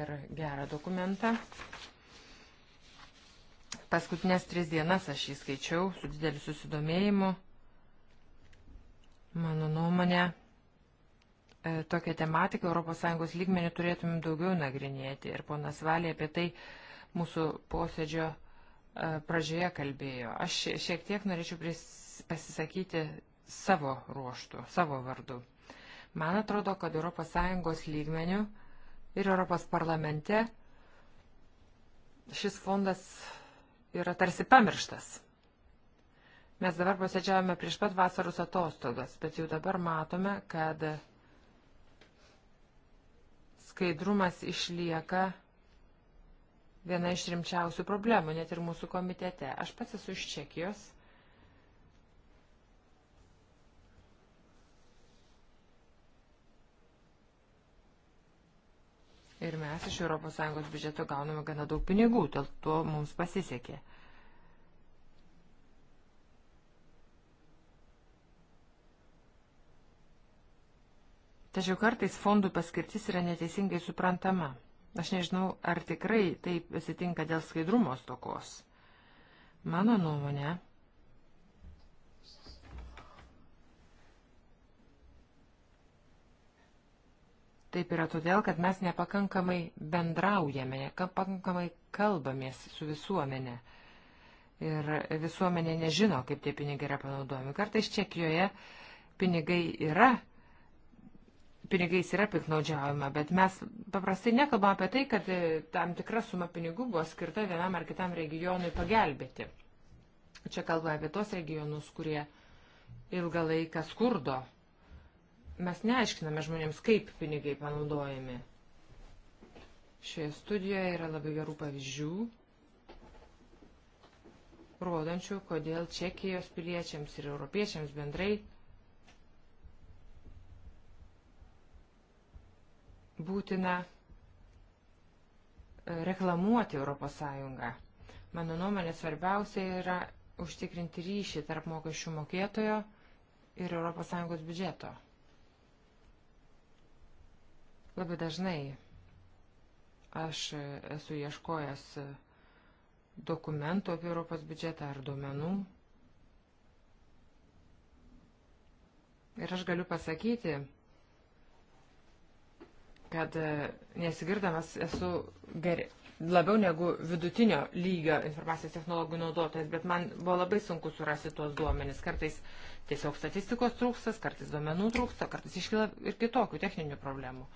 ir gerą dokumentą. Paskutinės tris dienas aš jį skaičiau su dideliu susidomėjimu. Mano nuomonė, e, tokią tematiką ES lygmenį turėtumėm daugiau nagrinėti. Ir ponas Valė apie tai mūsų posėdžio e, pradžioje kalbėjo. Aš šiek tiek norėčiau pasisakyti savo ruoštų, savo vardu. Man atrodo, kad ES lygmenių ir Europos parlamente šis fondas yra tarsi pamirštas. Mes dabar posėdžiavome prieš pat vasaros atostogas, bet jau dabar matome, kad skaidrumas išlieka viena iš rimčiausių problemų, net ir mūsų komitete. Aš pats esu iš Čekijos. Ir mes iš ES biudžeto gauname gana daug pinigų, dėl to mums pasisekė. Tačiau kartais fondų paskirtis yra neteisingai suprantama. Aš nežinau, ar tikrai taip atsitinka dėl skaidrumo stokos. Mano nuomonė. Taip yra todėl, kad mes nepakankamai bendraujame, nepakankamai kalbamės su visuomenė. Ir visuomenė nežino, kaip tie pinigai yra panaudojami. Kartais Čekijoje pinigai yra pinigais yra piknaudžiaujama, bet mes paprastai nekalbam apie tai, kad e, tam tikra suma pinigų buvo skirta vienam ar kitam regionui pagelbėti. Čia kalbame apie tos regionus, kurie ilgą laiką skurdo. Mes neaiškiname žmonėms, kaip pinigai panaudojami. Šioje studijoje yra labai gerų pavyzdžių, rodančių, kodėl Čekijos piliečiams ir europiečiams bendrai būtina e, reklamuoti ES. Mano nuomonė svarbiausia yra užtikrinti ryšį tarp mokesčių mokėtojo ir ES biudžeto. Labai dažnai aš e, esu ieškojęs e, dokumentų apie Europos biudžetą ar duomenų. Ir aš galiu pasakyti, kad e, nesigirdamas esu geri, labiau negu vidutinio lygio informacijos technologijų naudotojas, bet man buvo labai sunku surasti tuos duomenis. Kartais tiesiog statistikos trūksta, kartais duomenų trūksta, kartais iškyla ir kitokių techninių problemų.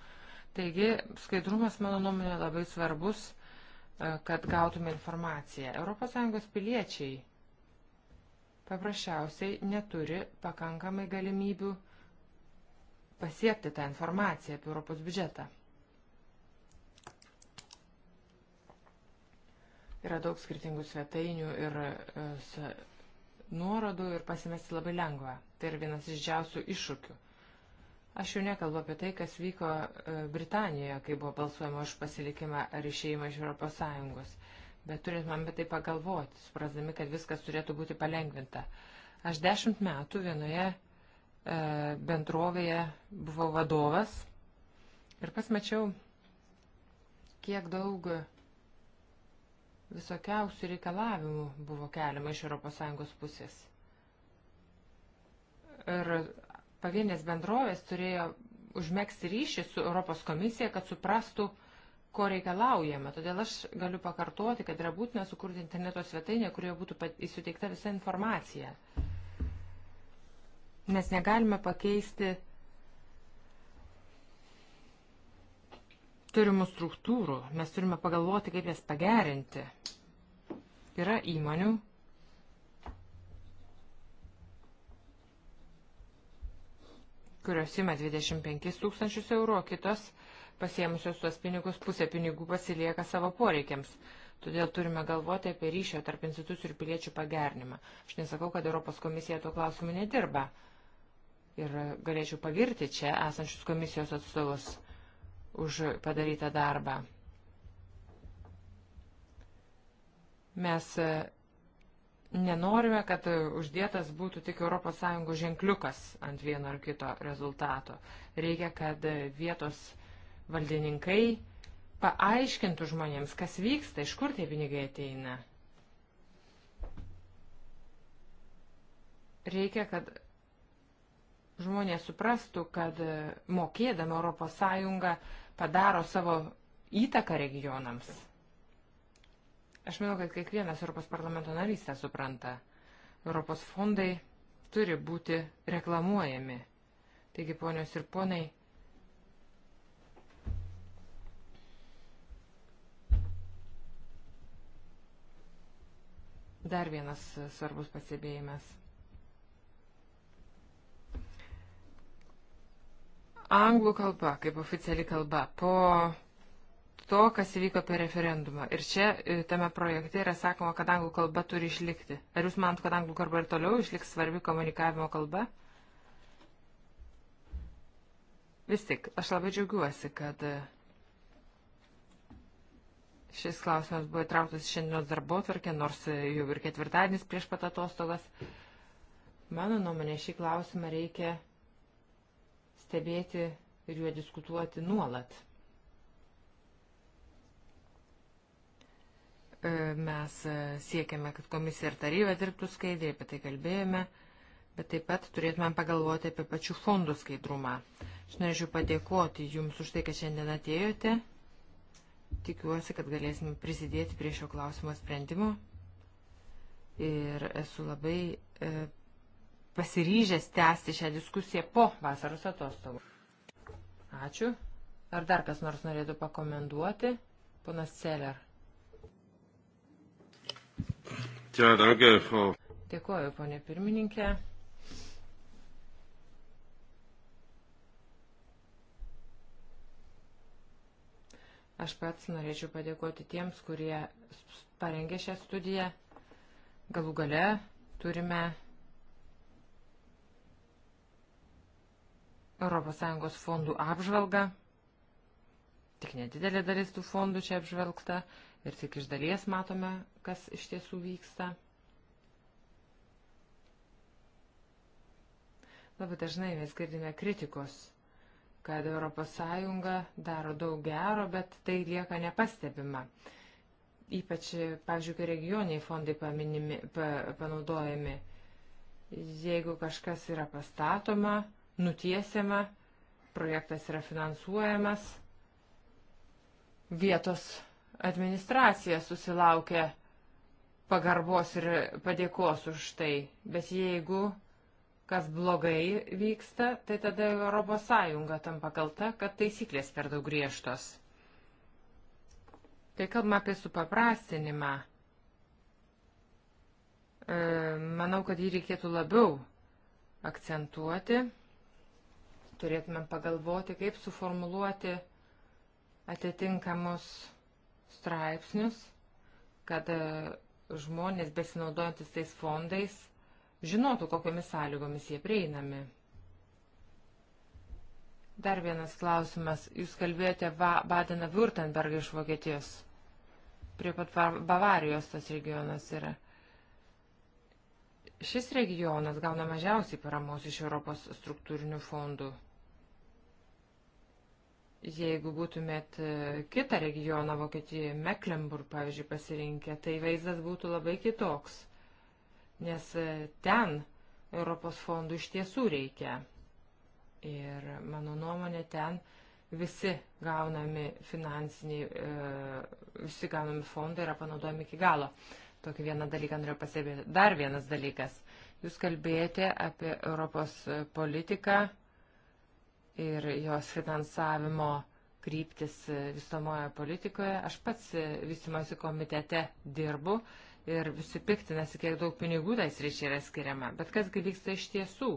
Taigi, skaidrumas, mano nuomonė, labai svarbus, e, kad gautume informaciją. ES piliečiai paprasčiausiai neturi pakankamai galimybių pasiekti tą informaciją apie Europos biudžetą. Yra daug skirtingų svetainių ir e, nuorodų ir pasimesti labai lengva. Tai yra vienas iš didžiausių iššūkių. Aš jau nekalbu apie tai, kas vyko e, Britanijoje, kai buvo balsuojama už pasilikimą ar išėjimą iš Europos Sąjungos. Bet turėtume apie tai pagalvoti, suprasdami, kad viskas turėtų būti palengvinta. Aš dešimt metų vienoje E, bendrovėje buvau vadovas ir pasmačiau, kiek daug visokiausių reikalavimų buvo keliama iš ES pusės. Ir pavienės bendrovės turėjo užmėgsti ryšį su Europos komisija, kad suprastų, ko reikalaujame. Todėl aš galiu pakartoti, kad yra būtina sukurti interneto svetainę, kurioje būtų įsuteikta visa informacija. Mes negalime pakeisti turimų struktūrų. Mes turime pagalvoti, kaip jas pagerinti. Yra įmonių, kurios ima 25 tūkstančius eurų, o kitos pasiemusios tuos pinigus pusę pinigų pasilieka savo poreikiams. Todėl turime galvoti apie ryšio tarp institucijų ir piliečių pagernimą. Aš nesakau, kad Europos komisija tuo klausimu nedirba ir galėčiau pagirti čia esančius komisijos atstovus už padarytą darbą. Mes e, nenorime, kad uždėtas būtų tik ES ženkliukas ant vieno ar kito rezultato. Reikia, kad vietos valdininkai paaiškintų žmonėms, kas vyksta, iš kur tie pinigai ateina. Reikia, kad žmonės suprastų, kad e, mokėdama ES padaro savo įtaką regionams. Aš manau, kad kiekvienas Europos parlamento narys tą supranta. Europos fondai turi būti reklamuojami. Taigi, ponios ir ponai, dar vienas svarbus pasibėjimas. Anglų kalba, kaip oficiali kalba, po to, kas įvyko per referendumą. Ir čia e, tame projekte yra sakoma, kad anglų kalba turi išlikti. Ar jūs manot, kad anglų kalba ir toliau išliks svarbi komunikavimo kalba? Vis tik, aš labai džiaugiuosi, kad e, šis klausimas buvo įtrauktas šiandienos darbo tvarkė, nors e, jau ir ketvirtadienis prieš pat atostogas. Mano nuomonė, šį klausimą reikia stebėti ir juo diskutuoti nuolat. E, mes e, siekiame, kad komisija ir taryba dirbtų skaidriai, apie tai kalbėjome, bet taip pat turėtume pagalvoti apie pačių fondų skaidrumą. Aš norėčiau padėkoti Jums už tai, kad šiandien atėjote. Tikiuosi, kad galėsime prisidėti prie šio klausimo sprendimo. Ir esu labai e, pasiryžęs tęsti šią diskusiją po vasaros atostogų. Ačiū. Ar dar kas nors norėtų pakomenduoti? Ponas Celer. Čia, dargi, o... Dėkuoju, ponė pirmininkė. Aš pats norėčiau padėkoti tiems, kurie parengė šią studiją. Galų gale turime ES fondų apžvalgą. Tik nedidelė dalis tų fondų čia apžvelgta ir tik iš dalies matome, kas iš tiesų vyksta. Labai dažnai mes girdime kritikos, kad ES daro daug gero, bet tai lieka nepastebima. Ypač, pavyzdžiui, kai regioniai fondai paminimi, pa, panaudojami. Jeigu kažkas yra pastatoma, nutiesiama, projektas yra finansuojamas, vietos administracija susilaukia pagarbos ir padėkos už tai, bet jeigu kas blogai vyksta, tai tada ES tampa kalta, kad taisyklės per daug griežtos. Kai kalbame apie supaprastinimą, e, manau, kad jį reikėtų labiau akcentuoti turėtumėm pagalvoti, kaip suformuluoti atitinkamus straipsnius, kad e, žmonės besinaudojantis tais fondais žinotų, kokiamis sąlygomis jie prieinami. Dar vienas klausimas. Jūs kalbėjote Badeną Württembergą iš Vokietijos. Prie pat Bavarijos tas regionas yra. Šis regionas gauna mažiausiai paramos iš Europos struktūrinių fondų. Jeigu būtumėt e, kitą regioną Vokietijoje, Mecklenburg, pavyzdžiui, pasirinkę, tai vaizdas būtų labai kitoks, nes e, ten Europos fondų iš tiesų reikia. Ir mano nuomonė, ten visi gaunami finansiniai, e, visi gaunami fondai yra panaudojami iki galo. Tokį vieną dalyką noriu pastebėti. Dar vienas dalykas. Jūs kalbėjote apie Europos politiką ir jos finansavimo kryptis visomoje politikoje. Aš pats vystimosi komitete dirbu ir visi piktinasi, kiek daug pinigų tais ryšiai yra skiriama. Bet kasgi vyksta iš tiesų?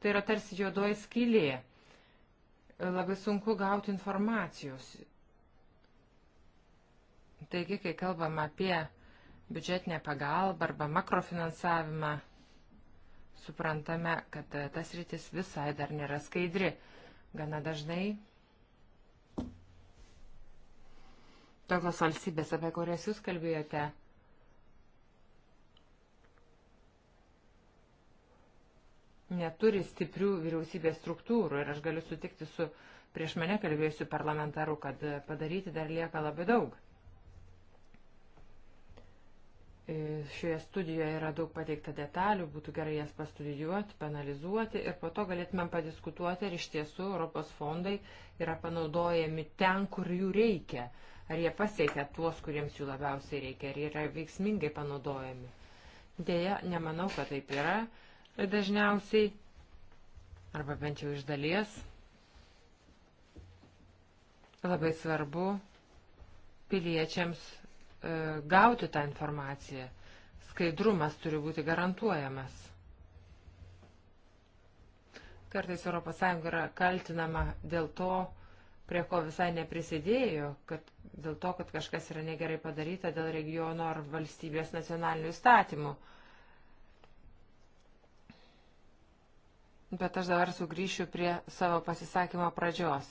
Tai yra tarsi juodoji skylė. Labai sunku gauti informacijos. Taigi, kai kalbam apie biudžetinę pagalbą arba makrofinansavimą, suprantame, kad tas rytis visai dar nėra skaidri gana dažnai tokios valstybės, apie kurias jūs kalbėjote, neturi stiprių vyriausybės struktūrų ir aš galiu sutikti su prieš mane kalbėjusiu parlamentaru, kad padaryti dar lieka labai daug. E, šioje studijoje yra daug pateikta detalių, būtų gerai jas pastudijuoti, panalizuoti ir po to galėtumėm padiskutuoti, ar iš tiesų Europos fondai yra panaudojami ten, kur jų reikia, ar jie pasiekia tuos, kuriems jų labiausiai reikia, ar jie yra veiksmingai panaudojami. Deja, nemanau, kad taip yra dažniausiai, arba bent jau iš dalies. Labai svarbu piliečiams E, gauti tą informaciją. Skaidrumas turi būti garantuojamas. Kartais ES yra kaltinama dėl to, prie ko visai neprisidėjo, kad dėl to, kad kažkas yra negerai padaryta dėl regiono ar valstybės nacionalinių įstatymų. Bet aš dabar sugrįšiu prie savo pasisakymo pradžios.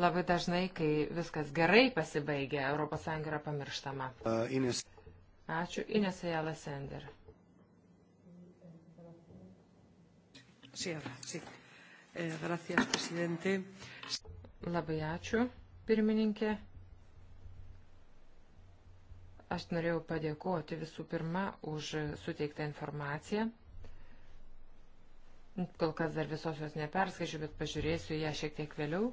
Labai dažnai, kai viskas gerai pasibaigia, ES yra pamirštama. Uh, Ines. Ačiū, Inesa Jala Sender. Sí, sí. Eh, gracias, presidente. Labai ačiū, pirmininkė. Aš norėjau padėkoti visų pirma už suteiktą informaciją. Kol kas dar visos jos neperskaičiu, bet pažiūrėsiu ją šiek tiek vėliau.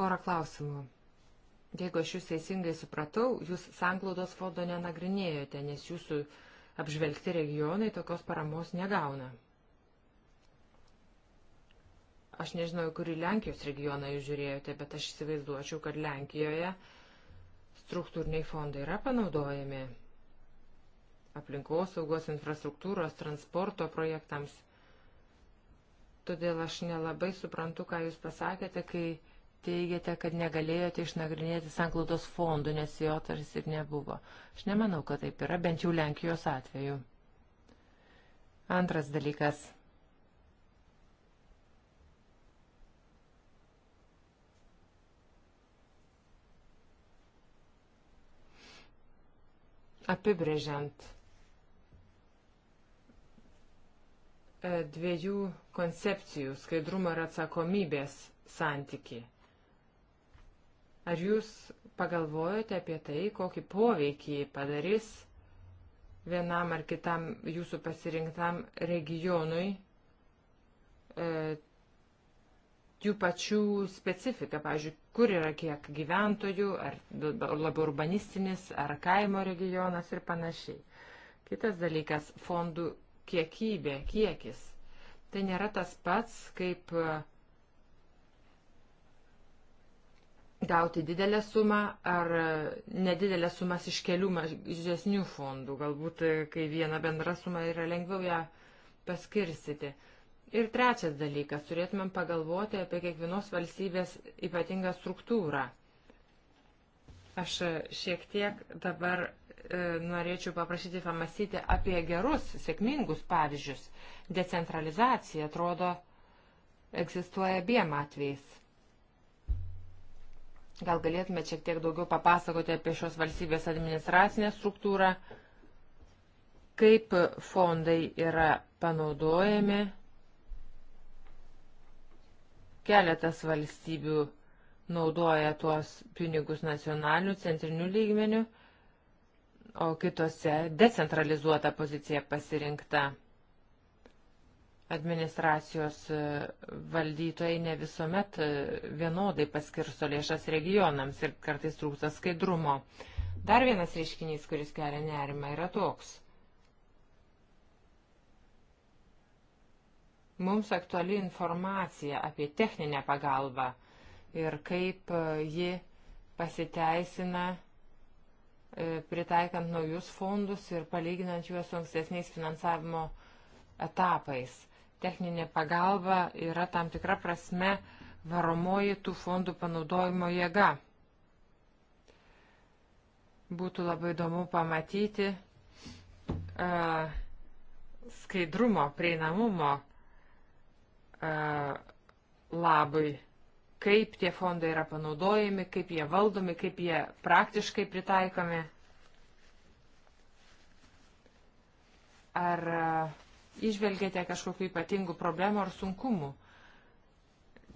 Porą klausimų. Jeigu aš jūs teisingai supratau, jūs sanglaudos fondo nenagrinėjote, nes jūsų apžvelgti regionai tokios paramos negauna. Aš nežinau, kurį Lenkijos regioną jūs žiūrėjote, bet aš įsivaizduočiau, kad Lenkijoje struktūriniai fondai yra panaudojami aplinkosaugos, infrastruktūros, transporto projektams. Todėl aš nelabai suprantu, ką jūs pasakėte, kai teigiate, kad negalėjote išnagrinėti sanklaudos fondų, nes jo tarsi ir nebuvo. Aš nemanau, kad taip yra, bent jau Lenkijos atveju. Antras dalykas. Apibrėžiant e, dviejų koncepcijų - skaidrumo ir atsakomybės santyki. Ar jūs pagalvojote apie tai, kokį poveikį padarys vienam ar kitam jūsų pasirinktam regionui e, jų pačių specifika, pavyzdžiui, kur yra kiek gyventojų, ar labiau urbanistinis, ar kaimo regionas ir panašiai. Kitas dalykas - fondų kiekybė, kiekis. Tai nėra tas pats, kaip e, gauti didelę sumą ar nedidelę sumas iš kelių mažesnių fondų, galbūt e, kai viena bendra suma yra lengviau ją paskirstyti. Ir trečias dalykas, turėtumėm pagalvoti apie kiekvienos valstybės ypatingą struktūrą. Aš e, šiek tiek dabar e, norėčiau paprašyti pamastyti apie gerus, sėkmingus pavyzdžius. Decentralizacija, atrodo, egzistuoja abiem atvejais Gal galėtumėte šiek tiek daugiau papasakoti apie šios valstybės administracinę struktūrą, kaip fondai yra panaudojami. Keletas valstybių naudoja tuos pinigus nacionaliniu, centriniu lygmeniu, o kitose decentralizuota pozicija pasirinkta administracijos e, valdytojai ne visuomet e, vienodai paskirsto lėšas regionams ir kartais trūksta skaidrumo. Dar vienas reiškinys, kuris kelia nerimą, yra toks. Mums aktuali informacija apie techninę pagalbą ir kaip e, ji pasiteisina pritaikant naujus fondus ir palyginant juos su ankstesniais finansavimo etapais techninė pagalba yra tam tikra prasme varomoji tų fondų panaudojimo jėga. Būtų labai įdomu pamatyti uh, skaidrumo, prieinamumo uh, labui, kaip tie fondai yra panaudojami, kaip jie valdomi, kaip jie praktiškai pritaikomi. Ar uh, išvelgėte kažkokiu ypatingu problemu ar sunkumu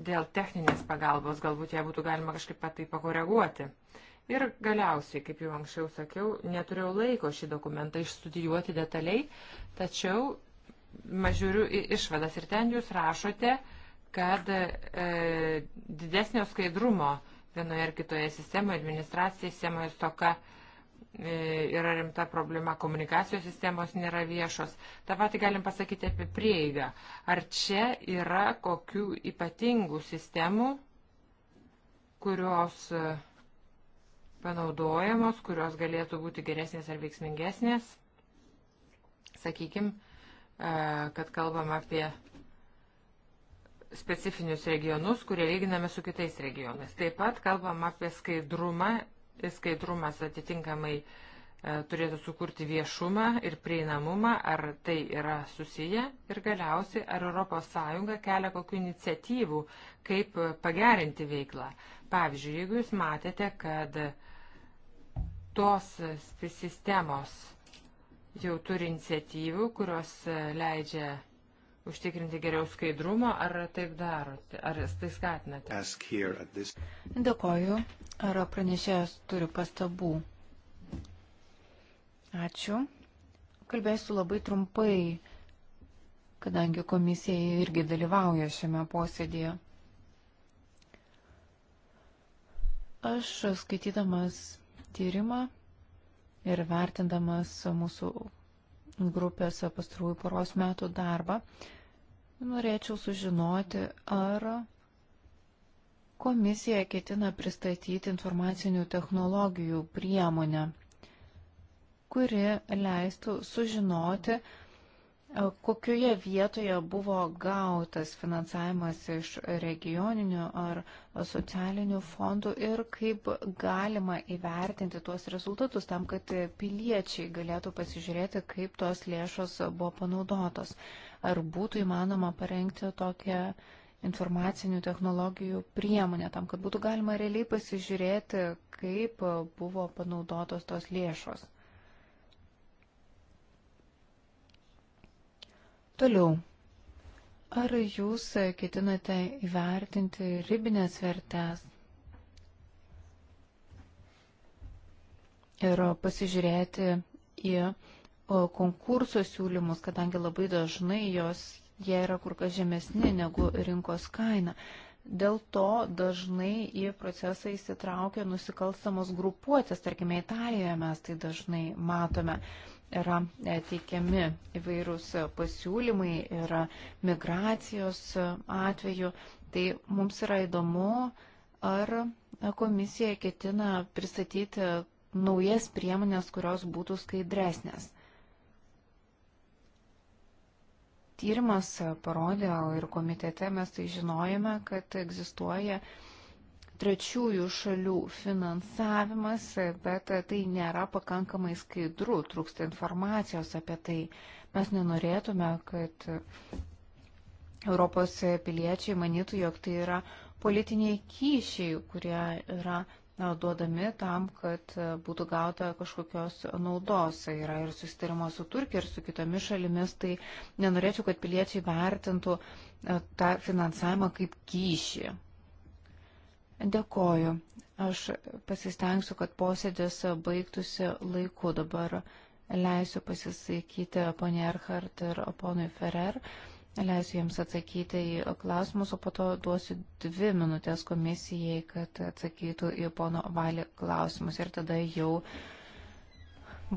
dėl techninės pagalbos, galbūt ją būtų galima kažkaip tai pakoreguoti. Ir galiausiai, kaip jau anksčiau sakiau, neturėjau laiko šį dokumentą išstudijuoti detaliai, tačiau mažiūriu į išvadas ir ten jūs rašote, kad e, didesnio skaidrumo vienoje ar kitoje sistemoje, administracija sistemoje stoka e, E, yra rimta problema, komunikacijos sistemos nėra viešos. Ta pati galim pasakyti apie prieigą. Ar čia yra kokių ypatingų sistemų, kurios e, panaudojamos, kurios galėtų būti geresnės ar veiksmingesnės? Sakykim, e, kad kalbam apie specifinius regionus, kurie lyginame su kitais regionais. Taip pat kalbam apie skaidrumą skaidrumas atitinkamai e, turėtų sukurti viešumą ir prieinamumą, ar tai yra susiję ir galiausiai, ar ES kelia kokiu iniciatyvų, kaip e, pagerinti veiklą. Pavyzdžiui, jeigu jūs matėte, kad tos sistemos jau turi iniciatyvų, kurios e, leidžia užtikrinti geriau skaidrumo, ar taip darote, ar tai skatinate? Dėkoju. Ar pranešėjas turi pastabų? Ačiū. Kalbėsiu labai trumpai, kadangi komisija irgi dalyvauja šiame posėdėje. Aš skaitydamas tyrimą ir vertindamas mūsų grupės pastarųjų poros metų darbą, norėčiau sužinoti, ar komisija ketina pristatyti informacinių technologijų priemonę, kuri leistų sužinoti, Kokioje vietoje buvo gautas finansavimas iš regioninių ar socialinių fondų ir kaip galima įvertinti tuos rezultatus tam, kad piliečiai galėtų pasižiūrėti, kaip tos lėšos buvo panaudotos. Ar būtų įmanoma parengti tokią informacinių technologijų priemonę tam, kad būtų galima realiai pasižiūrėti, kaip buvo panaudotos tos lėšos. Toliau. Ar jūs ketinate įvertinti ribinės vertės ir pasižiūrėti į konkurso siūlymus, kadangi labai dažnai jos, jie yra kur kas žemesni negu rinkos kaina. Dėl to dažnai į procesą įsitraukia nusikalstamos grupuotės, tarkime, Italijoje mes tai dažnai matome. Uh, yra e, teikiami įvairūs pasiūlymai ir migracijos atveju. Tai mums yra įdomu, ar komisija ketina pristatyti naujas priemonės, kurios būtų skaidresnės. Tyrimas parodė ir komitete mes tai žinojame, kad egzistuoja uh, trečiųjų šalių finansavimas, bet tai nėra pakankamai skaidru, trūksta informacijos apie tai. Mes nenorėtume, kad Europos piliečiai manytų, jog tai yra politiniai kyšiai, kurie yra na, duodami tam, kad būtų gauta kažkokios naudos. Yra ir susitarimo su Turkija, ir su kitomis šalimis, tai nenorėčiau, kad piliečiai vertintų tą finansavimą kaip kyšį. Dėkoju. Aš pasistengsiu, kad posėdės baigtųsi laiku. Dabar leisiu pasisakyti ponė Erhardt ir ponui Ferrer. Leisiu jiems atsakyti į klausimus, o po to duosiu dvi minutės komisijai, kad atsakytų į pono Valį klausimus. Ir tada jau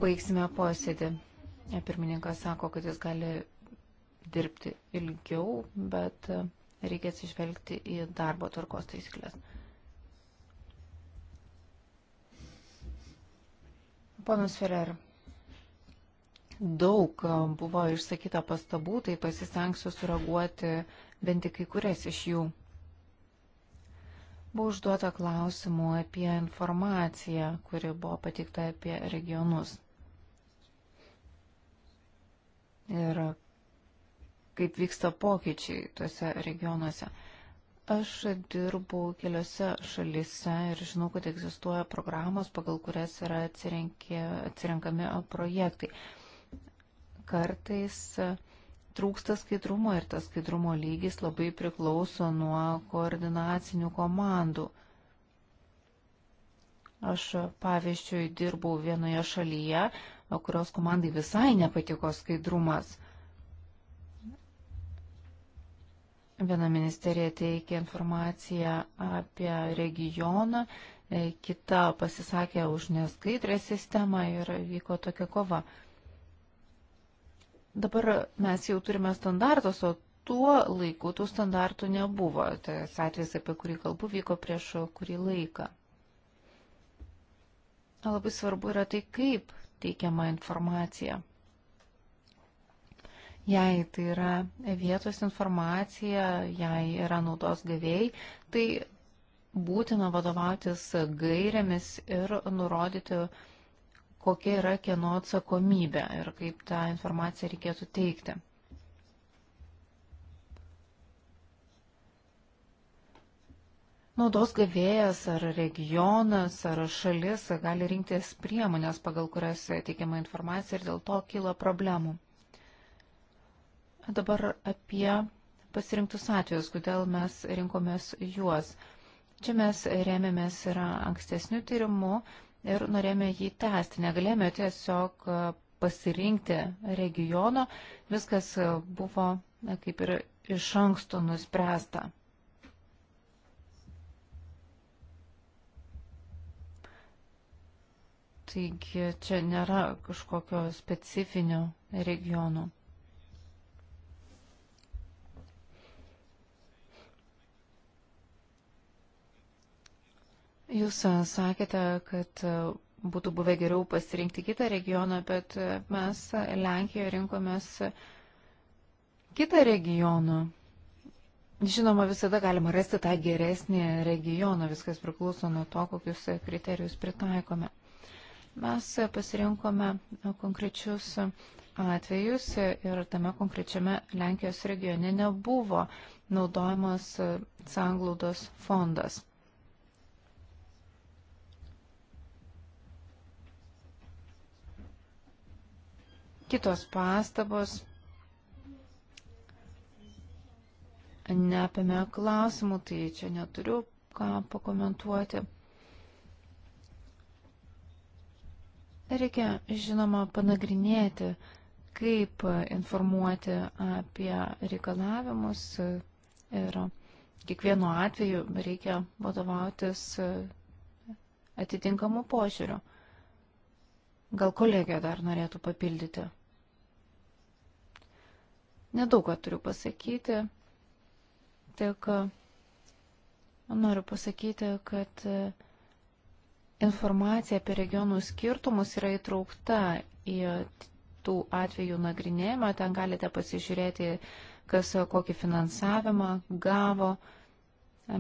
baigsime posėdį. Pirmininkas sako, kad jis gali dirbti ilgiau, bet reikia atsižvelgti į darbo tvarkos taisyklės. Ponas Ferrer, daug buvo išsakyta pastabų, tai pasistengsiu sureaguoti bent tik kai kurias iš jų. Buvo užduota klausimų apie informaciją, kuri buvo patikta apie regionus. Ir kaip vyksta pokyčiai tuose regionuose. Aš dirbu keliose šalise ir žinau, kad egzistuoja programos, pagal kurias yra atsirenkami projektai. Kartais trūksta skaidrumo ir tas skaidrumo lygis labai priklauso nuo koordinacinių komandų. Aš, pavyzdžiui, dirbau vienoje šalyje, kurios komandai visai nepatiko skaidrumas Viena ministerija teikia informaciją apie regioną, e, kita pasisakė už neskaidrę sistemą ir vyko tokia kova. Dabar mes jau turime standartus, o tuo laiku tų standartų nebuvo. Tas atvejs, apie kurį kalbu, vyko prieš kurį laiką. Labai svarbu yra tai, kaip teikiama informacija. Jei tai yra vietos informacija, jei yra naudos gavėjai, tai būtina vadovautis gairėmis ir nurodyti, kokia yra kieno atsakomybė ir kaip tą informaciją reikėtų teikti. Naudos gavėjas ar regionas ar šalis gali rinktis priemonės, pagal kurias teikiama informacija ir dėl to kyla problemų. Dabar apie pasirinktus atvejus, kodėl mes rinkomės juos. Čia mes rėmėmės yra ankstesnių tyrimų ir norėjome jį tęsti. Negalėjome tiesiog pasirinkti regiono, viskas buvo na, kaip ir iš anksto nuspręsta. Taigi čia nėra kažkokio specifinio regiono. Jūs sakėte, kad būtų buvę geriau pasirinkti kitą regioną, bet mes Lenkijoje rinkomės kitą regioną. Žinoma, visada galima rasti tą geresnį regioną, viskas priklauso nuo to, kokius kriterijus pritaikome. Mes pasirinkome konkrečius atvejus ir tame konkrečiame Lenkijos regione nebuvo naudojamas sanglaudos fondas. Kitos pastabos neapėmė klausimų, tai čia neturiu ką pakomentuoti. Reikia, žinoma, panagrinėti, kaip informuoti apie reikalavimus ir kiekvienu atveju reikia vadovautis atitinkamu požiūriu. Gal kolegė dar norėtų papildyti? Nedaug ką turiu pasakyti, tik e, noriu pasakyti, kad e, informacija apie regionų skirtumus yra įtraukta į tų atvejų nagrinėjimą. Ten galite pasižiūrėti, kas e, kokį finansavimą gavo,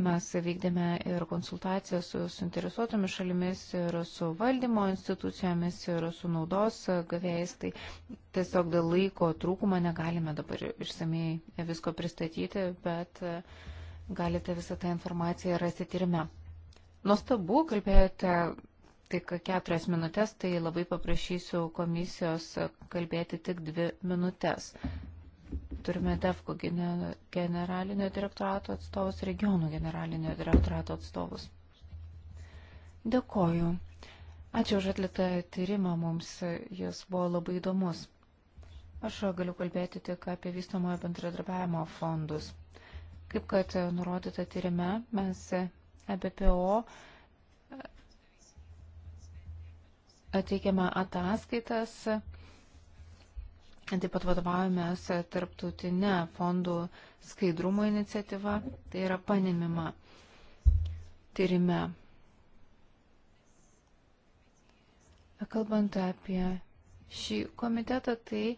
Mes vykdėme ir konsultacijas su suinteresuotomis šalimis, ir su valdymo institucijomis, ir su naudos gavėjais. Tai tiesiog dėl laiko trūkumo negalime dabar išsamei visko pristatyti, bet galite visą tą informaciją rasti tyrime. Nuostabu, kalbėjote tik keturias minutės, tai labai paprašysiu komisijos kalbėti tik dvi minutės. Turime DEFCO generalinio direktorato atstovus, regionų generalinio direktorato atstovus. Dėkoju. Ačiū už atliktą tyrimą mums, jis buvo labai įdomus. Aš galiu kalbėti tik apie vystomojo bendradarbiavimo fondus. Kaip kad nurodyta tyrime, mes EBPO teikiame ataskaitas Taip pat vadovaujamės tarptautinė fondų skaidrumo iniciatyva, tai yra panimima tyrime. Kalbant apie šį komitetą, tai e,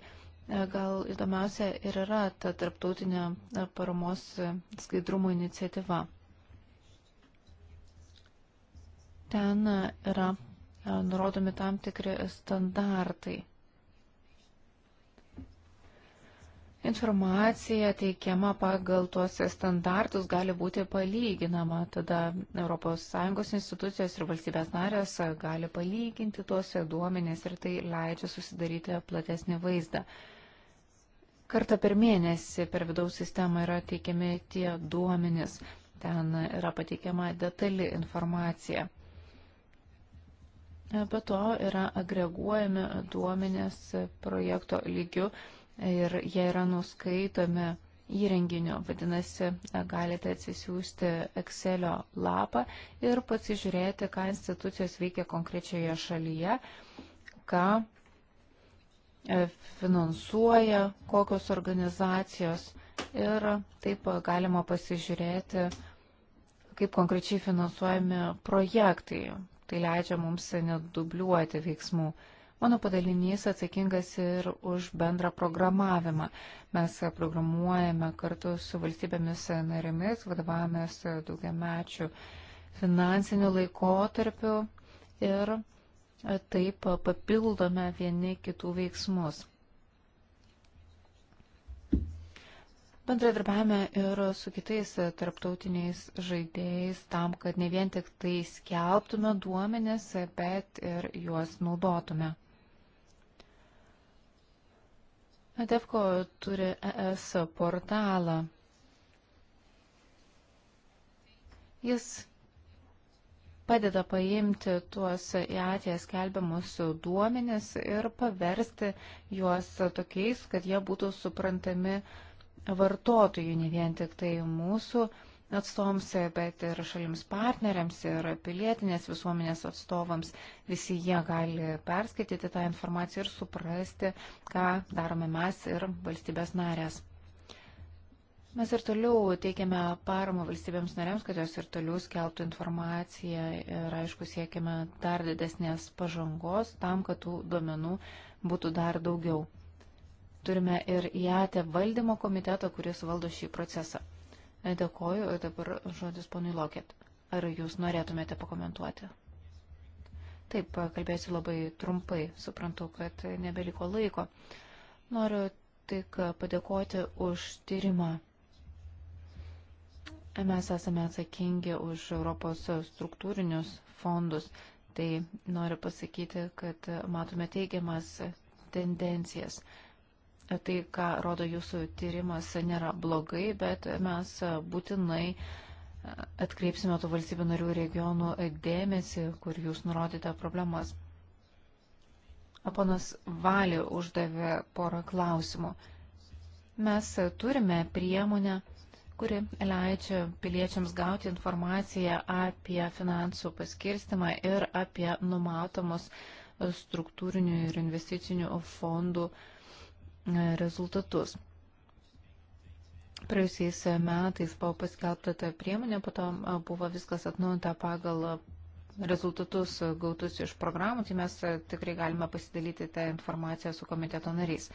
gal įdomiausia ir yra ta tarptautinė e, paramos skaidrumo iniciatyva. Ten e, yra nurodomi tam tikri standartai Informacija teikiama pagal tuos standartus gali būti palyginama, tada ES institucijos ir valstybės narės gali palyginti tuos duomenys ir tai leidžia susidaryti platesnį vaizdą. Kartą per mėnesį per vidaus sistemą yra teikiami tie duomenys, ten yra pateikiama detali informacija. Be to yra agreguojami duomenės projekto lygiu ir jie yra nuskaitomi įrenginiu. Vadinasi, galite atsisiųsti Excelio lapą ir pasižiūrėti, ką institucijos veikia konkrečioje šalyje, ką e, finansuoja, kokios organizacijos ir taip galima pasižiūrėti, kaip konkrečiai finansuojami projektai. Tai leidžia mums nedubliuoti veiksmų. Mano padalinys atsakingas ir už bendrą programavimą. Mes programuojame kartu su valstybėmis narėmis, vadovavomės daugiamečių finansinių laikotarpių ir taip papildome vieni kitų veiksmus. Bendradarbiavame ir su kitais tarptautiniais žaidėjais tam, kad ne vien tik tai skelbtume duomenis, bet ir juos naudotume. Defko turi ES portalą. Jis padeda paimti tuos į ateities kelbiamus duomenis ir paversti juos tokiais, kad jie būtų suprantami vartotojų, ne vien tik tai mūsų atstovams, bet ir šalims partneriams, ir pilietinės visuomenės atstovams. Visi jie gali perskaityti tą informaciją ir suprasti, ką darome mes ir valstybės narės. Mes ir toliau teikiame paramą valstybėms nariams, kad jos ir toliau skelbtų informaciją ir, aišku, siekime dar didesnės pažangos tam, kad tų duomenų būtų dar daugiau. Turime ir IATE valdymo komitetą, kuris valdo šį procesą. Dėkoju, dabar žodis ponui Lokėt. Ar jūs norėtumėte pakomentuoti? Taip, kalbėsiu labai trumpai, suprantu, kad nebeliko laiko. Noriu tik padėkoti už tyrimą. Mes esame atsakingi už Europos struktūrinius fondus, tai noriu pasakyti, kad matome teigiamas tendencijas. Tai, ką rodo jūsų tyrimas, nėra blogai, bet mes būtinai atkreipsime tų valstybių narių regionų dėmesį, kur jūs nurodyte problemas. Ponas Valį uždavė porą klausimų. Mes turime priemonę, kuri leidžia piliečiams gauti informaciją apie finansų paskirstimą ir apie numatomus struktūrinių ir investicinių fondų uh, E, rezultatus. Praėjusiais metais buvo paskelbta ta priemonė, po to e, buvo viskas atnaujinta pagal e, rezultatus gautus iš programų, tai mes tikrai galime pasidalyti tą informaciją su komiteto nariais.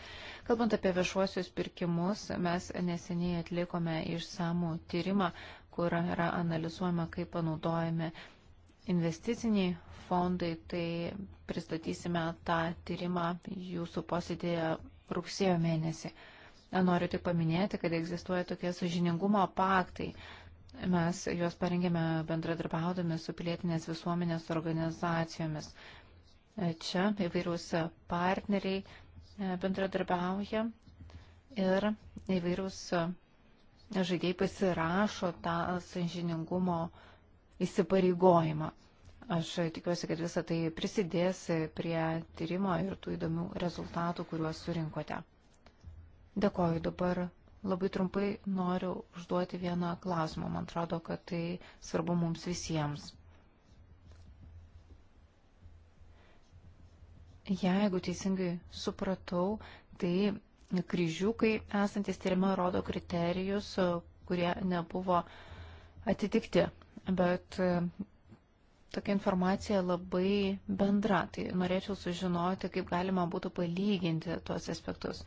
Kalbant apie viešuosius pirkimus, mes neseniai atlikome išsamų tyrimą, kur yra analizuojama, kaip panaudojami investiciniai fondai, tai pristatysime tą tyrimą jūsų posėdėje rugsėjo mėnesį. Noriu tik paminėti, kad egzistuoja tokie sažiningumo paktai. Mes juos parengėme bendradarbiaudami su pilietinės visuomenės organizacijomis. Čia įvairūs partneriai e, bendradarbiauja ir įvairūs e, žaidėjai pasirašo tą sažiningumo įsipareigojimą. Aš tikiuosi, kad visa tai prisidės prie tyrimo ir tų įdomių rezultatų, kuriuos surinkote. Dėkoju dabar. Labai trumpai noriu užduoti vieną klausimą. Man atrodo, kad tai svarbu mums visiems. Jeigu teisingai supratau, tai kryžiukai esantis tyrime rodo kriterijus, kurie nebuvo atitikti. Bet tokia informacija labai bendra, tai norėčiau sužinoti, kaip galima būtų palyginti tuos aspektus.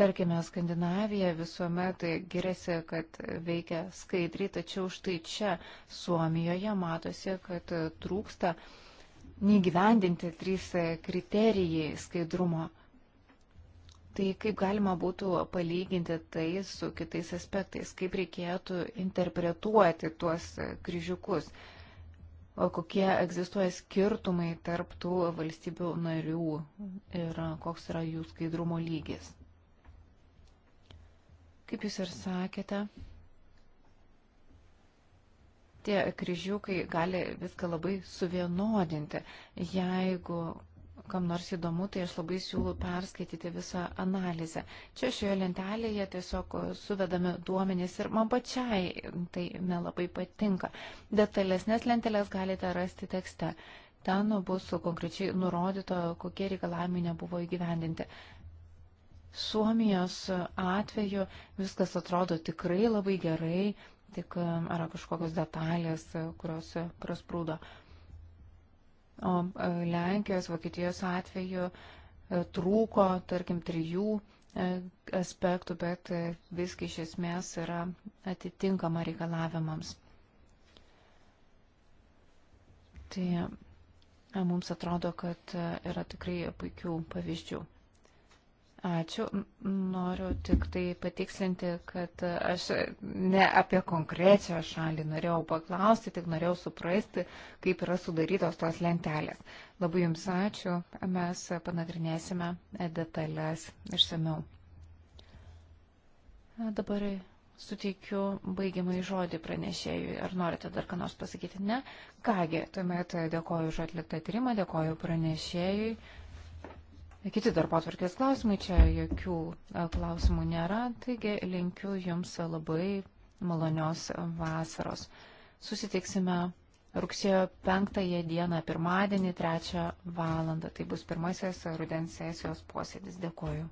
Tarkime, Skandinavija visuomet giriasi, kad veikia skaidriai, tačiau štai čia Suomijoje matosi, kad trūksta neįgyvendinti trys kriterijai skaidrumo. Tai kaip galima būtų palyginti tai su kitais aspektais, kaip reikėtų interpretuoti tuos kryžiukus kokie egzistuoja skirtumai tarp tų valstybių narių ir koks yra jų skaidrumo lygis. Kaip jūs ir sakėte, tie kryžiukai gali viską labai suvienodinti, jeigu kam nors įdomu, tai aš labai siūlau perskaityti visą analizę. Čia šioje lentelėje tiesiog suvedami duomenys ir man pačiai tai nelabai patinka. Detalesnės lentelės galite rasti tekste. Ten bus konkrečiai nurodyta, kokie reikalavimai nebuvo įgyvendinti. Suomijos atveju viskas atrodo tikrai labai gerai, tik e, yra kažkokios detalės, kurios prasprūdo. Kur O e, Lenkijos, Vokietijos atveju e, trūko, tarkim, trijų e, aspektų, bet visgi iš esmės yra atitinkama reikalavimams. Tai mums atrodo, kad yra tikrai puikių pavyzdžių. Ačiū. Noriu tik tai patikslinti, kad aš ne apie konkrečią šalį norėjau paklausti, tik norėjau suprasti, kaip yra sudarytos tos lentelės. Labai Jums ačiū. Mes panagrinėsime detalės išsameu. Dabar suteikiu baigiamai žodį pranešėjui. Ar norite dar ką nors pasakyti? Ne. Kągi, tuomet dėkoju už atliktą tyrimą, dėkoju pranešėjui. E, kiti darbo atvarkės klausimai, čia jokių e, klausimų nėra, taigi linkiu Jums labai malonios vasaros. Susitiksime rugsėjo 5 dieną, pirmadienį, 3 valandą. Tai bus pirmasis rudens sesijos posėdis. Dėkuoju.